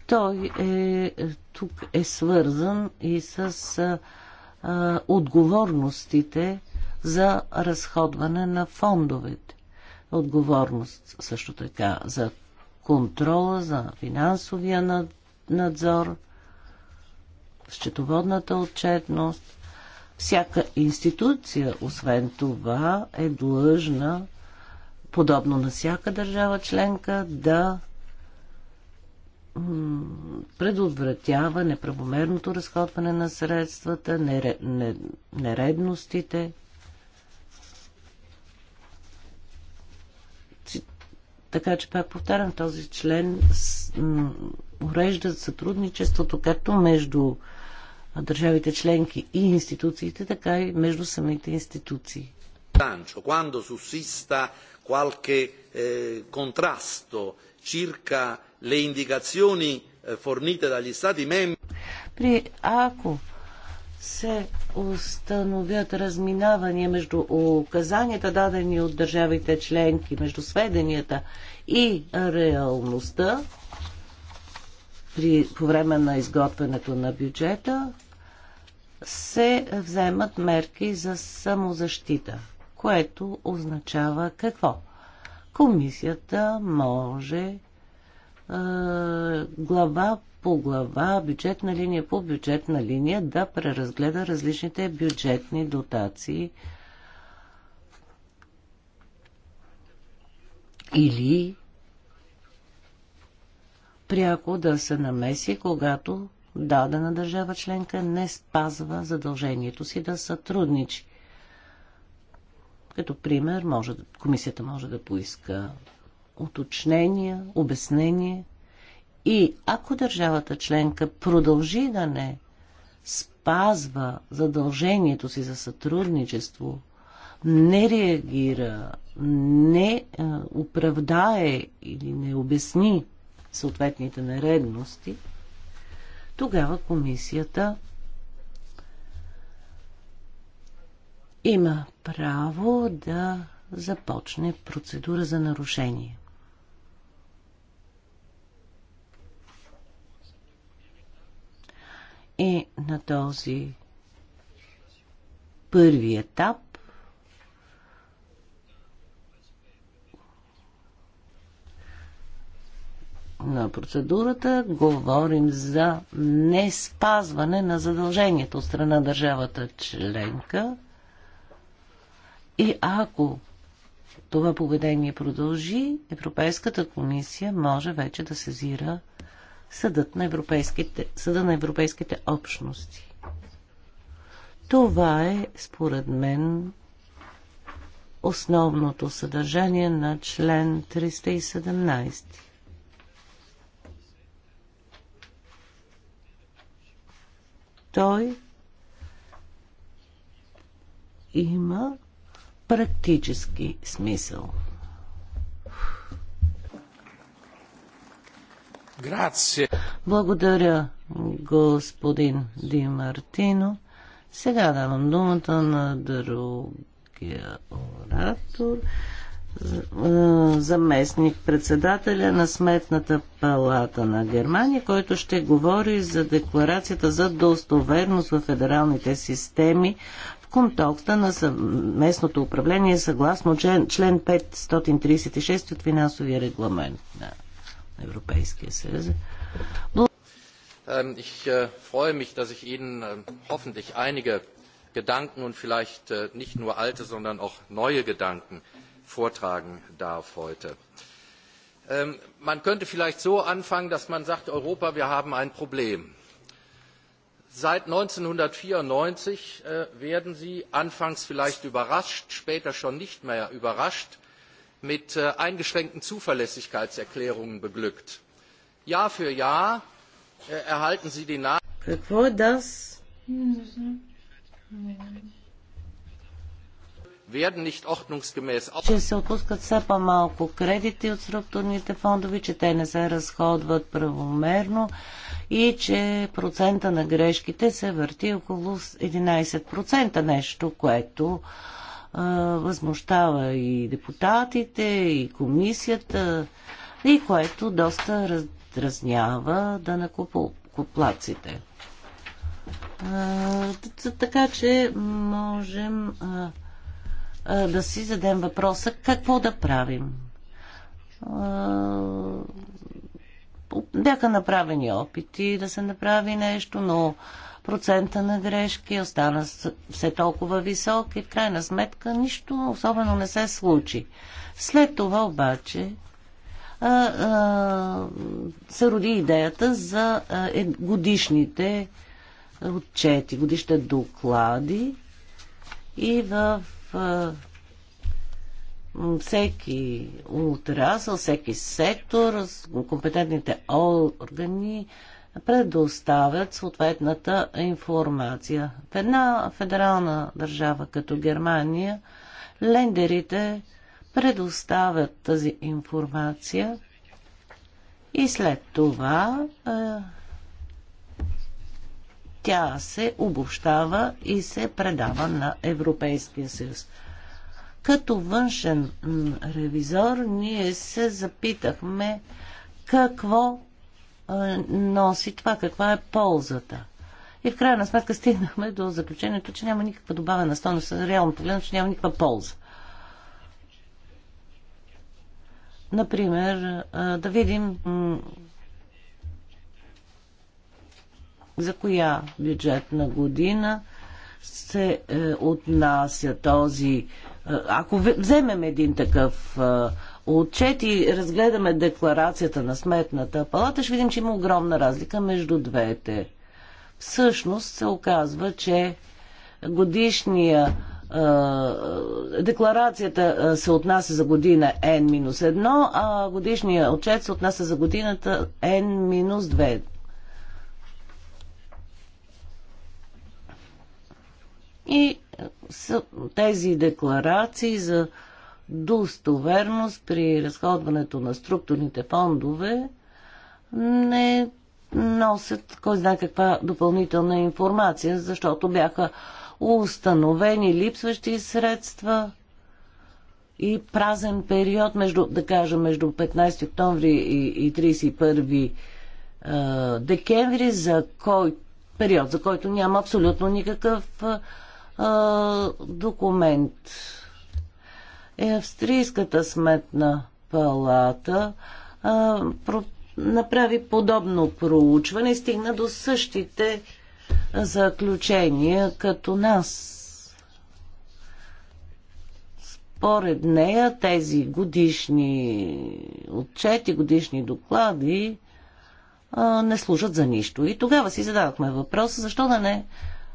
той е, тук е свързан и с а, отговорностите за разходване на фондовете. Отговорност също така за контрола, за финансовия надзор, счетоводната отчетност. Всяка институция, освен това, е длъжна, подобно на всяка държава членка, да предотвратява неправомерното разходване на средствата, нередностите. Така че, пак повтарям, този член урежда сътрудничеството както между държавите членки и институциите, така и между самите институции. когато сусиста qualche контрасто eh, contrasto circa le indicazioni eh, fornite dagli stati membri. При ако се установят разминавания между указанията, дадени от държавите членки, между сведенията и реалността при, по време на изготвянето на бюджета, се вземат мерки за самозащита, което означава какво? Комисията може глава по глава, бюджетна линия по бюджетна линия да преразгледа различните бюджетни дотации или пряко да се намеси, когато дадена държава членка не спазва задължението си да сътрудничи. Като пример, може, комисията може да поиска уточнения, обяснение. И ако държавата членка продължи да не спазва задължението си за сътрудничество, не реагира, не оправдае или не обясни съответните нередности, тогава комисията има право да започне процедура за нарушение. И е на този първи етап на процедурата говорим за не спазване на задължението от страна държавата членка и ако това поведение продължи, Европейската комисия може вече да сезира Съдът на Европейските, Съда на Европейските общности. Това е, според мен, основното съдържание на член 317. Той има практически смисъл. Грация. Благодаря, господин Ди Мартино. Сега давам думата на другия оратор, заместник председателя на Сметната палата на Германия, който ще говори за декларацията за достоверност в федералните системи в контекста на местното управление съгласно член 536 от финансовия регламент на Европейския съюз. Ich freue mich, dass ich Ihnen hoffentlich einige Gedanken und vielleicht nicht nur alte, sondern auch neue Gedanken vortragen darf heute. Man könnte vielleicht so anfangen, dass man sagt, Europa, wir haben ein Problem. Seit 1994 werden Sie anfangs vielleicht überrascht, später schon nicht mehr überrascht, mit äh, eingeschränkten zuverlässigkeitserklärungen beglückt. Jahr für Jahr äh, erhalten Sie die Nachrichten. Какво е Werden nicht ordnungsgemäß Че се отпускат все по-малко кредити от структурните фондове, че те не се разходват правомерно и че процента на грешките се върти около 11% нещо, което а, възмущава и депутатите, и комисията, и което доста раздразнява да накоплаците. Така че можем да си задем въпроса какво да правим. бяха направени опити да се направи нещо, но процента на грешки остана все толкова висок и в крайна сметка нищо особено не се случи. След това обаче а, а, се роди идеята за а, е, годишните отчети, годишните доклади и в а, всеки отрасъл, всеки сектор, компетентните органи предоставят съответната информация. В една федерална държава като Германия лендерите предоставят тази информация и след това е, тя се обобщава и се предава на Европейския съюз. Като външен ревизор ние се запитахме какво носи това, каква е ползата. И в крайна сметка стигнахме до заключението, че няма никаква добавена стойност. Реално погледно, че няма никаква полза. Например, да видим за коя бюджетна година се е, отнася този. Е, ако вземем един такъв е, отчети разгледаме декларацията на Сметната палата, ще видим, че има огромна разлика между двете. Всъщност се оказва, че годишния декларацията се отнася за година N-1, а годишния отчет се отнася за годината N-2. И тези декларации за достоверност при разходването на структурните фондове не носят кой знае каква допълнителна информация, защото бяха установени липсващи средства и празен период, между, да кажа, между 15 октомври и, 31 е, декември, за кой, период, за който няма абсолютно никакъв е, документ е Австрийската сметна палата а, про, направи подобно проучване и стигна до същите заключения като нас. Според нея тези годишни отчети, годишни доклади а, не служат за нищо. И тогава си задавахме въпроса, защо да не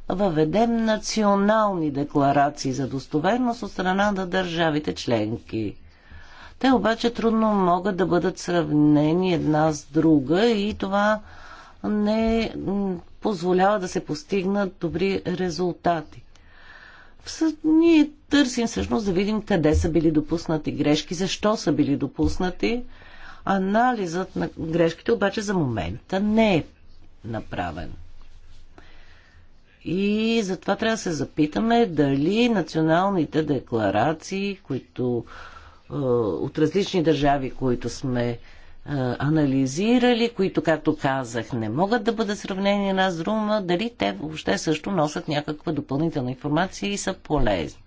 въведем национални декларации за достоверност от страна на държавите членки. Те обаче трудно могат да бъдат сравнени една с друга и това не позволява да се постигнат добри резултати. Ние търсим всъщност да видим къде са били допуснати грешки, защо са били допуснати. Анализът на грешките обаче за момента не е направен. И затова трябва да се запитаме дали националните декларации, които е, от различни държави, които сме е, анализирали, които, както казах, не могат да бъдат сравнени една с друга, дали те въобще също носят някаква допълнителна информация и са полезни.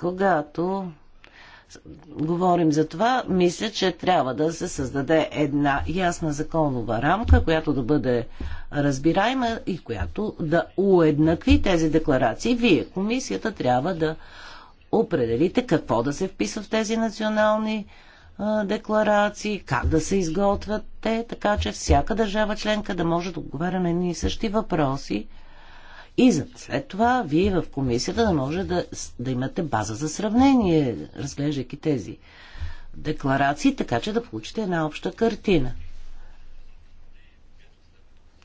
когато говорим за това, мисля, че трябва да се създаде една ясна законова рамка, която да бъде разбираема и която да уеднакви тези декларации. Вие, комисията, трябва да определите какво да се вписва в тези национални декларации, как да се изготвят те, така че всяка държава членка да може да отговаря на едни и същи въпроси и след това вие в комисията да може да, да имате база за сравнение, разглеждайки тези декларации, така че да получите една обща картина.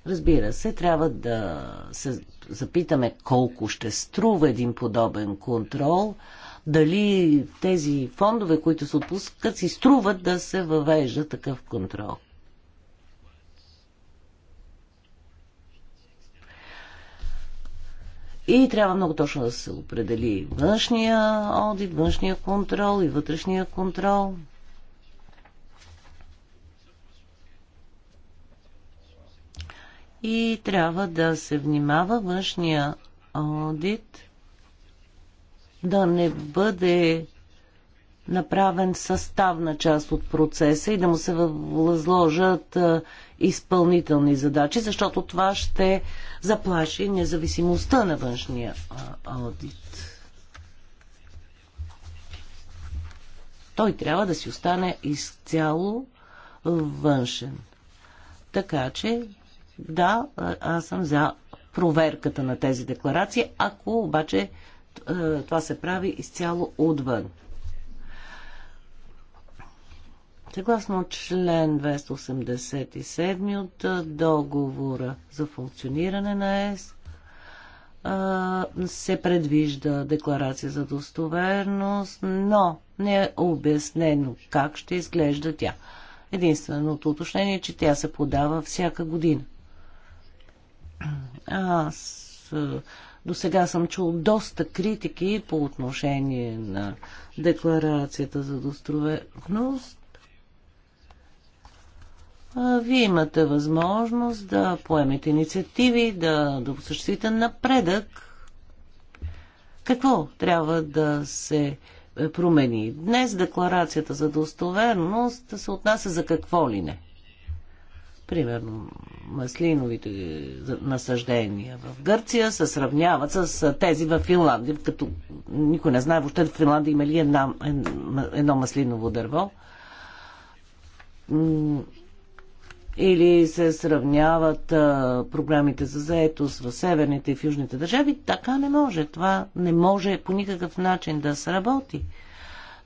Разбира се, трябва да се запитаме колко ще струва един подобен контрол, дали тези фондове, които се отпускат, си струват да се въвежда такъв контрол. И трябва много точно да се определи външния аудит, външния контрол и вътрешния контрол. И трябва да се внимава външния аудит, да не бъде направен съставна част от процеса и да му се възложат изпълнителни задачи, защото това ще заплаши независимостта на външния аудит. Той трябва да си остане изцяло външен. Така че, да, аз съм за проверката на тези декларации, ако обаче това се прави изцяло отвън. Съгласно член 287 от договора за функциониране на ЕС, се предвижда декларация за достоверност, но не е обяснено как ще изглежда тя. Единственото уточнение е, че тя се подава всяка година. Аз до сега съм чул доста критики по отношение на декларацията за достоверност, вие имате възможност да поемете инициативи, да, да осъществите напредък. Какво трябва да се е, промени? Днес декларацията за достоверност се отнася за какво ли не? Примерно, маслиновите е, насъждения в Гърция се сравняват с е, тези в Финландия, като никой не знае въобще в Финландия има ли една, едно маслиново дърво или се сравняват а, програмите за заетост в северните и в южните държави. Така не може. Това не може по никакъв начин да сработи.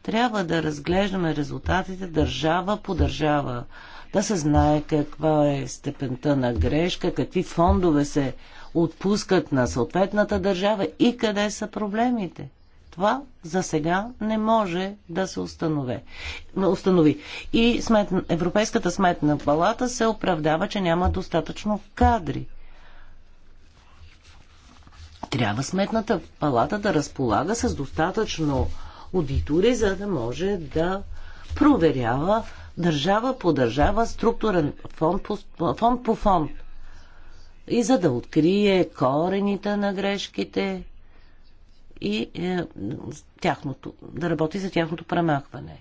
Трябва да разглеждаме резултатите държава по държава. Да се знае каква е степента на грешка, какви фондове се отпускат на съответната държава и къде са проблемите. Това за сега не може да се установи. И сметна, Европейската сметна палата се оправдава, че няма достатъчно кадри. Трябва сметната палата да разполага с достатъчно аудитори, за да може да проверява държава по държава, структурен фонд по фонд. По фонд и за да открие корените на грешките и е, тяхното, да работи за тяхното премахване.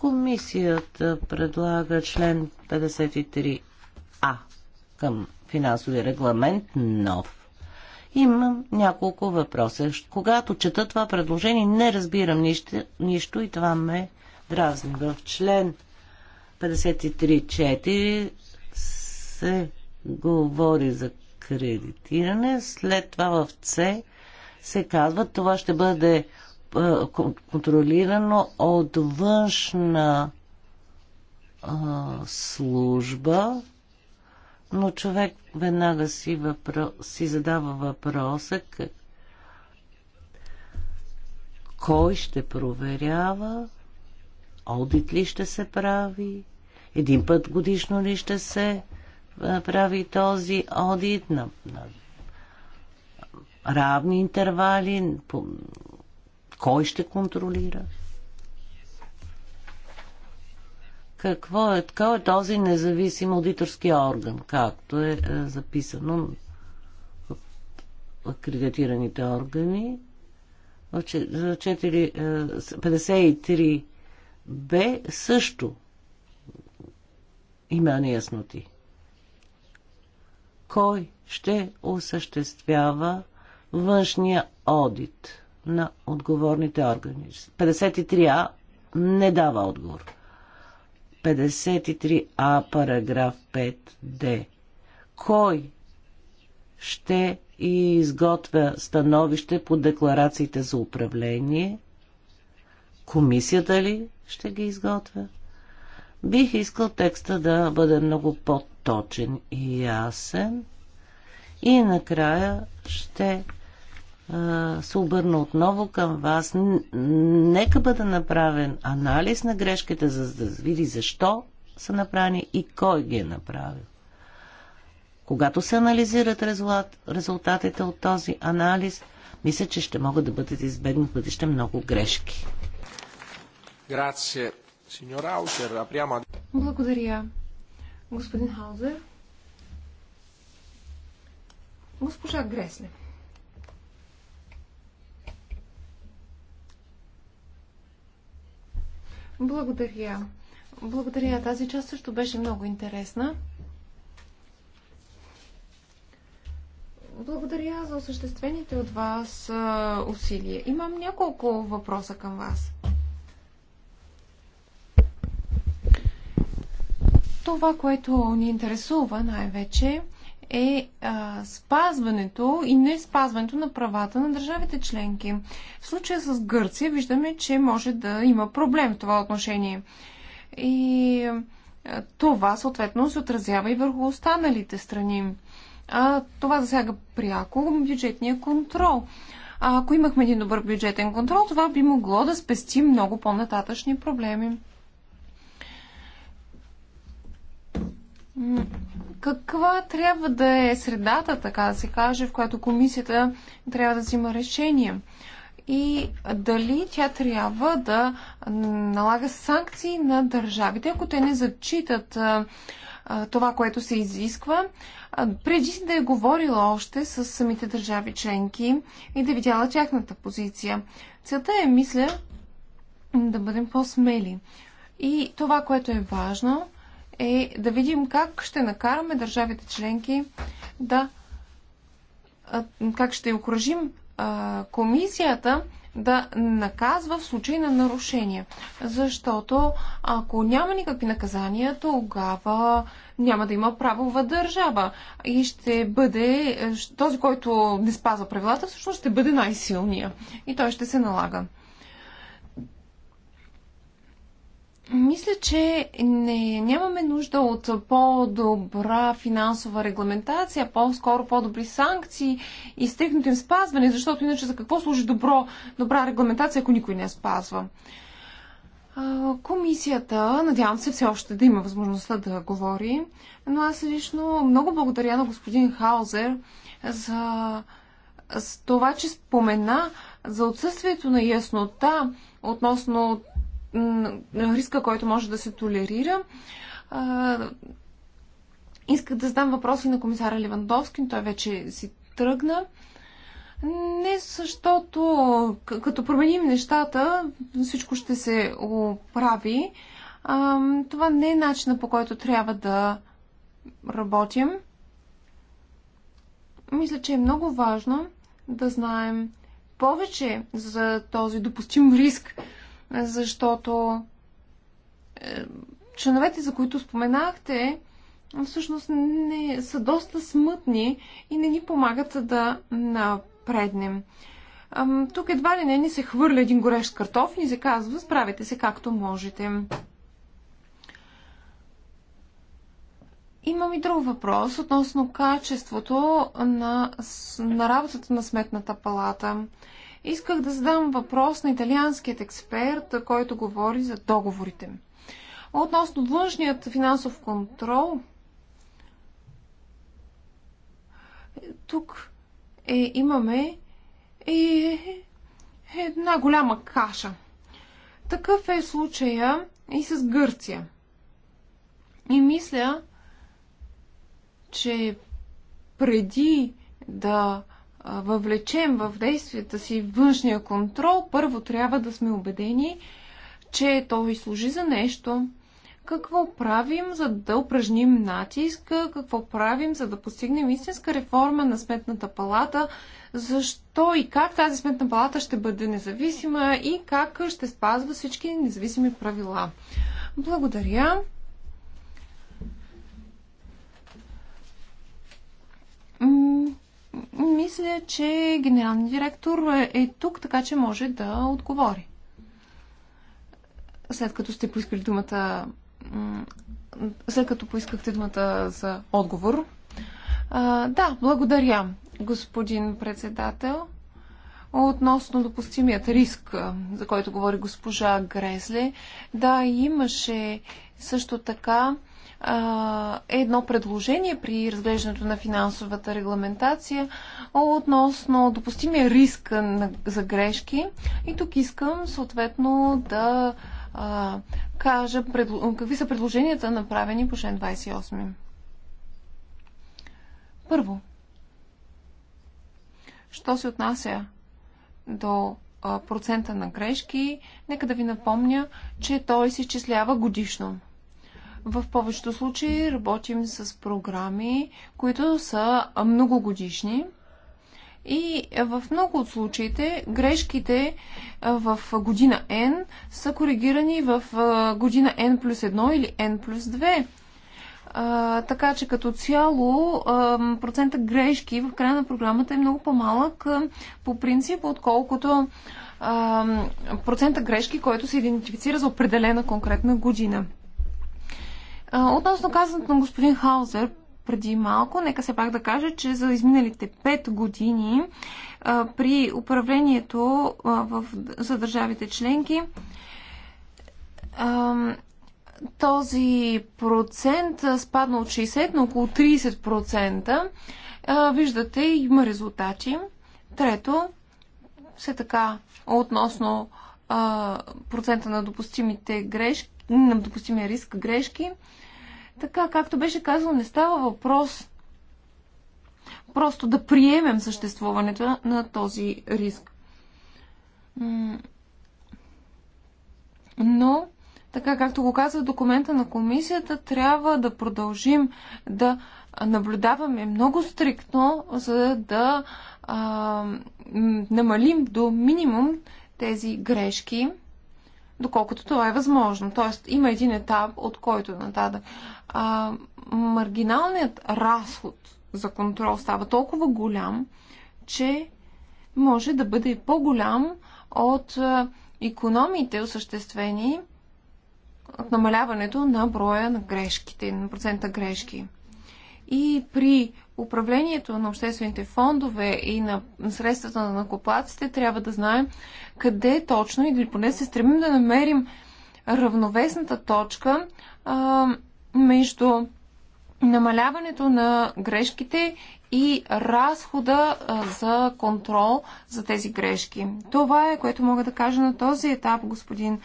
Комисията предлага член 53А към финансови регламент нов. Имам няколко въпроса. Когато чета това предложение, не разбирам нищо, нищо и това ме дразни. В член 53.4 се говори за кредитиране. След това в С се казва, това ще бъде контролирано от външна а, служба, но човек веднага си, въпро... си задава въпроса как... кой ще проверява Одит ли ще се прави? Един път годишно ли ще се прави този одит на, на равни интервали? По, кой ще контролира? Какво е, какво е този независим аудиторски орган, както е, е записано в акредитираните органи? В 4, 53 Б също има неясноти. Кой ще осъществява външния одит на отговорните органи? 53А не дава отговор. 53А параграф 5Д. Кой ще изготвя становище по декларациите за управление? Комисията ли? ще ги изготвя. Бих искал текста да бъде много по-точен и ясен. И накрая ще а, се обърна отново към вас. Нека бъде направен анализ на грешките, за да види защо са направени и кой ги е направил. Когато се анализират резултат, резултатите от този анализ, мисля, че ще могат да бъдат избегнати бъдеще много грешки. Благодаря, господин Хаузер. Госпожа Гресле. Благодаря. Благодаря. Тази част също беше много интересна. Благодаря за осъществените от вас усилия. Имам няколко въпроса към вас. Това, което ни интересува най-вече е а, спазването и не спазването на правата на държавите членки. В случая с Гърция виждаме, че може да има проблем в това отношение. И а, това съответно се отразява и върху останалите страни. А, това засяга пряко бюджетния контрол. А, ако имахме един добър бюджетен контрол, това би могло да спести много по-нататъчни проблеми. Каква трябва да е средата, така да се каже, в която комисията трябва да взима решение? И дали тя трябва да налага санкции на държавите, ако те не зачитат това, което се изисква, преди да е говорила още с самите държави членки и да е видяла тяхната позиция. Целта е, мисля, да бъдем по-смели. И това, което е важно, е да видим как ще накараме държавите членки да. как ще окружим комисията да наказва в случай на нарушение. Защото ако няма никакви наказания, тогава няма да има правова държава. И ще бъде е, този, който не спазва правилата, всъщност ще бъде най-силния. И той ще се налага. Мисля, че не, нямаме нужда от по-добра финансова регламентация, по-скоро по-добри санкции и стрикното им спазване, защото иначе за какво служи добро, добра регламентация, ако никой не я спазва? Комисията, надявам се все още да има възможността да говори, но аз лично много благодаря на господин Хаузер за, за това, че спомена за отсъствието на яснота относно риска, който може да се толерира. Исках да задам въпроси на комисара Левандовски, той вече си тръгна. Не защото като променим нещата, всичко ще се оправи. това не е начина по който трябва да работим. Мисля, че е много важно да знаем повече за този допустим риск, защото е, членовете, за които споменахте, всъщност не, са доста смътни и не ни помагат да напреднем. Тук едва ли не ни се хвърля един горещ картоф и ни се казва, справете се както можете. Имам и друг въпрос относно качеството на, на работата на Сметната палата исках да задам въпрос на италианският експерт, който говори за договорите. Относно външният финансов контрол, тук е, имаме е, една голяма каша. Такъв е случая и с Гърция. И мисля, че преди да въвлечем в действията си външния контрол, първо трябва да сме убедени, че той служи за нещо. Какво правим, за да упражним натиска? Какво правим, за да постигнем истинска реформа на Сметната палата? Защо и как тази Сметна палата ще бъде независима и как ще спазва всички независими правила? Благодаря. Мисля, че генералният директор е тук, така че може да отговори. След като сте поискали думата, след като поискахте думата за отговор. А, да, благодаря, господин председател. Относно допустимият риск, за който говори госпожа Гресле, да, имаше също така е едно предложение при разглеждането на финансовата регламентация относно допустимия риск за грешки. И тук искам съответно да кажа какви са предложенията направени по член 28. Първо, що се отнася до процента на грешки, нека да ви напомня, че той се изчислява годишно. В повечето случаи работим с програми, които са многогодишни и в много от случаите грешките в година N са коригирани в година N плюс 1 или N плюс 2. така че като цяло процента грешки в края на програмата е много по-малък по принцип, отколкото процента грешки, който се идентифицира за определена конкретна година. Относно казаното на господин Хаузер преди малко, нека се пак да кажа, че за изминалите 5 години при управлението в, за държавите членки този процент спадна от 60 на около 30%. Виждате, има резултати. Трето, все така, относно процента на допустимите грешки, на допустимия риск грешки, така, както беше казано, не става въпрос просто да приемем съществуването на този риск. Но, така както го казва документа на комисията, трябва да продължим да наблюдаваме много стриктно, за да а, намалим до минимум тези грешки доколкото това е възможно. Тоест, има един етап, от който нататък а, маргиналният разход за контрол става толкова голям, че може да бъде по-голям от економите осъществени от намаляването на броя на грешките, на процента грешки. И при управлението на обществените фондове и на средствата на накоплаците трябва да знаем къде точно и дали поне се стремим да намерим равновесната точка а, между намаляването на грешките и разхода за контрол за тези грешки. Това е, което мога да кажа на този етап, господин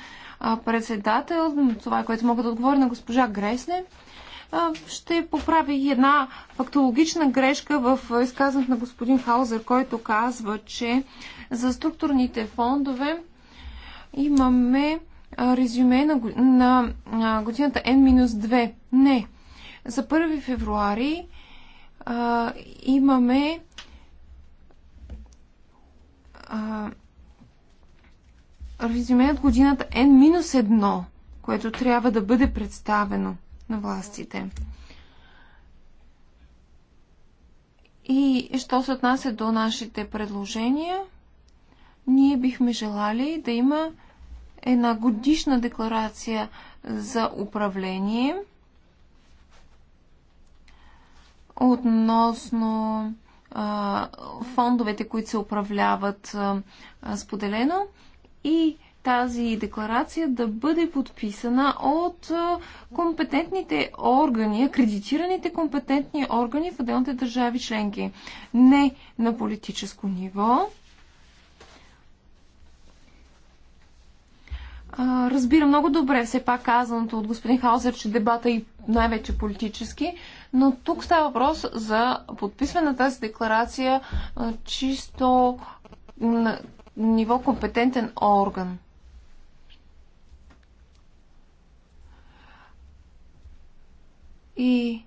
председател. Това е, което мога да отговоря на госпожа Гресне ще и една фактологична грешка в изказването на господин Хаузер, който казва, че за структурните фондове имаме резюме на, годината N-2. Не. За 1 февруари а, имаме а, резюме от годината N-1, което трябва да бъде представено на властите. И що се отнася до нашите предложения, ние бихме желали да има една годишна декларация за управление относно а, фондовете, които се управляват а, споделено и тази декларация да бъде подписана от компетентните органи, акредитираните компетентни органи в отделните държави членки. Не на политическо ниво. Разбира много добре все пак казаното от господин Хаузер, че дебата е най-вече политически, но тук става въпрос за подписване на тази декларация чисто на ниво компетентен орган. И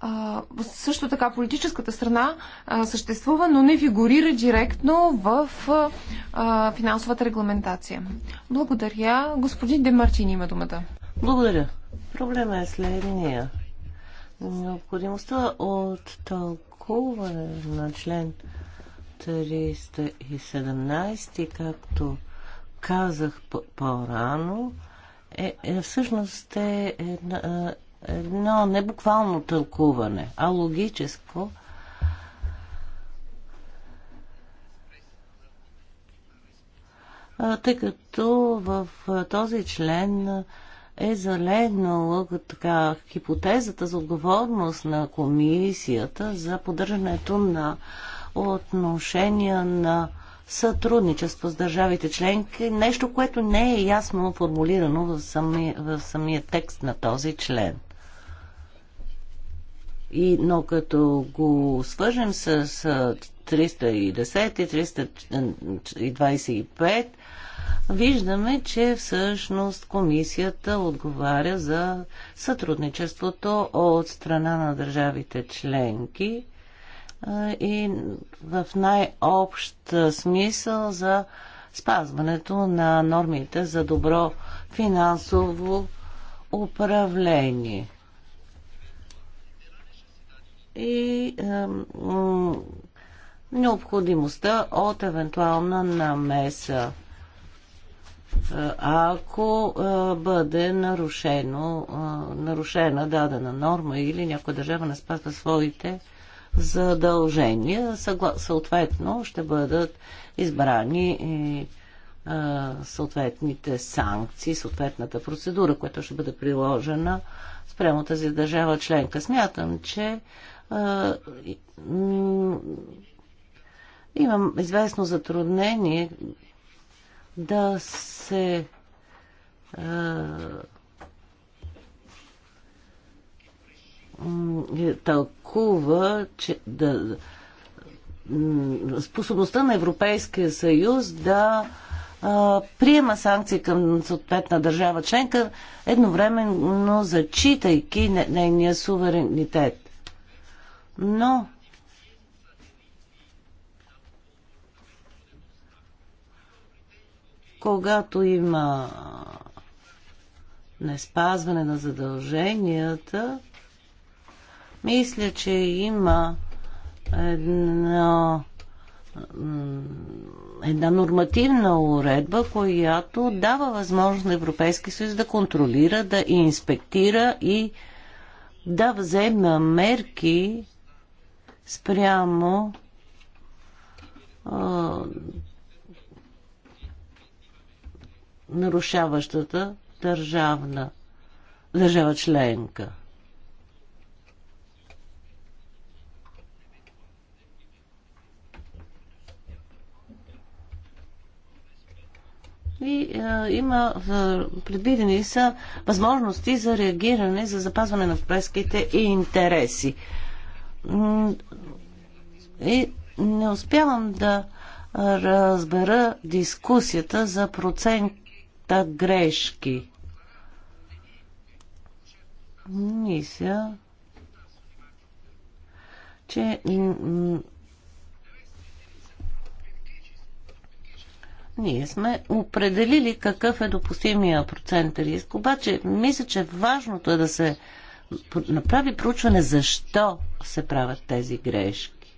а, също така политическата страна а, съществува, но не фигурира директно в а, финансовата регламентация. Благодаря. Господин Демартин има думата. Благодаря. Проблема е следния. Необходимостта от тълкуване на член 317, както казах по-рано, е, е, всъщност е, е, е едно, не буквално тълкуване, а логическо. Тъй като в този член е залегнала така хипотезата за отговорност на комисията за поддържането на отношения на сътрудничество с държавите членки, нещо, което не е ясно формулирано в самия, в самия текст на този член. И, но като го свържем с 310 и 325, виждаме, че всъщност комисията отговаря за сътрудничеството от страна на държавите членки и в най-общ смисъл за спазването на нормите за добро финансово управление. И необходимостта от евентуална намеса, ако бъде нарушено, нарушена дадена норма или някоя държава не спазва своите задължения. Съответно ще бъдат избрани и съответните санкции, съответната процедура, която ще бъде приложена спрямо тази държава членка. Смятам, че имам известно затруднение да се Е, тълкува, че да, способността на Европейския съюз да а, приема санкции към съответна държава членка, едновременно зачитайки нейния суверенитет. Но когато има неспазване на задълженията, мисля, че има една, една нормативна уредба, която дава възможност на Европейски съюз да контролира, да инспектира и да взема мерки спрямо а, нарушаващата държавна държава членка. И а, е, има в, е, предвидени са възможности за реагиране, за запазване на фреските и интереси. И не успявам да е, разбера дискусията за процента грешки. Мисля, че Ние сме определили какъв е допустимия процент риск, обаче мисля, че важното е да се направи проучване защо се правят тези грешки.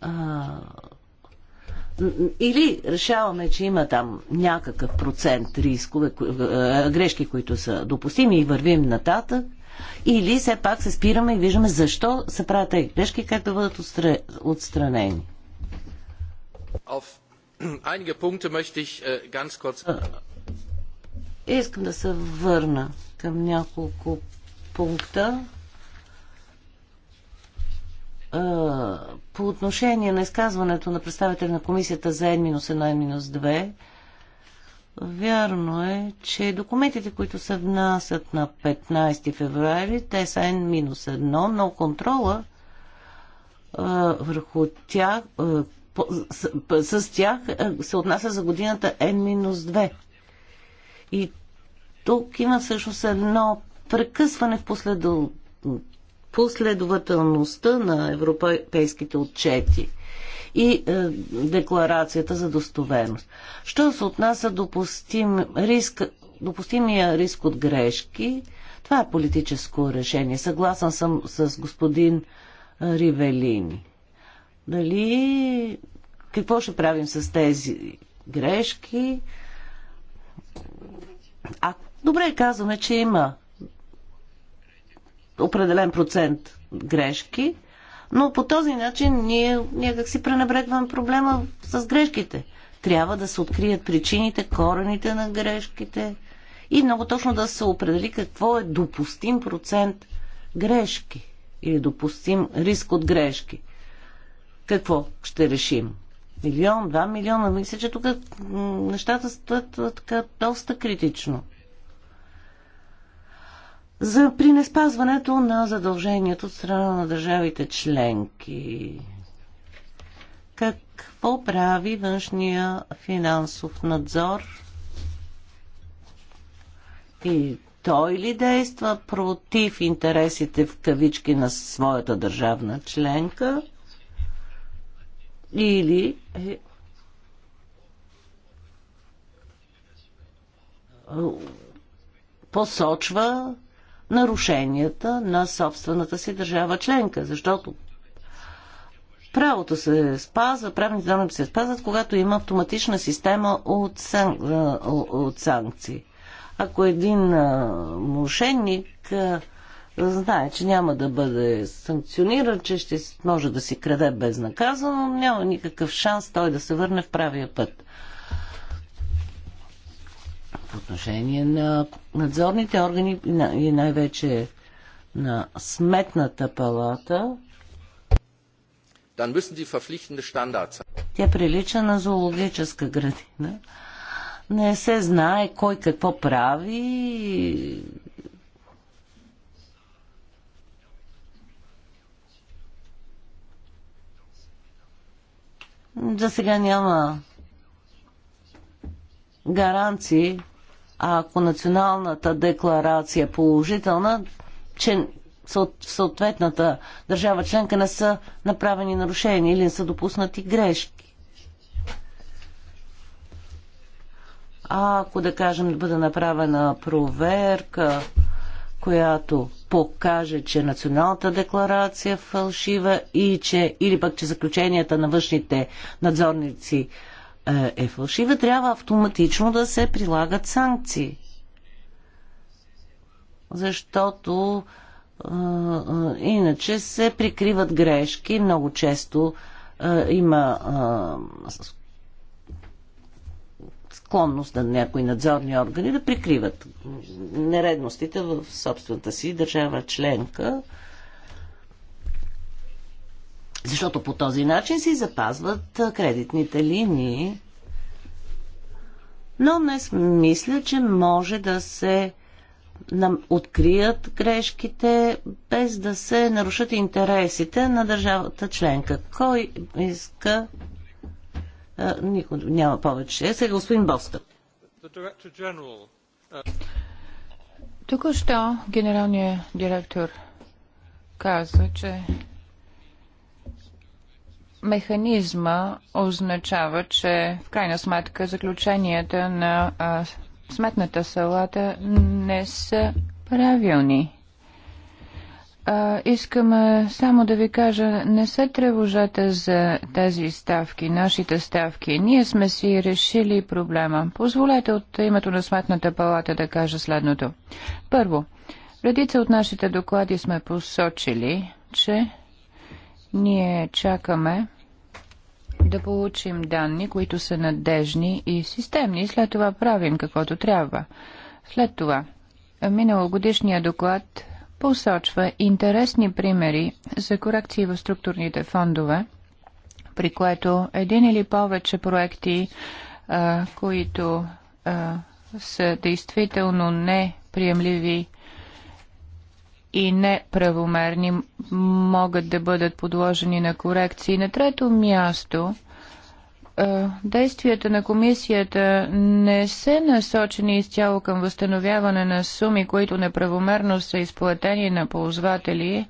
А, или решаваме, че има там някакъв процент рискове, грешки, които са допустими и вървим нататък, или все пак се спираме и виждаме защо се правят тези грешки, как да бъдат отстранени. Auf einige Punkte möchte ich äh, ganz kurz... Э, искам да се върна към няколко пункта. Э, по отношение на изказването на представителя на комисията за N-1, N-2, Вярно е, че документите, които се внасят на 15 февруари, те са N-1, но контрола э, върху тях, с, с, тях е, се отнася за годината N-2. И тук има всъщност едно прекъсване в последов... последователността на европейските отчети и е, декларацията за достоверност. Що се отнася допустим риск, допустимия риск от грешки, това е политическо решение. Съгласен съм с господин е, Ривелини. Дали какво ще правим с тези грешки? А, добре, казваме, че има определен процент грешки, но по този начин ние някак си пренебрегваме проблема с грешките. Трябва да се открият причините, корените на грешките и много точно да се определи какво е допустим процент грешки или допустим риск от грешки какво ще решим? Милион, два милиона. Мисля, че тук нещата стоят така доста критично. За при неспазването на задължението от страна на държавите членки. Какво прави външния финансов надзор? И той ли действа против интересите в кавички на своята държавна членка? Или е, посочва нарушенията на собствената си държава членка, защото правото се спазва, правните данъци се спазват, когато има автоматична система от, сан... от санкции. Ако един мошенник знае, че няма да бъде санкциониран, че ще може да си краде безнаказано, но няма никакъв шанс той да се върне в правия път. По отношение на надзорните органи и най-вече на сметната палата, dann müssen die verpflichtende Standards Тя прилича на зоологическа градина. Не се знае кой какво прави, За сега няма гаранции, ако националната декларация е положителна, че в съответната държава членка не са направени нарушения или не са допуснати грешки. А ако да кажем да бъде направена проверка която покаже, че националната декларация е фалшива и че, или пък, че заключенията на външните надзорници е, е фалшива, трябва автоматично да се прилагат санкции. Защото е, е, иначе се прикриват грешки. Много често е, има е, склонност на някои надзорни органи да прикриват нередностите в собствената си държава членка, защото по този начин си запазват кредитните линии. Но днес мисля, че може да се нам открият грешките, без да се нарушат интересите на държавата членка. Кой иска никой няма повече. Е, сега господин Току-що генералният директор каза, че механизма означава, че в крайна сметка заключенията на а, сметната салата не са правилни а, искам само да ви кажа, не се тревожете за тези ставки, нашите ставки. Ние сме си решили проблема. Позволете от името на Сметната палата да кажа следното. Първо, редица от нашите доклади сме посочили, че ние чакаме да получим данни, които са надежни и системни. И след това правим каквото трябва. След това, миналогодишния доклад посочва интересни примери за корекции в структурните фондове, при което един или повече проекти, а, които а, са действително неприемливи и неправомерни, могат да бъдат подложени на корекции. На трето място е, действията на комисията не са насочени изцяло към възстановяване на суми, които неправомерно са изплатени на ползватели,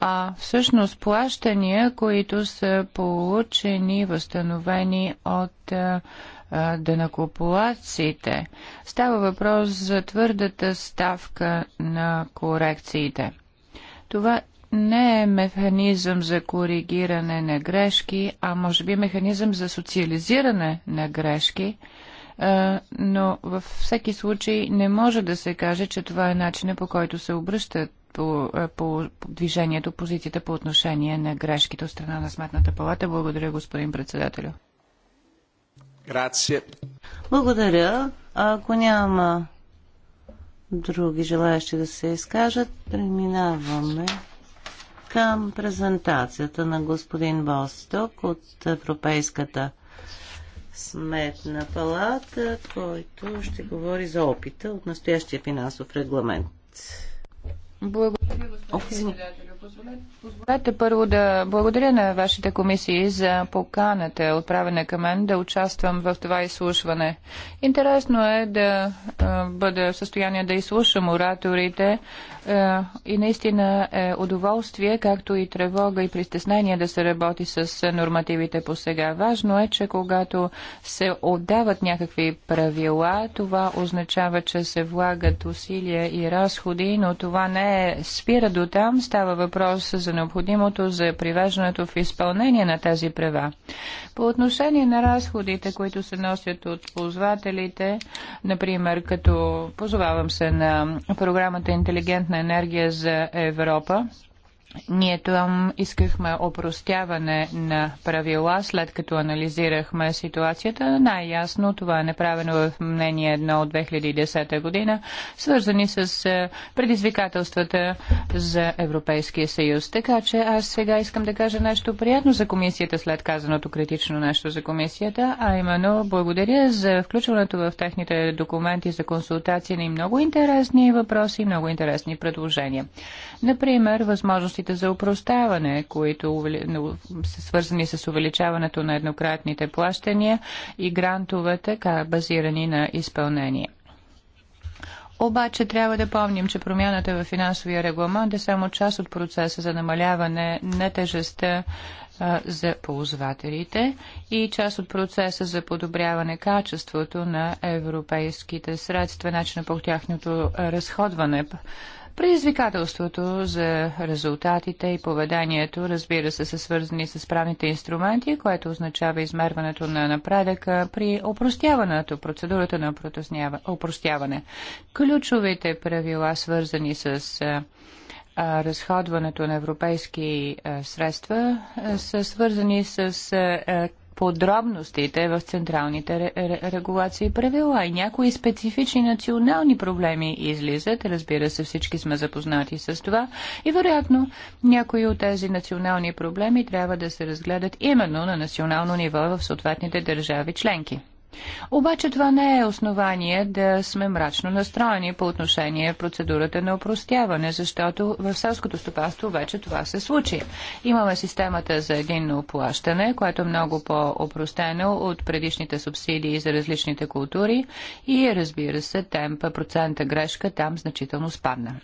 а всъщност плащания, които са получени, възстановени от е, е, дънакоплаците. Става въпрос за твърдата ставка на корекциите. Това не е механизъм за коригиране на грешки, а може би е механизъм за социализиране на грешки, но във всеки случай не може да се каже, че това е начинът по който се обръщат по, по, по движението, позицията по отношение на грешките от страна на Сметната палата. Благодаря, господин председателю. Грация. Благодаря. Ако няма други желаящи да се изкажат, преминаваме към презентацията на господин Босток от Европейската сметна палата, който ще говори за опита от настоящия финансов регламент. Благодаря, господин председател. Позволете, първо да благодаря на вашите комисии за поканата, отправена към мен, да участвам в това изслушване. Интересно е да бъда в състояние да изслушам ораторите и наистина е удоволствие, както и тревога и притеснение да се работи с нормативите по сега. Важно е, че когато се отдават някакви правила, това означава, че се влагат усилия и разходи, но това не е спира до там, става въпрос въпрос за необходимото за привеждането в изпълнение на тези права. По отношение на разходите, които се носят от ползвателите, например, като позовавам се на програмата Интелигентна енергия за Европа, ние там искахме опростяване на правила, след като анализирахме ситуацията. Най-ясно това е направено в мнение едно от 2010 година, свързани с е, предизвикателствата за Европейския съюз. Така че аз сега искам да кажа нещо приятно за комисията, след казаното критично нещо за комисията, а именно благодаря за включването в техните документи за консултация на и много интересни въпроси и много интересни предложения. Например, възможностите за упростяване, които са свързани с увеличаването на еднократните плащания и грантовете, базирани на изпълнение. Обаче трябва да помним, че промяната в финансовия регламент е само част от процеса за намаляване на тежестта за ползвателите и част от процеса за подобряване качеството на европейските средства, начина по тяхното разходване. Предизвикателството за резултатите и поведението, разбира се, са свързани с правните инструменти, което означава измерването на напредъка при опростяването, процедурата на опростяване. Ключовите правила, свързани с разходването на европейски средства са свързани с подробностите в централните регулации и правила и някои специфични национални проблеми излизат. Разбира се, всички сме запознати с това и вероятно някои от тези национални проблеми трябва да се разгледат именно на национално ниво в съответните държави членки. Обаче това не е основание да сме мрачно настроени по отношение процедурата на опростяване, защото в селското стопанство вече това се случи. Имаме системата за единно плащане, което е много по-опростено от предишните субсидии за различните култури и разбира се темпа процента грешка там значително спадна.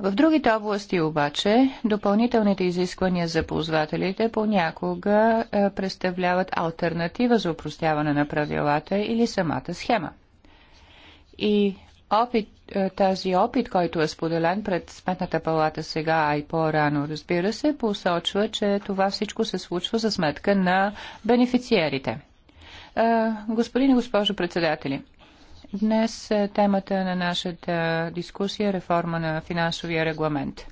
В другите области обаче допълнителните изисквания за ползвателите понякога е, представляват альтернатива за упростяване на правилата или самата схема. И опит, е, тази опит, който е споделен пред Сметната палата сега, а и по-рано, разбира се, посочва, че това всичко се случва за сметка на бенефициерите. Е, господин и госпожо председатели, Днес е, темата на нашата дискусия е реформа на финансовия регламент.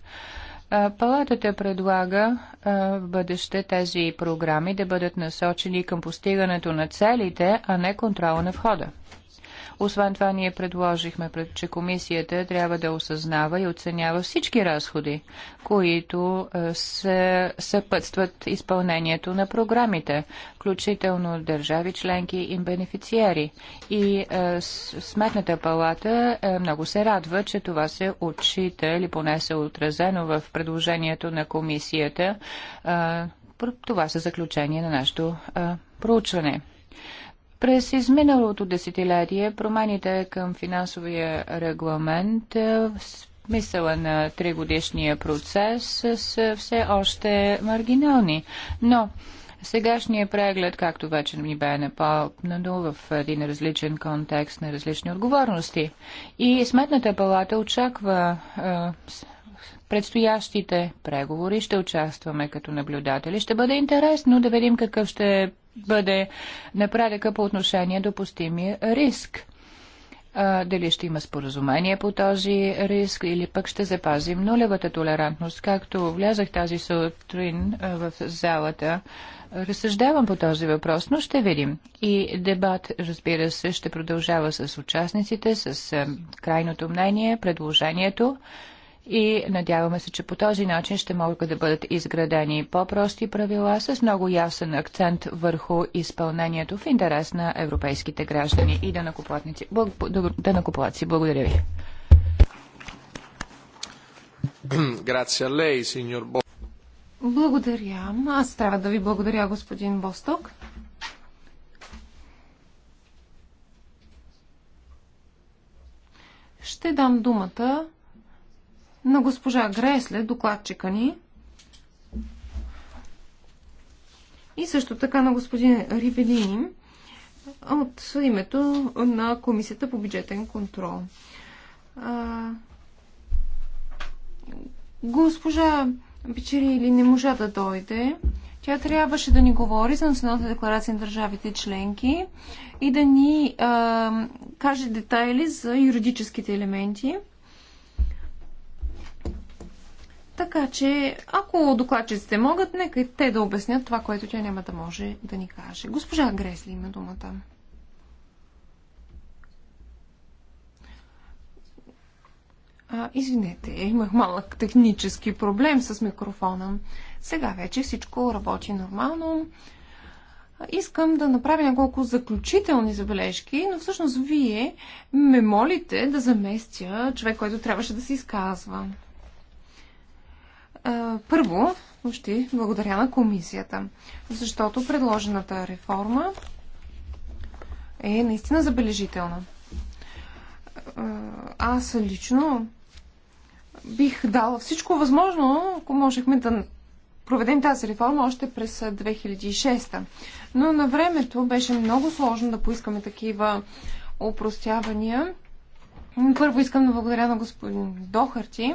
Палатата предлага в бъдеще тези програми да бъдат насочени към постигането на целите, а не контрола на входа. Освен това, ние предложихме, че комисията трябва да осъзнава и оценява всички разходи, които е, се съпътстват изпълнението на програмите, включително държави членки и бенефициери. И е, Сметната палата е, много се радва, че това се отчита или поне се отразено в предложението на комисията. това са заключение на нашето проучване. През изминалото десетилетие промените към финансовия регламент е, смисъла на тригодишния процес е, са все още маргинални. Но сегашния преглед, както вече ми бе напомнено в един различен контекст на различни отговорности. И Сметната палата очаква е, предстоящите преговори. Ще участваме като наблюдатели. Ще бъде интересно да видим какъв ще бъде напредъка по отношение допустимия риск. А, дали ще има споразумение по този риск или пък ще запазим нулевата толерантност. Както влязах тази сутрин в залата, разсъждавам по този въпрос, но ще видим. И дебат, разбира се, ще продължава с участниците, с крайното мнение, предложението и надяваме се, че по този начин ще могат да бъдат изградени по-прости правила с много ясен акцент върху изпълнението в интерес на европейските граждани и данакоплатници. Благодаря ви. Благодаря. Аз трябва да ви благодаря, господин Босток. Ще дам думата на госпожа Гресле, докладчика ни, и също така на господин Рибедини от името на Комисията по бюджетен контрол. А, госпожа Печерили не можа да дойде. Тя трябваше да ни говори за Националната декларация на държавите членки и да ни а, каже детайли за юридическите елементи. Така че, ако докладчиците могат, нека и те да обяснят това, което тя няма да може да ни каже. Госпожа Гресли има думата. А, извинете, имах малък технически проблем с микрофона. Сега вече всичко работи нормално. Искам да направя няколко заключителни забележки, но всъщност вие ме молите да заместя човек, който трябваше да се изказва. Първо, още благодаря на комисията, защото предложената реформа е наистина забележителна. Аз лично бих дала всичко възможно, ако можехме да проведем тази реформа още през 2006. Но на времето беше много сложно да поискаме такива опростявания. Първо искам да благодаря на господин Дохарти,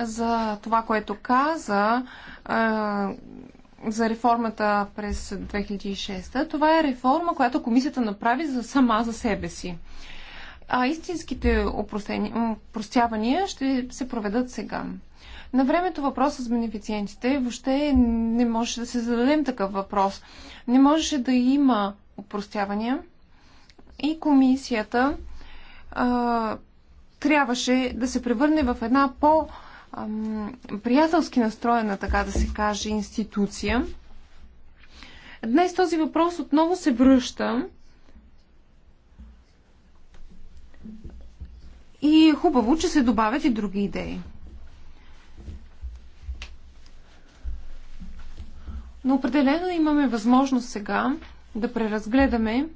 за това, което каза за реформата през 2006. Това е реформа, която комисията направи за сама за себе си. А истинските упростявания ще се проведат сега. На времето въпросът с бенефициентите въобще не можеше да се зададем такъв въпрос. Не можеше да има упростявания и комисията а, трябваше да се превърне в една по- приятелски настроена, така да се каже, институция. Днес този въпрос отново се връща. И е хубаво, че се добавят и други идеи. Но определено имаме възможност сега да преразгледаме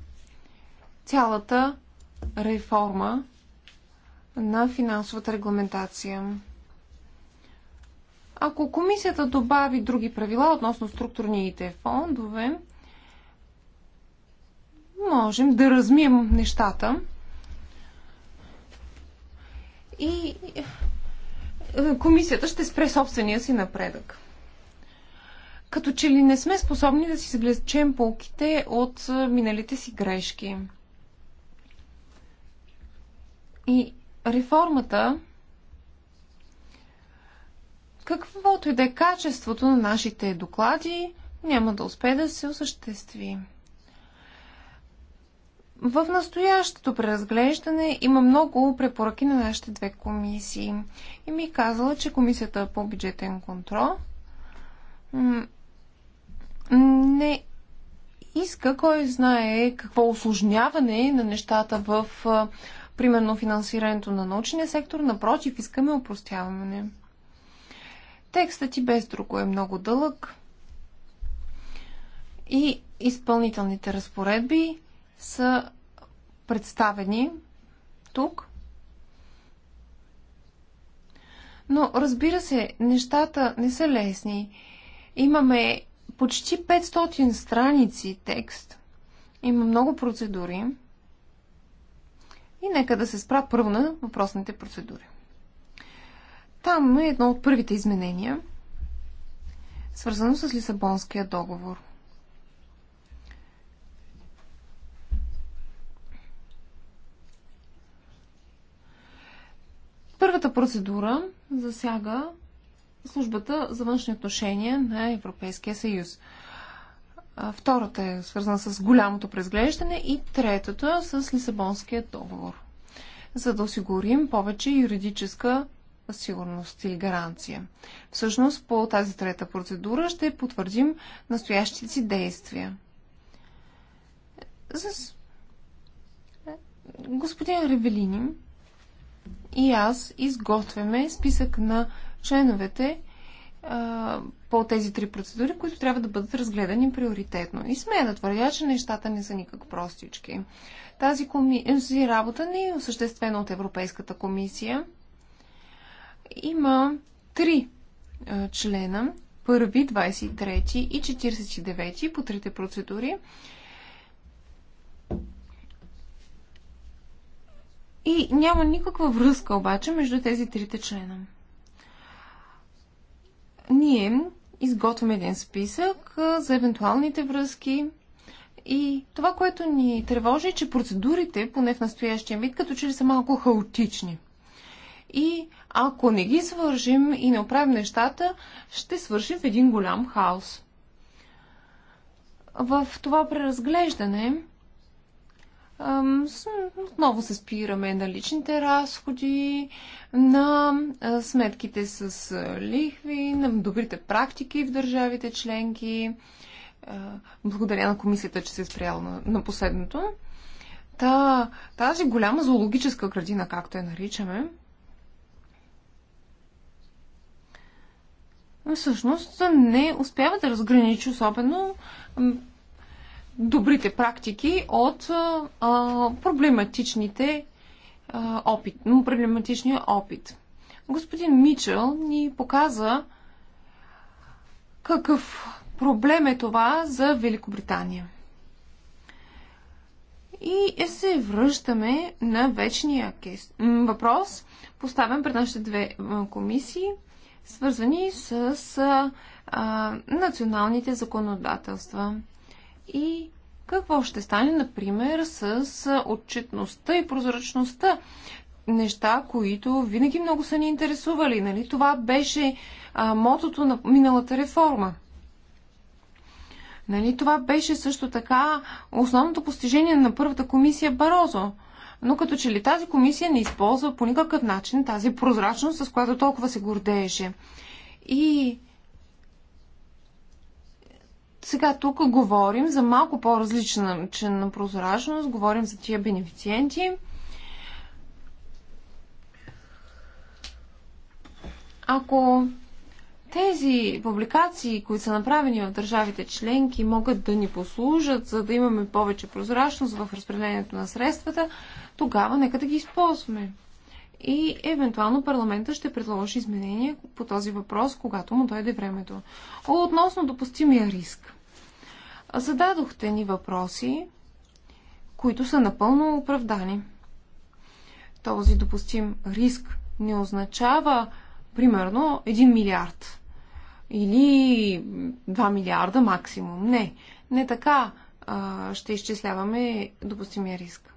цялата реформа на финансовата регламентация. Ако комисията добави други правила относно структурните фондове, можем да размием нещата. И е, комисията ще спре собствения си напредък. Като че ли не сме способни да си съблечем полките от е, миналите си грешки. И реформата каквото и да е качеството на нашите доклади, няма да успее да се осъществи. В настоящото преразглеждане има много препоръки на нашите две комисии. И ми казала, че комисията по бюджетен контрол не иска, кой знае какво осложняване на нещата в, примерно, финансирането на научния сектор. Напротив, искаме упростяване. Текстът и без друго е много дълъг и изпълнителните разпоредби са представени тук. Но разбира се, нещата не са лесни. Имаме почти 500 страници текст. Има много процедури. И нека да се спра първо на въпросните процедури. Там е едно от първите изменения, свързано с Лисабонския договор. Първата процедура засяга службата за външни отношения на Европейския съюз. Втората е свързана с голямото презглеждане и третата с Лисабонския договор, за да осигурим повече юридическа сигурност или гаранция. Всъщност по тази трета процедура ще потвърдим настоящите си действия. С господин Ревелини и аз изготвяме списък на членовете по тези три процедури, които трябва да бъдат разгледани приоритетно. И смея да твърдя, че нещата не са никак простички. Тази коми... работа не е осъществена от Европейската комисия има три члена, първи, 23 и 49 по трите процедури. И няма никаква връзка обаче между тези трите члена. Ние изготвяме един списък за евентуалните връзки и това, което ни тревожи, е, че процедурите, поне в настоящия вид, като че ли са малко хаотични. И ако не ги свържим и не оправим нещата, ще свършим в един голям хаос. В това преразглеждане отново се спираме на личните разходи, на сметките с лихви, на добрите практики в държавите членки. Благодаря на комисията, че се е спряла на, последното. Та, тази голяма зоологическа градина, както я наричаме, всъщност не успява да разграничи особено добрите практики от проблематичните опит, проблематичния опит. Господин Мичел ни показа какъв проблем е това за Великобритания. И се връщаме на вечния въпрос, поставен пред нашите две комисии – свързани с а, националните законодателства. И какво ще стане, например, с отчетността и прозрачността? Неща, които винаги много са ни интересували. Нали? Това беше а, мотото на миналата реформа. Нали? Това беше също така основното постижение на първата комисия Барозо но като че ли тази комисия не използва по никакъв начин тази прозрачност, с която толкова се гордееше. И сега тук говорим за малко по-различна на прозрачност, говорим за тия бенефициенти. Ако тези публикации, които са направени от държавите членки, могат да ни послужат, за да имаме повече прозрачност в разпределението на средствата, тогава нека да ги използваме. И евентуално парламента ще предложи изменения по този въпрос, когато му дойде времето. Относно допустимия риск. Зададохте ни въпроси, които са напълно оправдани. Този допустим риск не означава примерно 1 милиард или 2 милиарда максимум. Не, не така а, ще изчисляваме допустимия риск.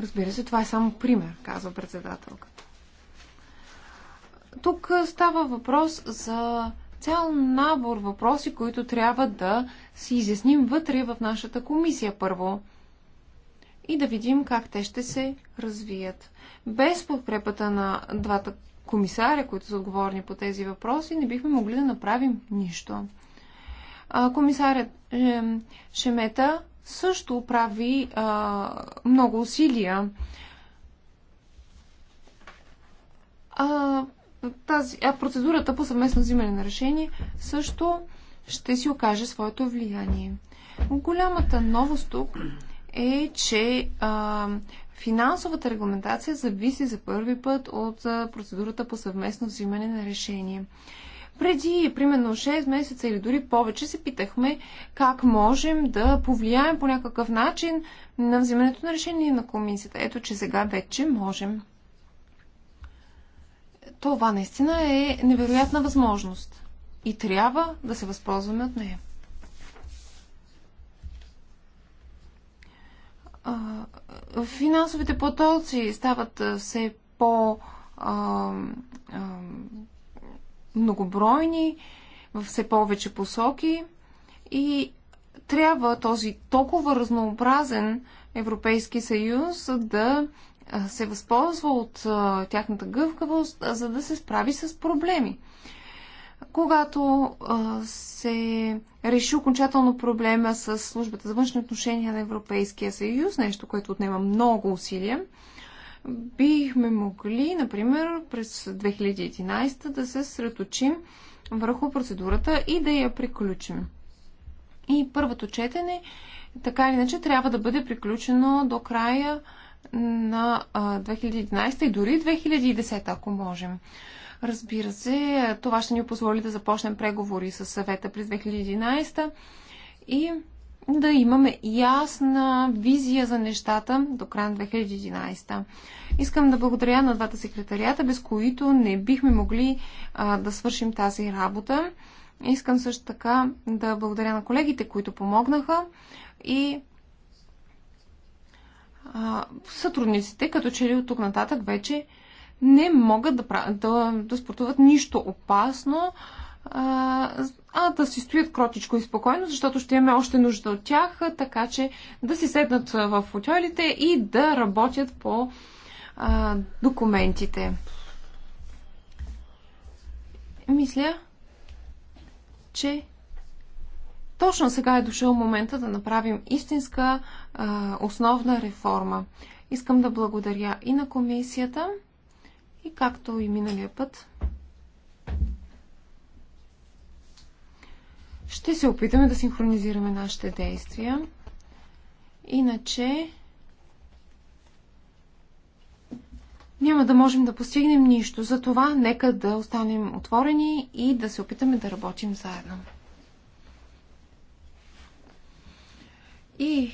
Разбира се, това е само пример, казва председателката. Тук става въпрос за цял набор въпроси, които трябва да си изясним вътре в нашата комисия първо и да видим как те ще се развият. Без подкрепата на двата комисаря, които са отговорни по тези въпроси, не бихме могли да направим нищо. Комисарят е, Шемета също прави много усилия. А, тази, а процедурата по съвместно взимане на решение също ще си окаже своето влияние. Голямата новост тук е, че а, финансовата регламентация зависи за първи път от процедурата по съвместно взимане на решение. Преди примерно 6 месеца или дори повече се питахме как можем да повлияем по някакъв начин на взимането на решение на комисията. Ето, че сега вече можем. Това наистина е невероятна възможност и трябва да се възползваме от нея. финансовите потоци стават все по- многобройни, в все повече посоки и трябва този толкова разнообразен Европейски съюз да се възползва от тяхната гъвкавост, за да се справи с проблеми когато а, се реши окончателно проблема с службата за външни отношения на Европейския съюз, нещо, което отнема много усилия, бихме могли, например, през 2011 да се средочим върху процедурата и да я приключим. И първото четене, така или иначе, трябва да бъде приключено до края на 2011 и дори 2010, ако можем. Разбира се, това ще ни позволи да започнем преговори с съвета през 2011 и да имаме ясна визия за нещата до края на 2011. Искам да благодаря на двата секретарията, без които не бихме могли а, да свършим тази работа. Искам също така да благодаря на колегите, които помогнаха и а, сътрудниците, като че ли от тук нататък вече не могат да, да, да спортуват нищо опасно, а, а да си стоят кротичко и спокойно, защото ще имаме още нужда от тях, така че да си седнат в отелите и да работят по а, документите. Мисля, че точно сега е дошъл момента да направим истинска а, основна реформа. Искам да благодаря и на комисията и както и миналия път, ще се опитаме да синхронизираме нашите действия. Иначе няма да можем да постигнем нищо. Затова нека да останем отворени и да се опитаме да работим заедно. И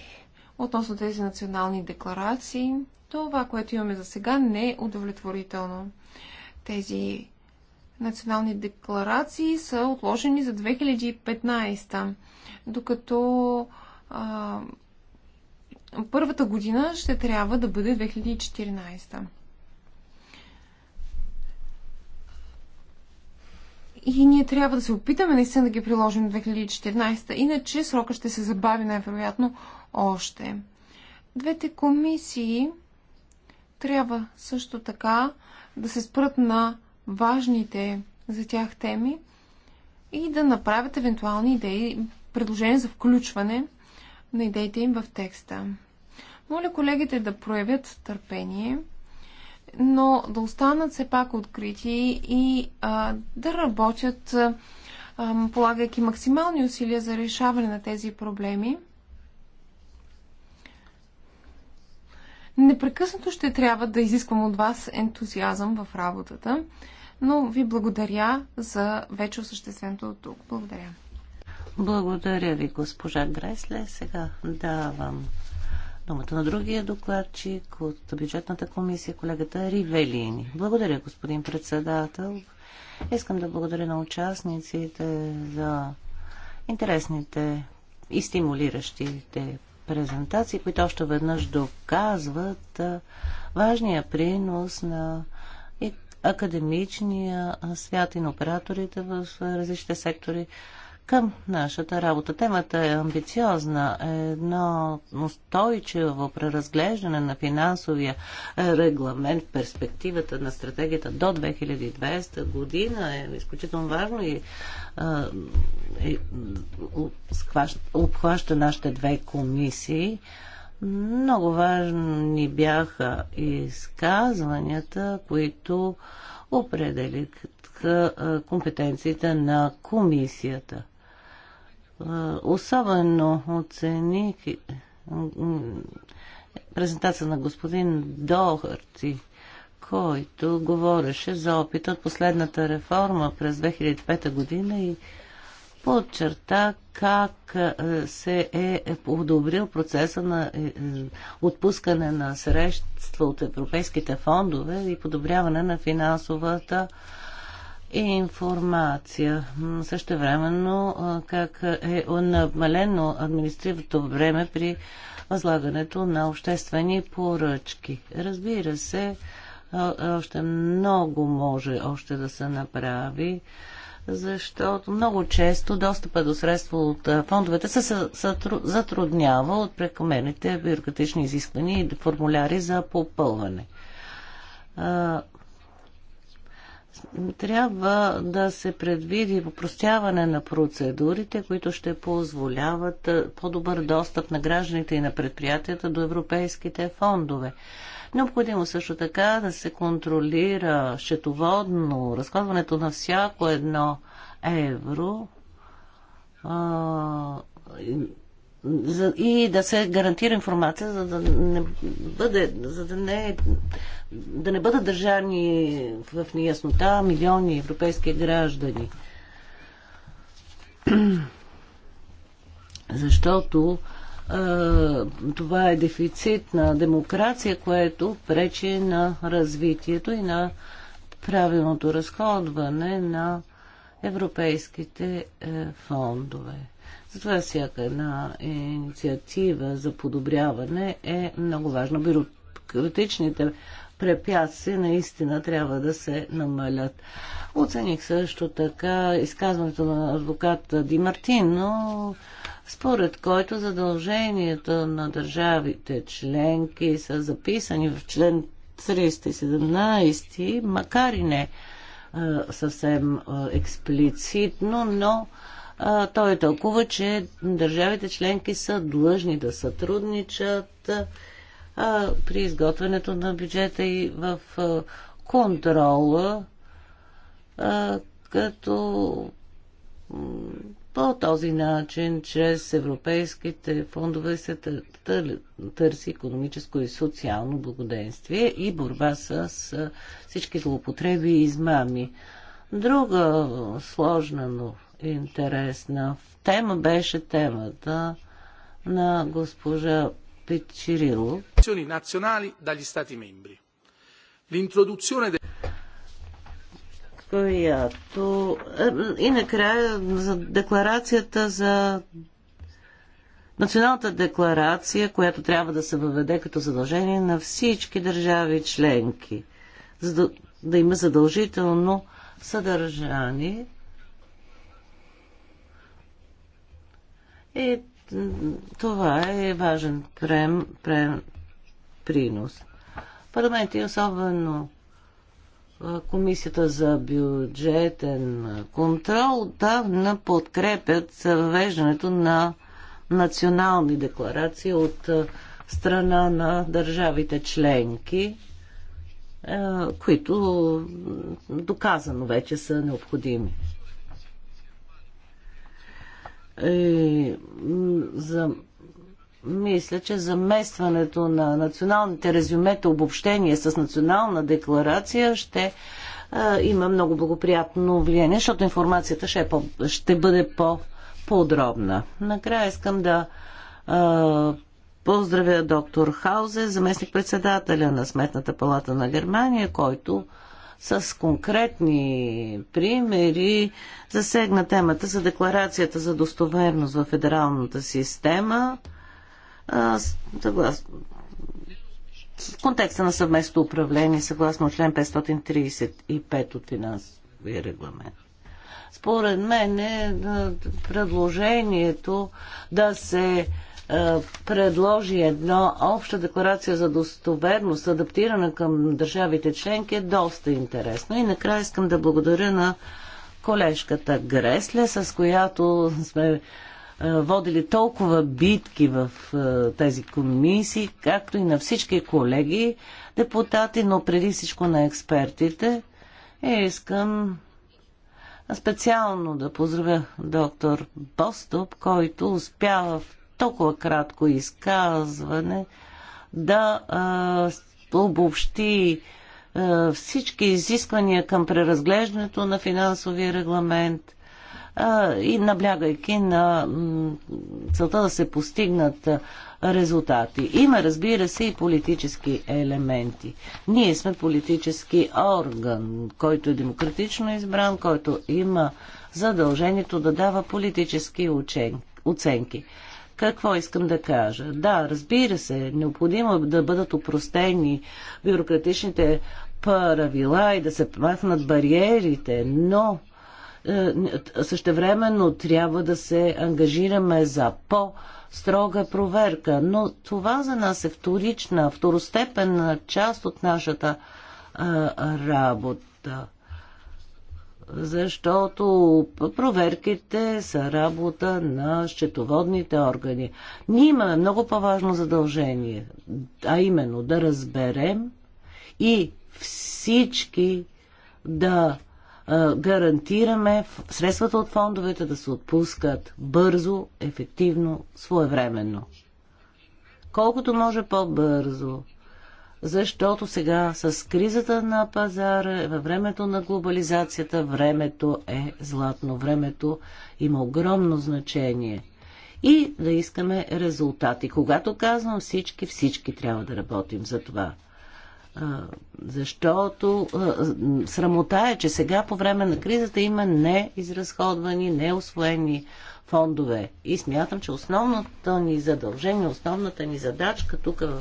относно тези национални декларации. Това, което имаме за сега, не е удовлетворително. Тези национални декларации са отложени за 2015, докато а, първата година ще трябва да бъде 2014. И ние трябва да се опитаме наистина да ги приложим 2014, иначе срока ще се забави най-вероятно още. Двете комисии трябва също така да се спрат на важните за тях теми и да направят евентуални идеи, предложения за включване на идеите им в текста. Моля колегите да проявят търпение, но да останат все пак открити и а, да работят, а, полагайки максимални усилия за решаване на тези проблеми Непрекъснато ще трябва да изисквам от вас ентузиазъм в работата, но ви благодаря за вече осъщественото от тук. Благодаря. Благодаря ви, госпожа Гресле. Сега давам думата на другия докладчик от бюджетната комисия, колегата Ривелини. Благодаря, господин председател. Искам да благодаря на участниците за интересните и стимулиращите презентации, които още веднъж доказват важния принос на академичния свят и на операторите в различните сектори към нашата работа. Темата е амбициозна. Е едно устойчиво преразглеждане на финансовия е, регламент в перспективата на стратегията до 2020 година е изключително важно и, и обхваща нашите две комисии. Много важни бяха изказванията, които определиха компетенциите на комисията. Особено оцених презентация на господин Дохарти, който говореше за опита от последната реформа през 2005 година и подчерта как се е подобрил процеса на е, е, отпускане на средства от европейските фондове и подобряване на финансовата информация. Също времено как е намалено административното време при възлагането на обществени поръчки. Разбира се, още много може още да се направи, защото много често достъпа до средства от фондовете се затруднява от прекомерните бюрократични изисквания и формуляри за попълване трябва да се предвиди попростяване на процедурите, които ще позволяват по-добър достъп на гражданите и на предприятията до европейските фондове. Необходимо също така да се контролира счетоводно разходването на всяко едно евро за, и да се гарантира информация, за да не бъде, за да не, да не бъдат държани в неяснота милиони европейски граждани. [CLEARS THROAT] Защото е, това е дефицит на демокрация, което пречи на развитието и на правилното разходване на европейските е, фондове. Затова всяка една инициатива за подобряване е много важна. Бюрократичните препятствия наистина трябва да се намалят. Оцених също така изказването на адвоката Ди Мартин, но според който задълженията на държавите членки са записани в член 317, макар и не съвсем експлицитно, но а, той е тълкува, че държавите членки са длъжни да сътрудничат а, при изготвянето на бюджета и в а, контрола, а, като по този начин, чрез европейските фондове се търси економическо и социално благоденствие и борба с всички злоупотреби и измами. Друга сложна, но интересна тема беше темата на госпожа Печирило. Национали дали стати мембри. L'introduzione de... Която... Е, и накрая за декларацията за Националната декларация, която трябва да се въведе като задължение на всички държави членки, за да, да има задължително съдържание И това е важен прем, прем, принос. Парламент и особено Комисията за бюджетен контрол давна подкрепят съвеждането на национални декларации от страна на държавите членки, които доказано вече са необходими. Е, за, мисля, че заместването на националните резюмета, обобщение с национална декларация ще а, е, има много благоприятно влияние, защото информацията ще, е по, ще бъде по-подробна. Накрая искам да а, е, поздравя доктор Хаузе, заместник-председателя на Сметната палата на Германия, който с конкретни примери засегна темата за декларацията за достоверност в федералната система съгласно в контекста на съвместно управление, съгласно член 535 от финансовия регламент. Според мен е, е предложението да се е, предложи една обща декларация за достоверност, адаптирана към държавите членки, е доста интересно. И накрая искам да благодаря на колежката Гресле, с която сме е, водили толкова битки в е, тези комисии, както и на всички колеги, депутати, но преди всичко на експертите. И искам специално да поздравя доктор Бостоп, който успя в толкова кратко изказване да а, обобщи а, всички изисквания към преразглеждането на финансовия регламент а, и наблягайки на целта да се постигнат резултати. Има, разбира се, и политически елементи. Ние сме политически орган, който е демократично избран, който има задължението да дава политически учен... оценки. Какво искам да кажа? Да, разбира се, необходимо е да бъдат упростени бюрократичните правила и да се махнат бариерите, но е, същевременно трябва да се ангажираме за по-строга проверка. Но това за нас е вторична, второстепенна част от нашата а, е, работа защото проверките са работа на счетоводните органи. Ние имаме много по-важно задължение, а именно да разберем и всички да гарантираме средствата от фондовете да се отпускат бързо, ефективно, своевременно. Колкото може по-бързо защото сега с кризата на пазара, във времето на глобализацията, времето е златно. Времето има огромно значение. И да искаме резултати. Когато казвам всички, всички трябва да работим за това. Защото срамота е, че сега по време на кризата има неизразходвани, неосвоени фондове. И смятам, че основната ни задължение, основната ни задачка тук в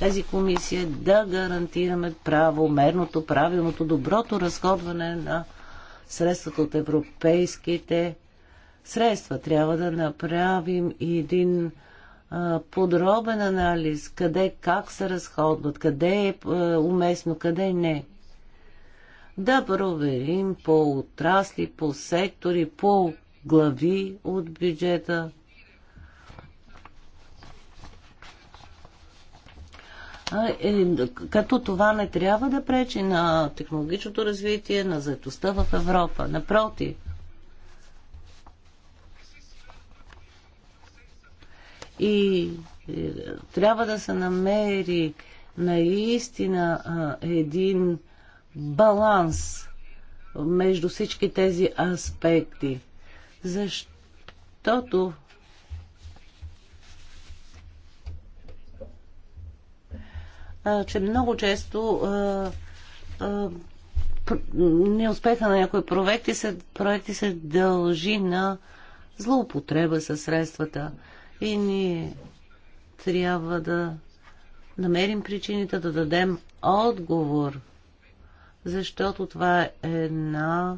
тази комисия да гарантираме правомерното, правилното, доброто разходване на средствата от европейските средства. Трябва да направим един а, подробен анализ къде как се разходват, къде е а, уместно, къде не. Да проверим по отрасли, по сектори, по глави от бюджета Е, като това не трябва да пречи на технологичното развитие, на заедостта в Европа. Напротив. И е, трябва да се намери наистина един баланс между всички тези аспекти. Защото че много често неуспеха на някои проекти се, проекти се дължи на злоупотреба със средствата. И ние трябва да намерим причините, да дадем отговор, защото това е една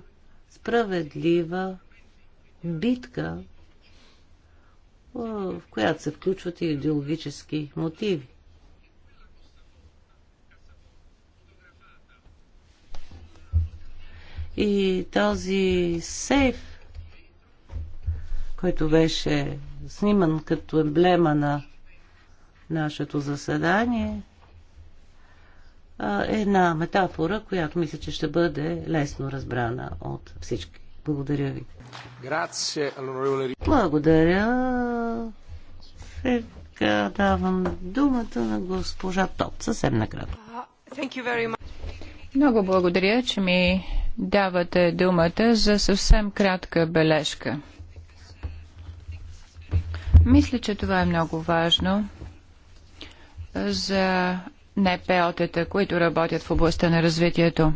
справедлива битка, в която се включват и идеологически мотиви. И този сейф, който беше сниман като емблема на нашето заседание, е една метафора, която мисля, че ще бъде лесно разбрана от всички. Благодаря ви. Благодаря. Сега давам думата на госпожа Топ. съвсем накратко. Uh, много благодаря, че ми давате думата за съвсем кратка бележка. Мисля, че това е много важно за НПО-тата, които работят в областта на развитието.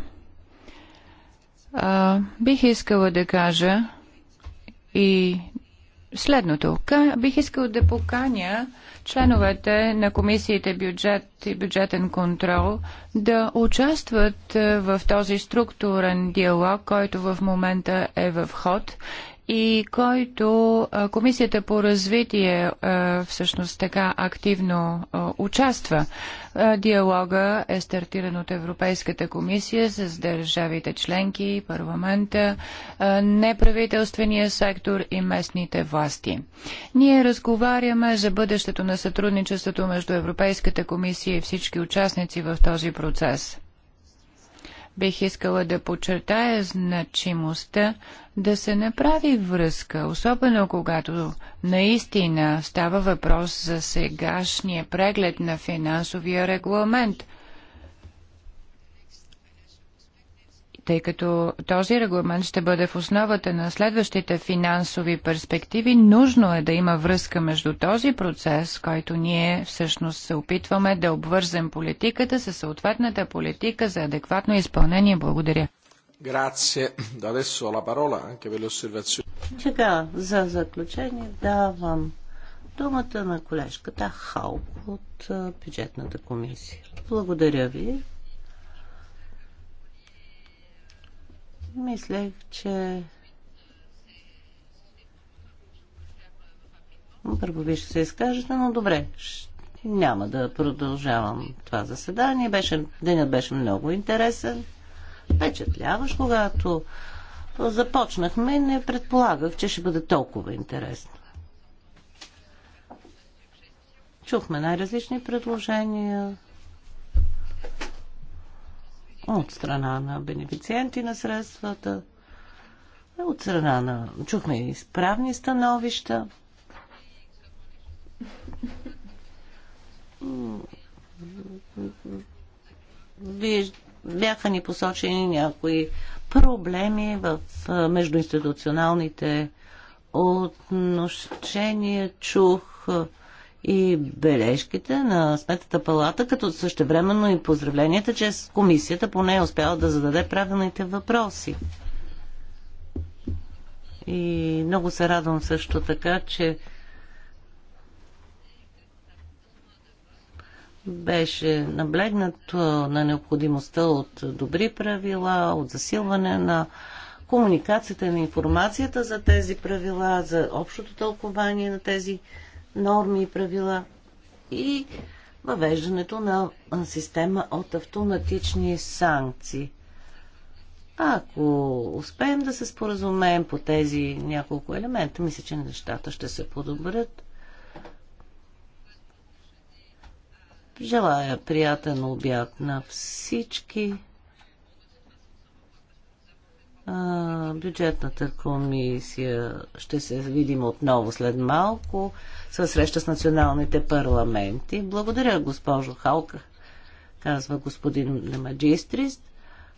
А, бих искала да кажа и следното. Бих искал да поканя членовете на комисиите бюджет и бюджетен контрол да участват е, в този структурен диалог, който в момента е в ход и който Комисията по развитие всъщност така активно участва. Диалога е стартиран от Европейската комисия с държавите членки, парламента, неправителствения сектор и местните власти. Ние разговаряме за бъдещето на сътрудничеството между Европейската комисия и всички участници в този процес. Бих искала да подчертая значимостта да се направи връзка, особено когато наистина става въпрос за сегашния преглед на финансовия регламент – тъй като този регламент ще бъде в основата на следващите финансови перспективи, нужно е да има връзка между този процес, който ние всъщност се опитваме да обвързем политиката с съответната политика за адекватно изпълнение. Благодаря. Сега за заключение давам думата на колежката Халк от бюджетната комисия. Благодаря ви. Мислех, че първо ви ще се изкажете, но добре, няма да продължавам това заседание. Беше, денят беше много интересен, впечатляваш, когато започнахме, не предполагах, че ще бъде толкова интересно. Чухме най-различни предложения, от страна на бенефициенти на средствата, от страна на... Чухме изправни становища. Бяха ни посочени някои проблеми в междуинституционалните отношения. Чух и бележките на Сметата палата, като същевременно и поздравленията, че комисията поне е успяла да зададе правилните въпроси. И много се радвам също така, че беше наблегнато на необходимостта от добри правила, от засилване на комуникацията на информацията за тези правила, за общото тълкование на тези правила норми и правила и въвеждането на система от автоматични санкции. Ако успеем да се споразумеем по тези няколко елемента, мисля, че нещата ще се подобрят. Желая приятен обяд на всички. Бюджетната комисия ще се видим отново след малко със среща с националните парламенти. Благодаря, госпожо Халка, казва господин Немаджистрист.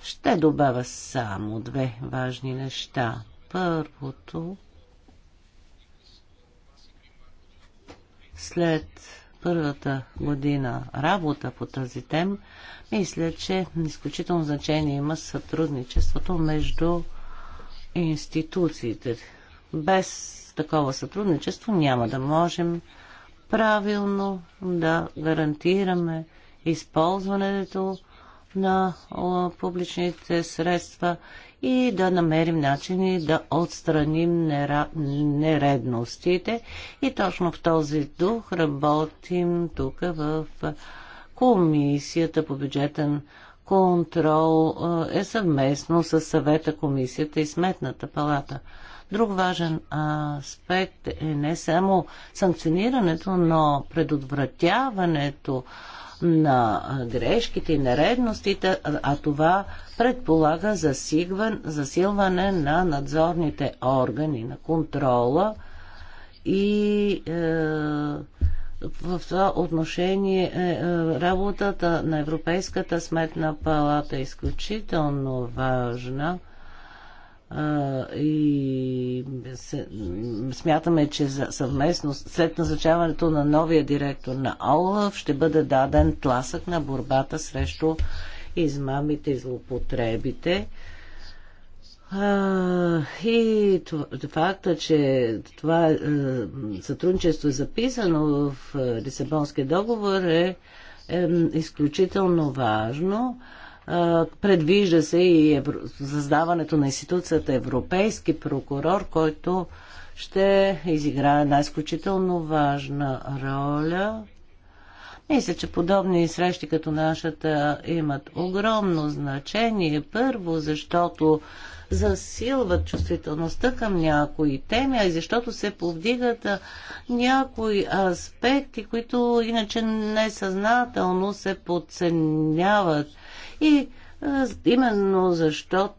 Ще добавя само две важни неща. Първото, след първата година работа по тази тема, мисля, че изключително значение има сътрудничеството между институциите. Без такова сътрудничество няма да можем правилно да гарантираме използването на публичните средства и да намерим начини да отстраним нередностите. И точно в този дух работим тук в Комисията по бюджетен контрол е съвместно с съвета, комисията и сметната палата. Друг важен аспект е не само санкционирането, но предотвратяването на грешките и нередностите, а това предполага засилване на надзорните органи, на контрола и е, в това отношение е, е работата на Европейската сметна палата е изключително важна и смятаме, че за, съвместно след назначаването на новия директор на ОЛАФ ще бъде даден тласък на борбата срещу измамите и злоупотребите. и това, факта, че това е, сътрудничество е записано в е, Лисабонския договор е, е изключително важно. Предвижда се и създаването на институцията Европейски прокурор, който ще изиграе една изключително важна роля. Мисля, че подобни срещи като нашата имат огромно значение. Първо, защото засилват чувствителността към някои теми, а и защото се повдигат някои аспекти, които иначе несъзнателно се подценяват. И е, именно защото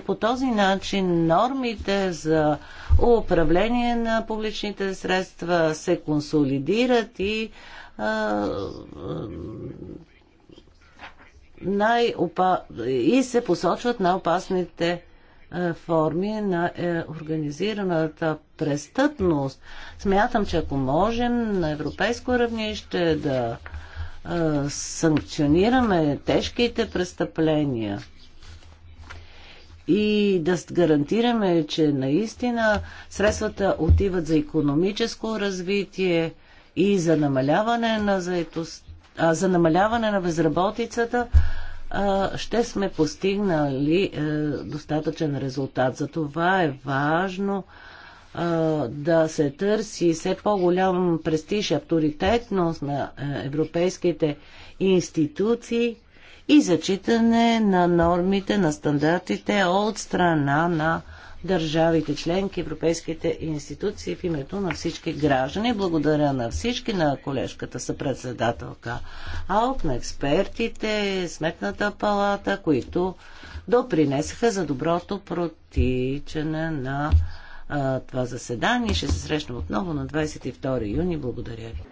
е, по този начин нормите за управление на публичните средства се консолидират и е, и се посочват най-опасните форми на организираната престъпност. Смятам, че ако можем на европейско равнище да санкционираме тежките престъпления и да гарантираме, че наистина средствата отиват за економическо развитие и за намаляване на заетост, а, за намаляване на безработицата, а, ще сме постигнали а, е, достатъчен резултат. За това е важно да се търси все по-голям престиж, авторитетност на европейските институции и зачитане на нормите, на стандартите от страна на държавите членки, европейските институции в името на всички граждани. Благодаря на всички, на колежката съпредседателка АОК, на експертите, Сметната палата, които допринесаха за доброто протичане на а, това заседание. Ще се срещнем отново на 22 юни. Благодаря ви.